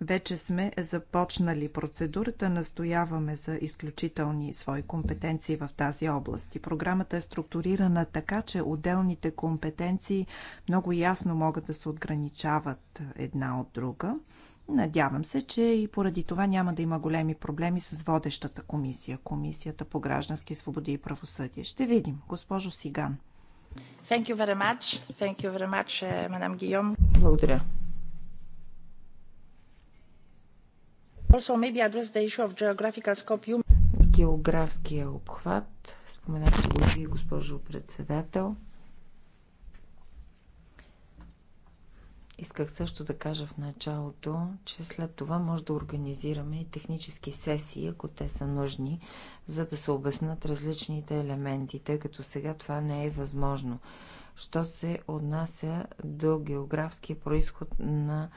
вече сме започнали процедурата, настояваме за изключителни свои компетенции в тази област. И програмата е структурирана така, че отделните компетенции много ясно могат да се отграничават една от друга. Надявам се, че и поради това няма да има големи проблеми с водещата комисия, Комисията по граждански свободи и правосъдие. Ще видим, госпожо Сиган. Thank you very much. Thank you very much, eh, Благодаря. Географския обхват. Споменахте го и госпожо председател. Исках също да кажа в началото, че след това може да организираме и технически сесии, ако те са нужни, за да се обяснат различните елементи, тъй като сега това не е възможно. Що се отнася до географския происход на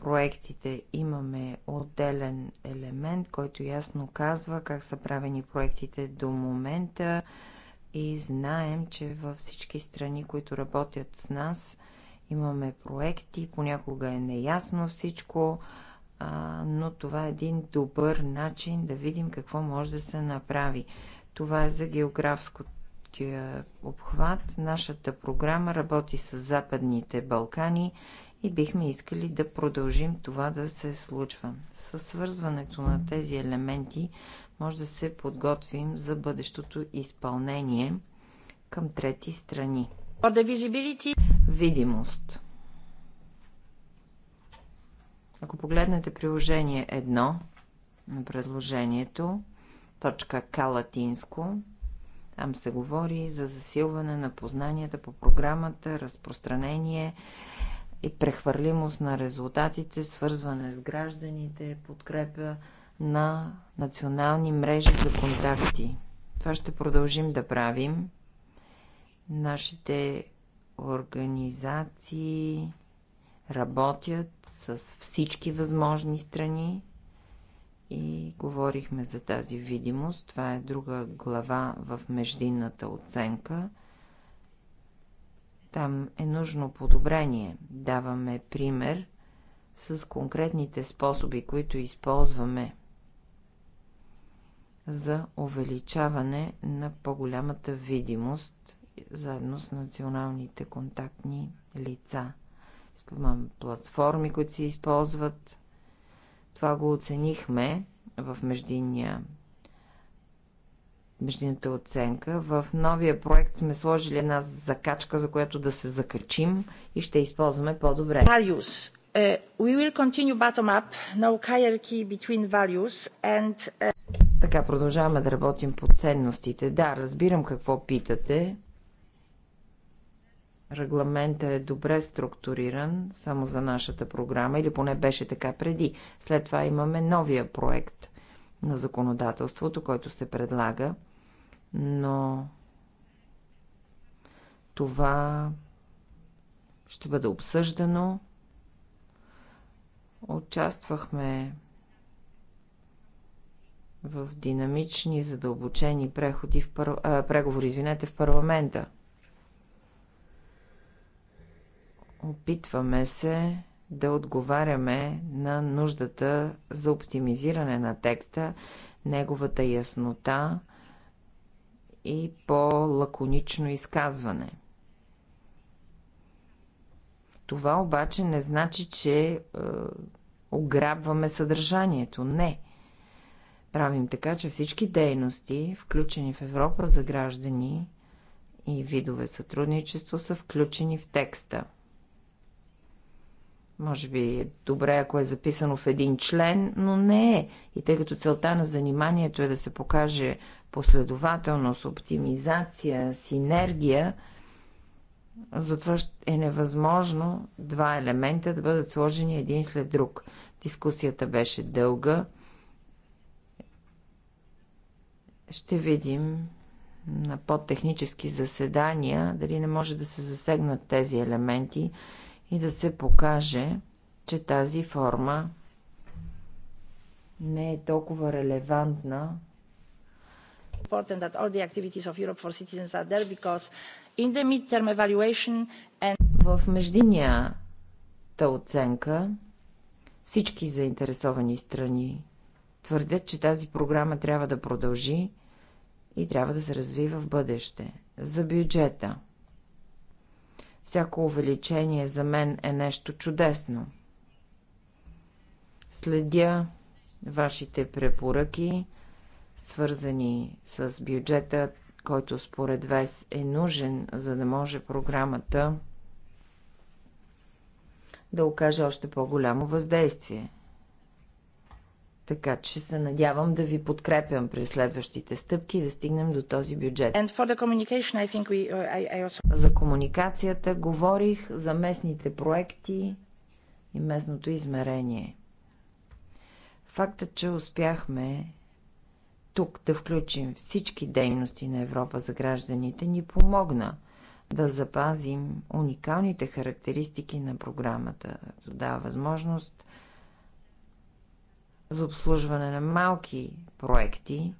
проектите имаме отделен елемент, който ясно казва как са правени проектите до момента и знаем, че във всички страни, които работят с нас, имаме проекти, понякога е неясно всичко, но това е един добър начин да видим какво може да се направи. Това е за географското обхват. Нашата програма работи с Западните Балкани и бихме искали да продължим това да се случва. Със свързването на тези елементи може да се подготвим за бъдещото изпълнение към трети страни. Видимост. Ако погледнете приложение 1 на предложението, точка К латинско, там се говори за засилване на познанията по програмата, разпространение и прехвърлимост на резултатите, свързване с гражданите, подкрепя на национални мрежи за контакти. Това ще продължим да правим. Нашите организации работят с всички възможни страни и говорихме за тази видимост. Това е друга глава в междинната оценка – там е нужно подобрение. Даваме пример с конкретните способи, които използваме за увеличаване на по-голямата видимост заедно с националните контактни лица. Спомням платформи, които се използват. Това го оценихме в междинния междинната оценка. В новия проект сме сложили една закачка, за която да се закачим и ще използваме по-добре. Values. Uh, е, we will continue bottom-up, no hierarchy between values and... Uh... Така, продължаваме да работим по ценностите. Да, разбирам какво питате. Регламентът е добре структуриран, само за нашата програма, или поне беше така преди. След това имаме новия проект – на законодателството, който се предлага, но това ще бъде обсъждано. Участвахме в динамични, задълбочени преходи в пар... а, преговори извинете, в парламента. Опитваме се да отговаряме на нуждата за оптимизиране на текста, неговата яснота и по-лаконично изказване. Това обаче не значи, че е, ограбваме съдържанието. Не. Правим така, че всички дейности, включени в Европа за граждани и видове сътрудничество, са включени в текста – може би е добре, ако е записано в един член, но не е. И тъй като целта на заниманието е да се покаже последователност, оптимизация, синергия, затова е невъзможно два елемента да бъдат сложени един след друг. Дискусията беше дълга. Ще видим на по-технически заседания дали не може да се засегнат тези елементи и да се покаже, че тази форма не е толкова релевантна. В междинията оценка всички заинтересовани страни твърдят, че тази програма трябва да продължи и трябва да се развива в бъдеще. За бюджета – Всяко увеличение за мен е нещо чудесно. Следя вашите препоръки, свързани с бюджета, който според вас е нужен, за да може програмата да окаже още по-голямо въздействие. Така че се надявам да ви подкрепям при следващите стъпки и да стигнем до този бюджет. We, uh, I, I also... За комуникацията говорих, за местните проекти и местното измерение. Фактът, че успяхме тук да включим всички дейности на Европа за гражданите, ни помогна да запазим уникалните характеристики на програмата. Това дава възможност за обслужване на малки проекти,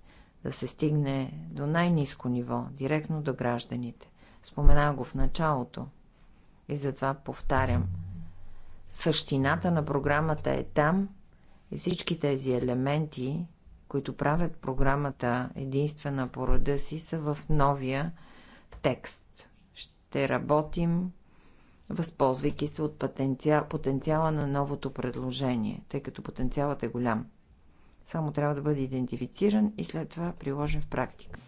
да се стигне до най-низко ниво, директно до гражданите. Споменах го в началото и затова повтарям. Същината на програмата е там и всички тези елементи, които правят програмата единствена по рода си, са в новия текст. Ще работим възползвайки се от потенциала, потенциала на новото предложение, тъй като потенциалът е голям. Само трябва да бъде идентифициран и след това приложен в практика.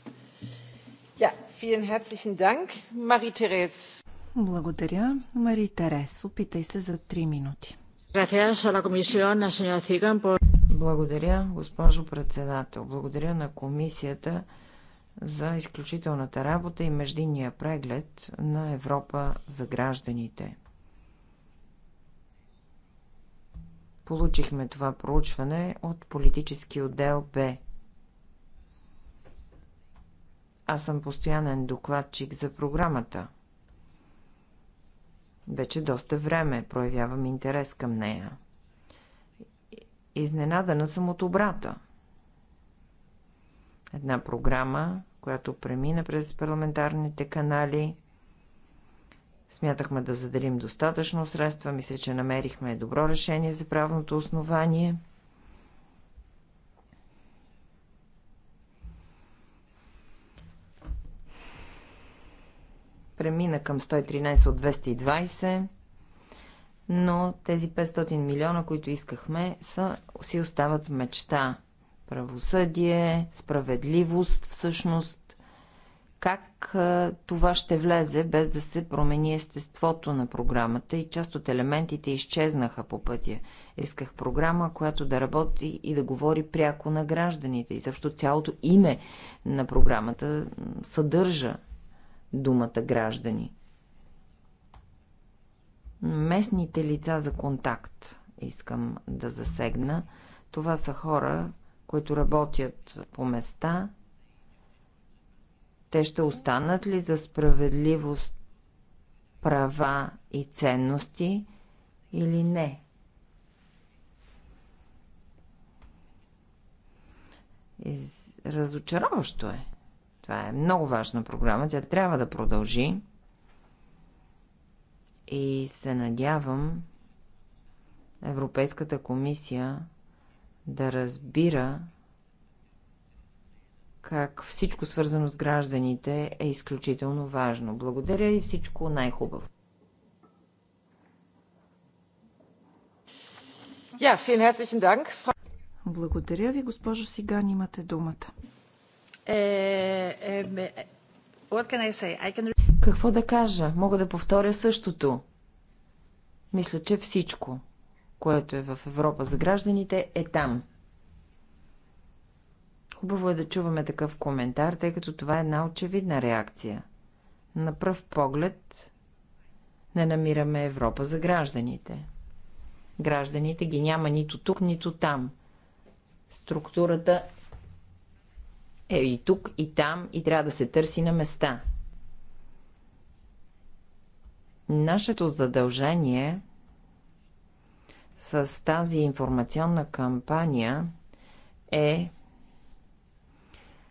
Ja, vielen herzlichen Dank, Marie-Therese. Благодаря, Мари Терес. Опитай се за три минути. Благодаря, госпожо председател. Благодаря на комисията за изключителната работа и междинния преглед на Европа за гражданите. Получихме това проучване от политически отдел Б. Аз съм постоянен докладчик за програмата. Вече доста време проявявам интерес към нея. Изненадана съм от обрата – Една програма, която премина през парламентарните канали. Смятахме да заделим достатъчно средства. Мисля, че намерихме добро решение за правното основание. Премина към 113 от 220, но тези 500 милиона, които искахме, са, си остават мечта правосъдие, справедливост всъщност. Как а, това ще влезе без да се промени естеството на програмата и част от елементите изчезнаха по пътя. Исках програма, която да работи и да говори пряко на гражданите. И защото цялото име на програмата съдържа думата граждани. Местните лица за контакт искам да засегна. Това са хора, които работят по места, те ще останат ли за справедливост, права и ценности или не? Из... Разочароващо е. Това е много важна програма. Тя трябва да продължи. И се надявам Европейската комисия да разбира как всичко свързано с гражданите е изключително важно. Благодаря и всичко най-хубаво. Dank. Благодаря ви, госпожо Сиган, имате думата. Е, е, Какво да кажа? Мога да повторя същото. Мисля, че всичко което е в Европа за гражданите, е там. Хубаво е да чуваме такъв коментар, тъй като това е една очевидна реакция. На пръв поглед не намираме Европа за гражданите. Гражданите ги няма нито тук, нито там. Структурата е и тук, и там, и трябва да се търси на места. Нашето задължение с тази информационна кампания е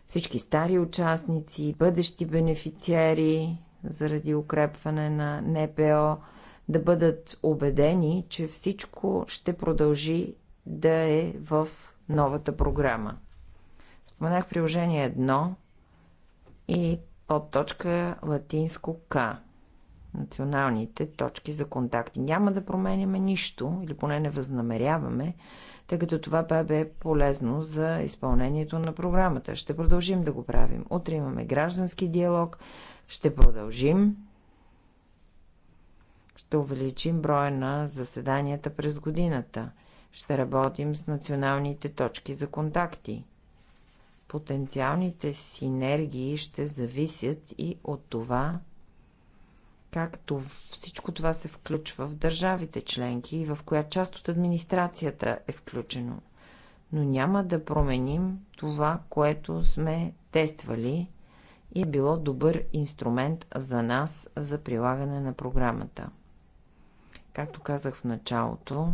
всички стари участници, бъдещи бенефициери заради укрепване на НПО да бъдат убедени, че всичко ще продължи да е в новата програма. Споменах приложение 1 и подточка латинско К националните точки за контакти. Няма да променяме нищо, или поне не възнамеряваме, тъй като това бе полезно за изпълнението на програмата. Ще продължим да го правим. Утре имаме граждански диалог, ще продължим. Ще увеличим броя на заседанията през годината. Ще работим с националните точки за контакти. Потенциалните синергии ще зависят и от това, както всичко това се включва в държавите членки и в коя част от администрацията е включено. Но няма да променим това, което сме тествали и е било добър инструмент за нас за прилагане на програмата. Както казах в началото,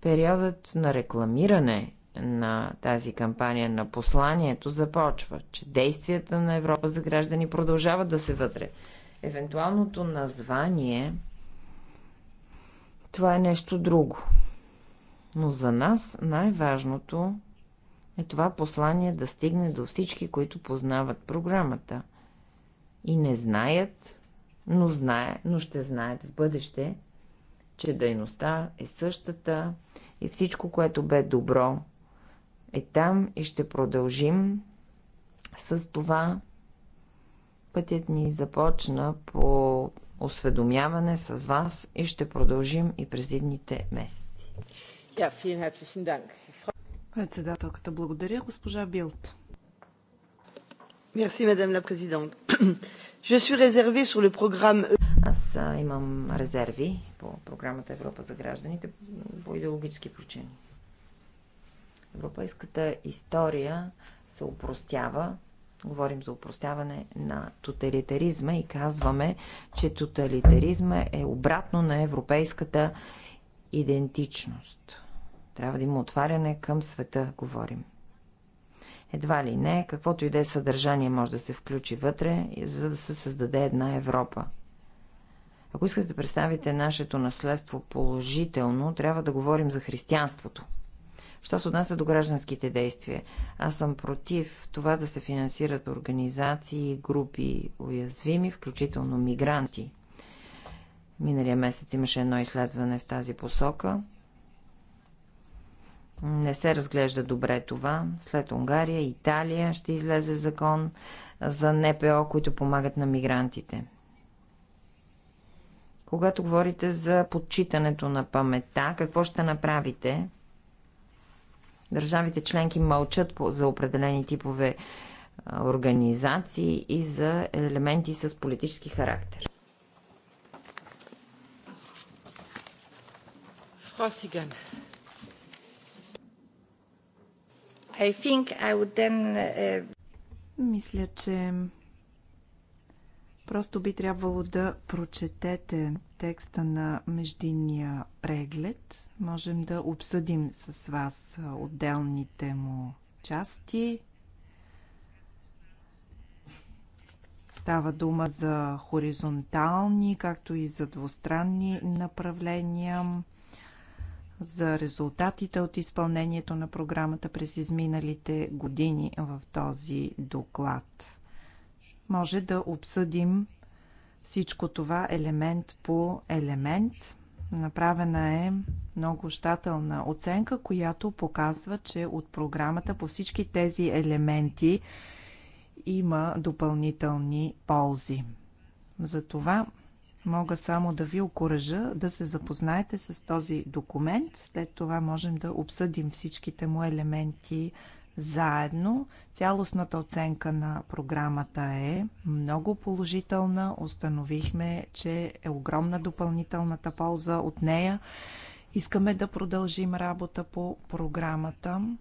периодът на рекламиране на тази кампания на посланието започва, че действията на Европа за граждани продължават да се вътре Евентуалното название, това е нещо друго. Но за нас най-важното е това послание да стигне до всички, които познават програмата и не знаят, но, знае, но ще знаят в бъдеще, че дейността е същата и всичко, което бе добро, е там и ще продължим с това пътят ни започна по осведомяване с вас и ще продължим и през едните месеци. Председателката благодаря, госпожа Билт. Merci, madame la présidente. Je suis réservée sur le programme... E. Аз имам резерви по програмата Европа за гражданите по идеологически причини. Европейската история се упростява Говорим за упростяване на тоталитаризма и казваме, че тоталитаризма е обратно на европейската идентичност. Трябва да има отваряне към света, говорим. Едва ли не, каквото и да е съдържание може да се включи вътре, за да се създаде една Европа. Ако искате да представите нашето наследство положително, трябва да говорим за християнството – Що се отнася до гражданските действия? Аз съм против това да се финансират организации и групи уязвими, включително мигранти. Миналия месец имаше едно изследване в тази посока. Не се разглежда добре това. След Унгария, Италия ще излезе закон за НПО, които помагат на мигрантите. Когато говорите за подчитането на паметта, какво ще направите? Държавите членки мълчат за определени типове организации и за елементи с политически характер. Фросиган. I think I would then... Uh, Мисля, че просто би трябвало да прочетете текста на междинния преглед. Можем да обсъдим с вас отделните му части. Става дума за хоризонтални, както и за двустранни направления, за резултатите от изпълнението на програмата през изминалите години в този доклад. Може да обсъдим всичко това елемент по елемент. Направена е много щателна оценка, която показва, че от програмата по всички тези елементи има допълнителни ползи. Затова мога само да ви окоръжа да се запознаете с този документ. След това можем да обсъдим всичките му елементи заедно. Цялостната оценка на програмата е много положителна. Установихме, че е огромна допълнителната полза от нея. Искаме да продължим работа по програмата.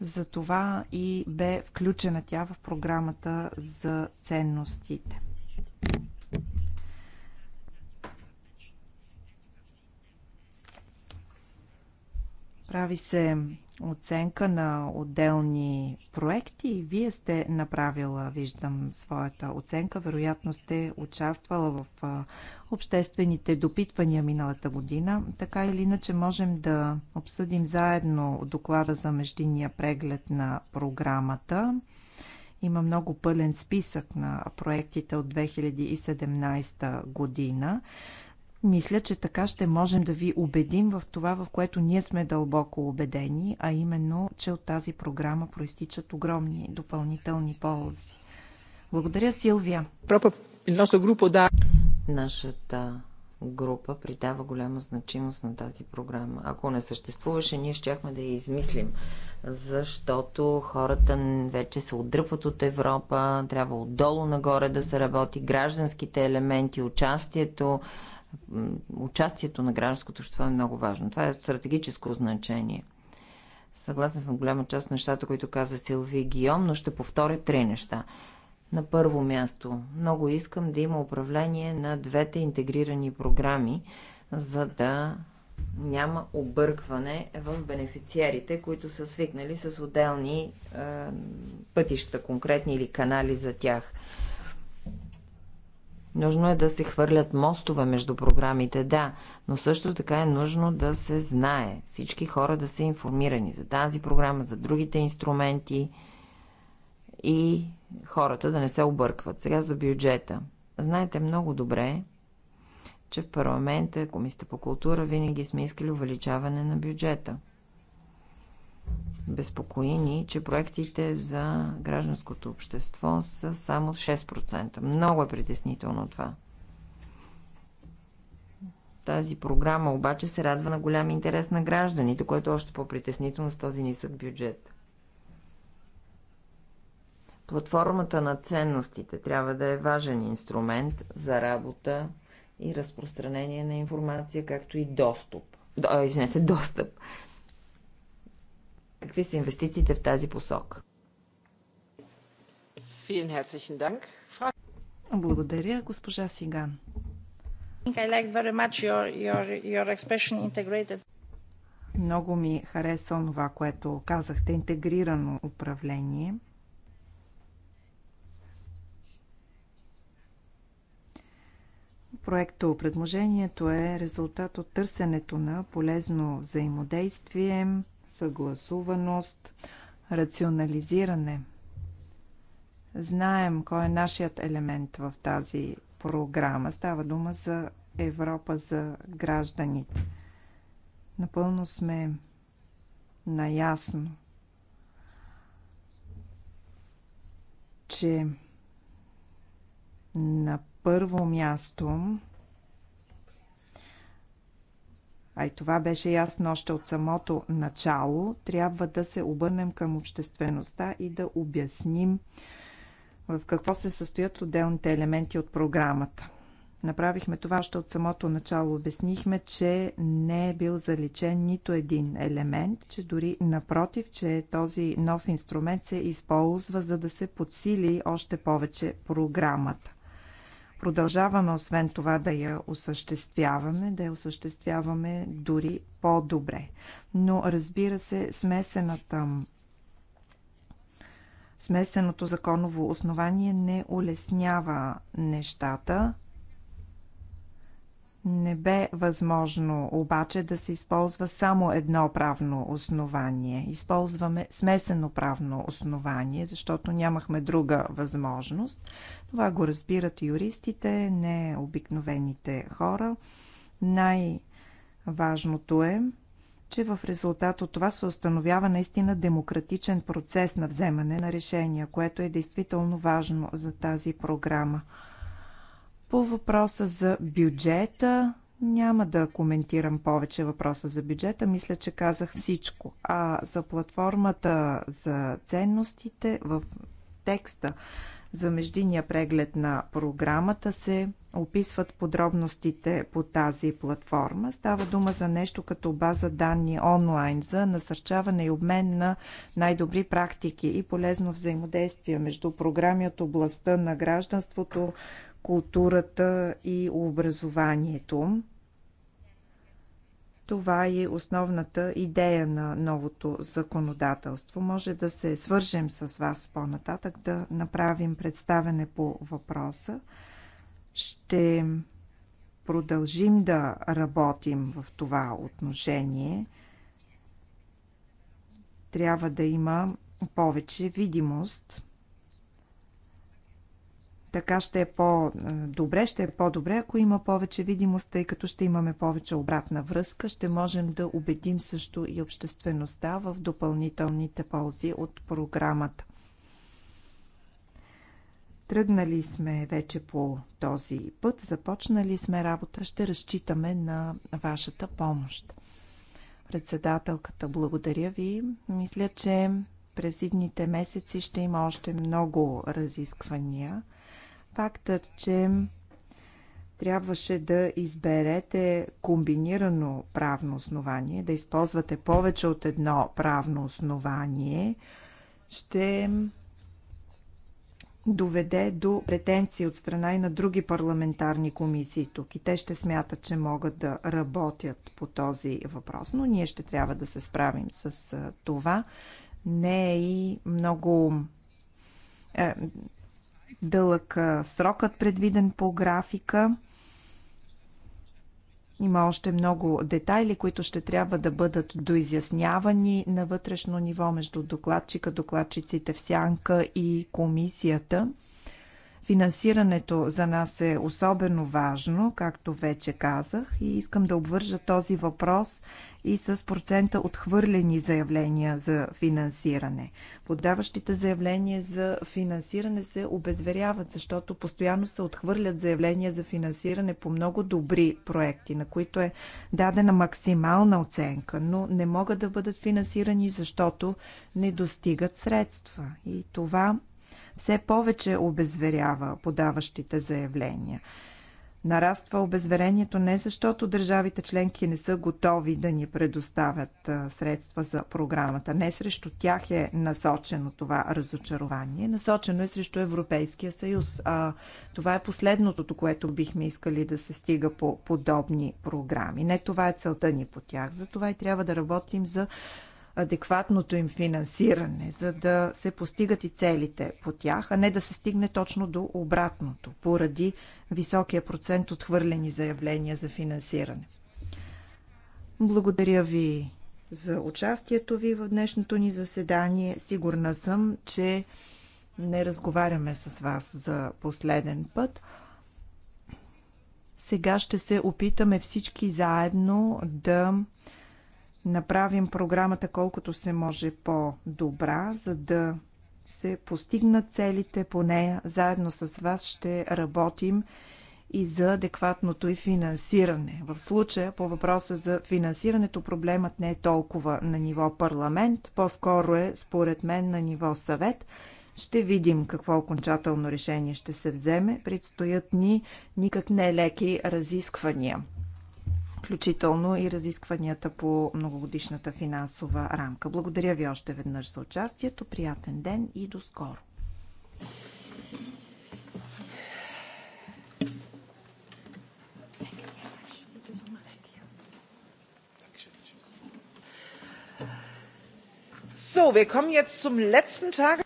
Затова и бе включена тя в програмата за ценностите. Прави се оценка на отделни проекти. Вие сте направила, виждам, своята оценка. Вероятно сте участвала в обществените допитвания миналата година. Така или иначе можем да обсъдим заедно доклада за междинния преглед на програмата. Има много пълен списък на проектите от 2017 година. Мисля, че така ще можем да ви убедим в това, в което ние сме дълбоко убедени, а именно, че от тази програма проистичат огромни допълнителни ползи. Благодаря, Силвия. Нашата група придава голяма значимост на тази програма. Ако не съществуваше, ние щяхме да я измислим, защото хората вече се отдръпват от Европа, трябва отдолу нагоре да се работи, гражданските елементи, участието участието на гражданското общество е много важно. Това е стратегическо значение. Съгласна съм голяма част от нещата, които каза Силви Гиом, но ще повторя три неща. На първо място, много искам да има управление на двете интегрирани програми, за да няма объркване в бенефициарите, които са свикнали с отделни е, пътища, конкретни или канали за тях – Нужно е да се хвърлят мостове между програмите, да, но също така е нужно да се знае, всички хора да са информирани за тази програма, за другите инструменти и хората да не се объркват. Сега за бюджета. Знаете много добре, че в парламента, Комисията по култура, винаги сме искали увеличаване на бюджета – безпокоени, че проектите за гражданското общество са само 6%. Много е притеснително това. Тази програма обаче се радва на голям интерес на гражданите, което е още по-притеснително с този нисък бюджет. Платформата на ценностите трябва да е важен инструмент за работа и разпространение на информация, както и достъп. Извинете, достъп Какви са инвестициите в тази посока? Благодаря, госпожа Сиган. Много ми хареса това, което казахте, интегрирано управление. Проекто предложението е резултат от търсенето на полезно взаимодействие, съгласуваност, рационализиране. Знаем кой е нашият елемент в тази програма. Става дума за Европа за гражданите. Напълно сме наясно, че на първо място а и това беше ясно още от самото начало, трябва да се обърнем към обществеността и да обясним в какво се състоят отделните елементи от програмата. Направихме това още от самото начало. Обяснихме, че не е бил заличен нито един елемент, че дори напротив, че този нов инструмент се използва за да се подсили още повече програмата. Продължаваме освен това да я осъществяваме, да я осъществяваме дори по-добре. Но разбира се, смесената смесеното законово основание не улеснява нещата. Не бе възможно обаче да се използва само едно правно основание. Използваме смесено правно основание, защото нямахме друга възможност. Това го разбират юристите, не обикновените хора. Най-важното е, че в резултат от това се установява наистина демократичен процес на вземане на решения, което е действително важно за тази програма. По въпроса за бюджета, няма да коментирам повече въпроса за бюджета. Мисля, че казах всичко. А за платформата за ценностите в текста за междиния преглед на програмата се описват подробностите по тази платформа. Става дума за нещо като база данни онлайн за насърчаване и обмен на най-добри практики и полезно взаимодействие между програми от областта на гражданството, културата и образованието. Това е основната идея на новото законодателство. Може да се свържем с вас по-нататък, да направим представене по въпроса. Ще продължим да работим в това отношение. Трябва да има повече видимост така ще е по-добре, е, ще е по-добре, ако има повече видимост, тъй като ще имаме повече обратна връзка, ще можем да убедим също и обществеността в допълнителните ползи от програмата. Тръгнали сме вече по този път, започнали сме работа, ще разчитаме на вашата помощ. Председателката, благодаря ви. Мисля, че през идните месеци ще има още много разисквания. Фактът, че трябваше да изберете комбинирано правно основание, да използвате повече от едно правно основание, ще доведе до претенции от страна и на други парламентарни комисии тук. И те ще смятат, че могат да работят по този въпрос, но ние ще трябва да се справим с това. Не е и много е, дълъг срокът предвиден по графика. Има още много детайли, които ще трябва да бъдат доизяснявани на вътрешно ниво между докладчика, докладчиците в сянка и комисията. Финансирането за нас е особено важно, както вече казах, и искам да обвържа този въпрос и с процента отхвърлени заявления за финансиране. Подаващите заявление за финансиране се обезверяват, защото постоянно се отхвърлят заявления за финансиране по много добри проекти, на които е дадена максимална оценка, но не могат да бъдат финансирани, защото не достигат средства. И това все повече обезверява подаващите заявления. Нараства обезверението не защото държавите членки не са готови да ни предоставят средства за програмата. Не срещу тях е насочено това разочарование. Насочено е срещу Европейския съюз. А, това е последното, до което бихме искали да се стига по подобни програми. Не това е целта ни по тях. Затова и трябва да работим за адекватното им финансиране, за да се постигат и целите по тях, а не да се стигне точно до обратното, поради високия процент отхвърлени заявления за финансиране. Благодаря ви за участието ви в днешното ни заседание. Сигурна съм, че не разговаряме с вас за последен път. Сега ще се опитаме всички заедно да направим програмата колкото се може по-добра, за да се постигнат целите по нея. Заедно с вас ще работим и за адекватното и финансиране. В случая по въпроса за финансирането проблемът не е толкова на ниво парламент, по-скоро е според мен на ниво съвет. Ще видим какво окончателно решение ще се вземе. Предстоят ни никак не леки разисквания включително и разискванията по многогодишната финансова рамка. Благодаря ви още веднъж за участието. Приятен ден и до скоро! So, wir kommen jetzt zum letzten Tag.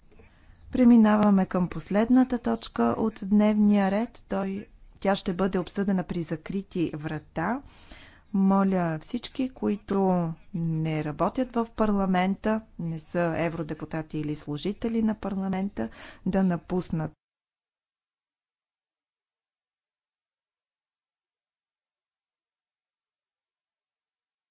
Преминаваме към последната точка от дневния ред. Той, тя ще бъде обсъдена при закрити врата. Моля всички, които не работят в парламента, не са евродепутати или служители на парламента, да напуснат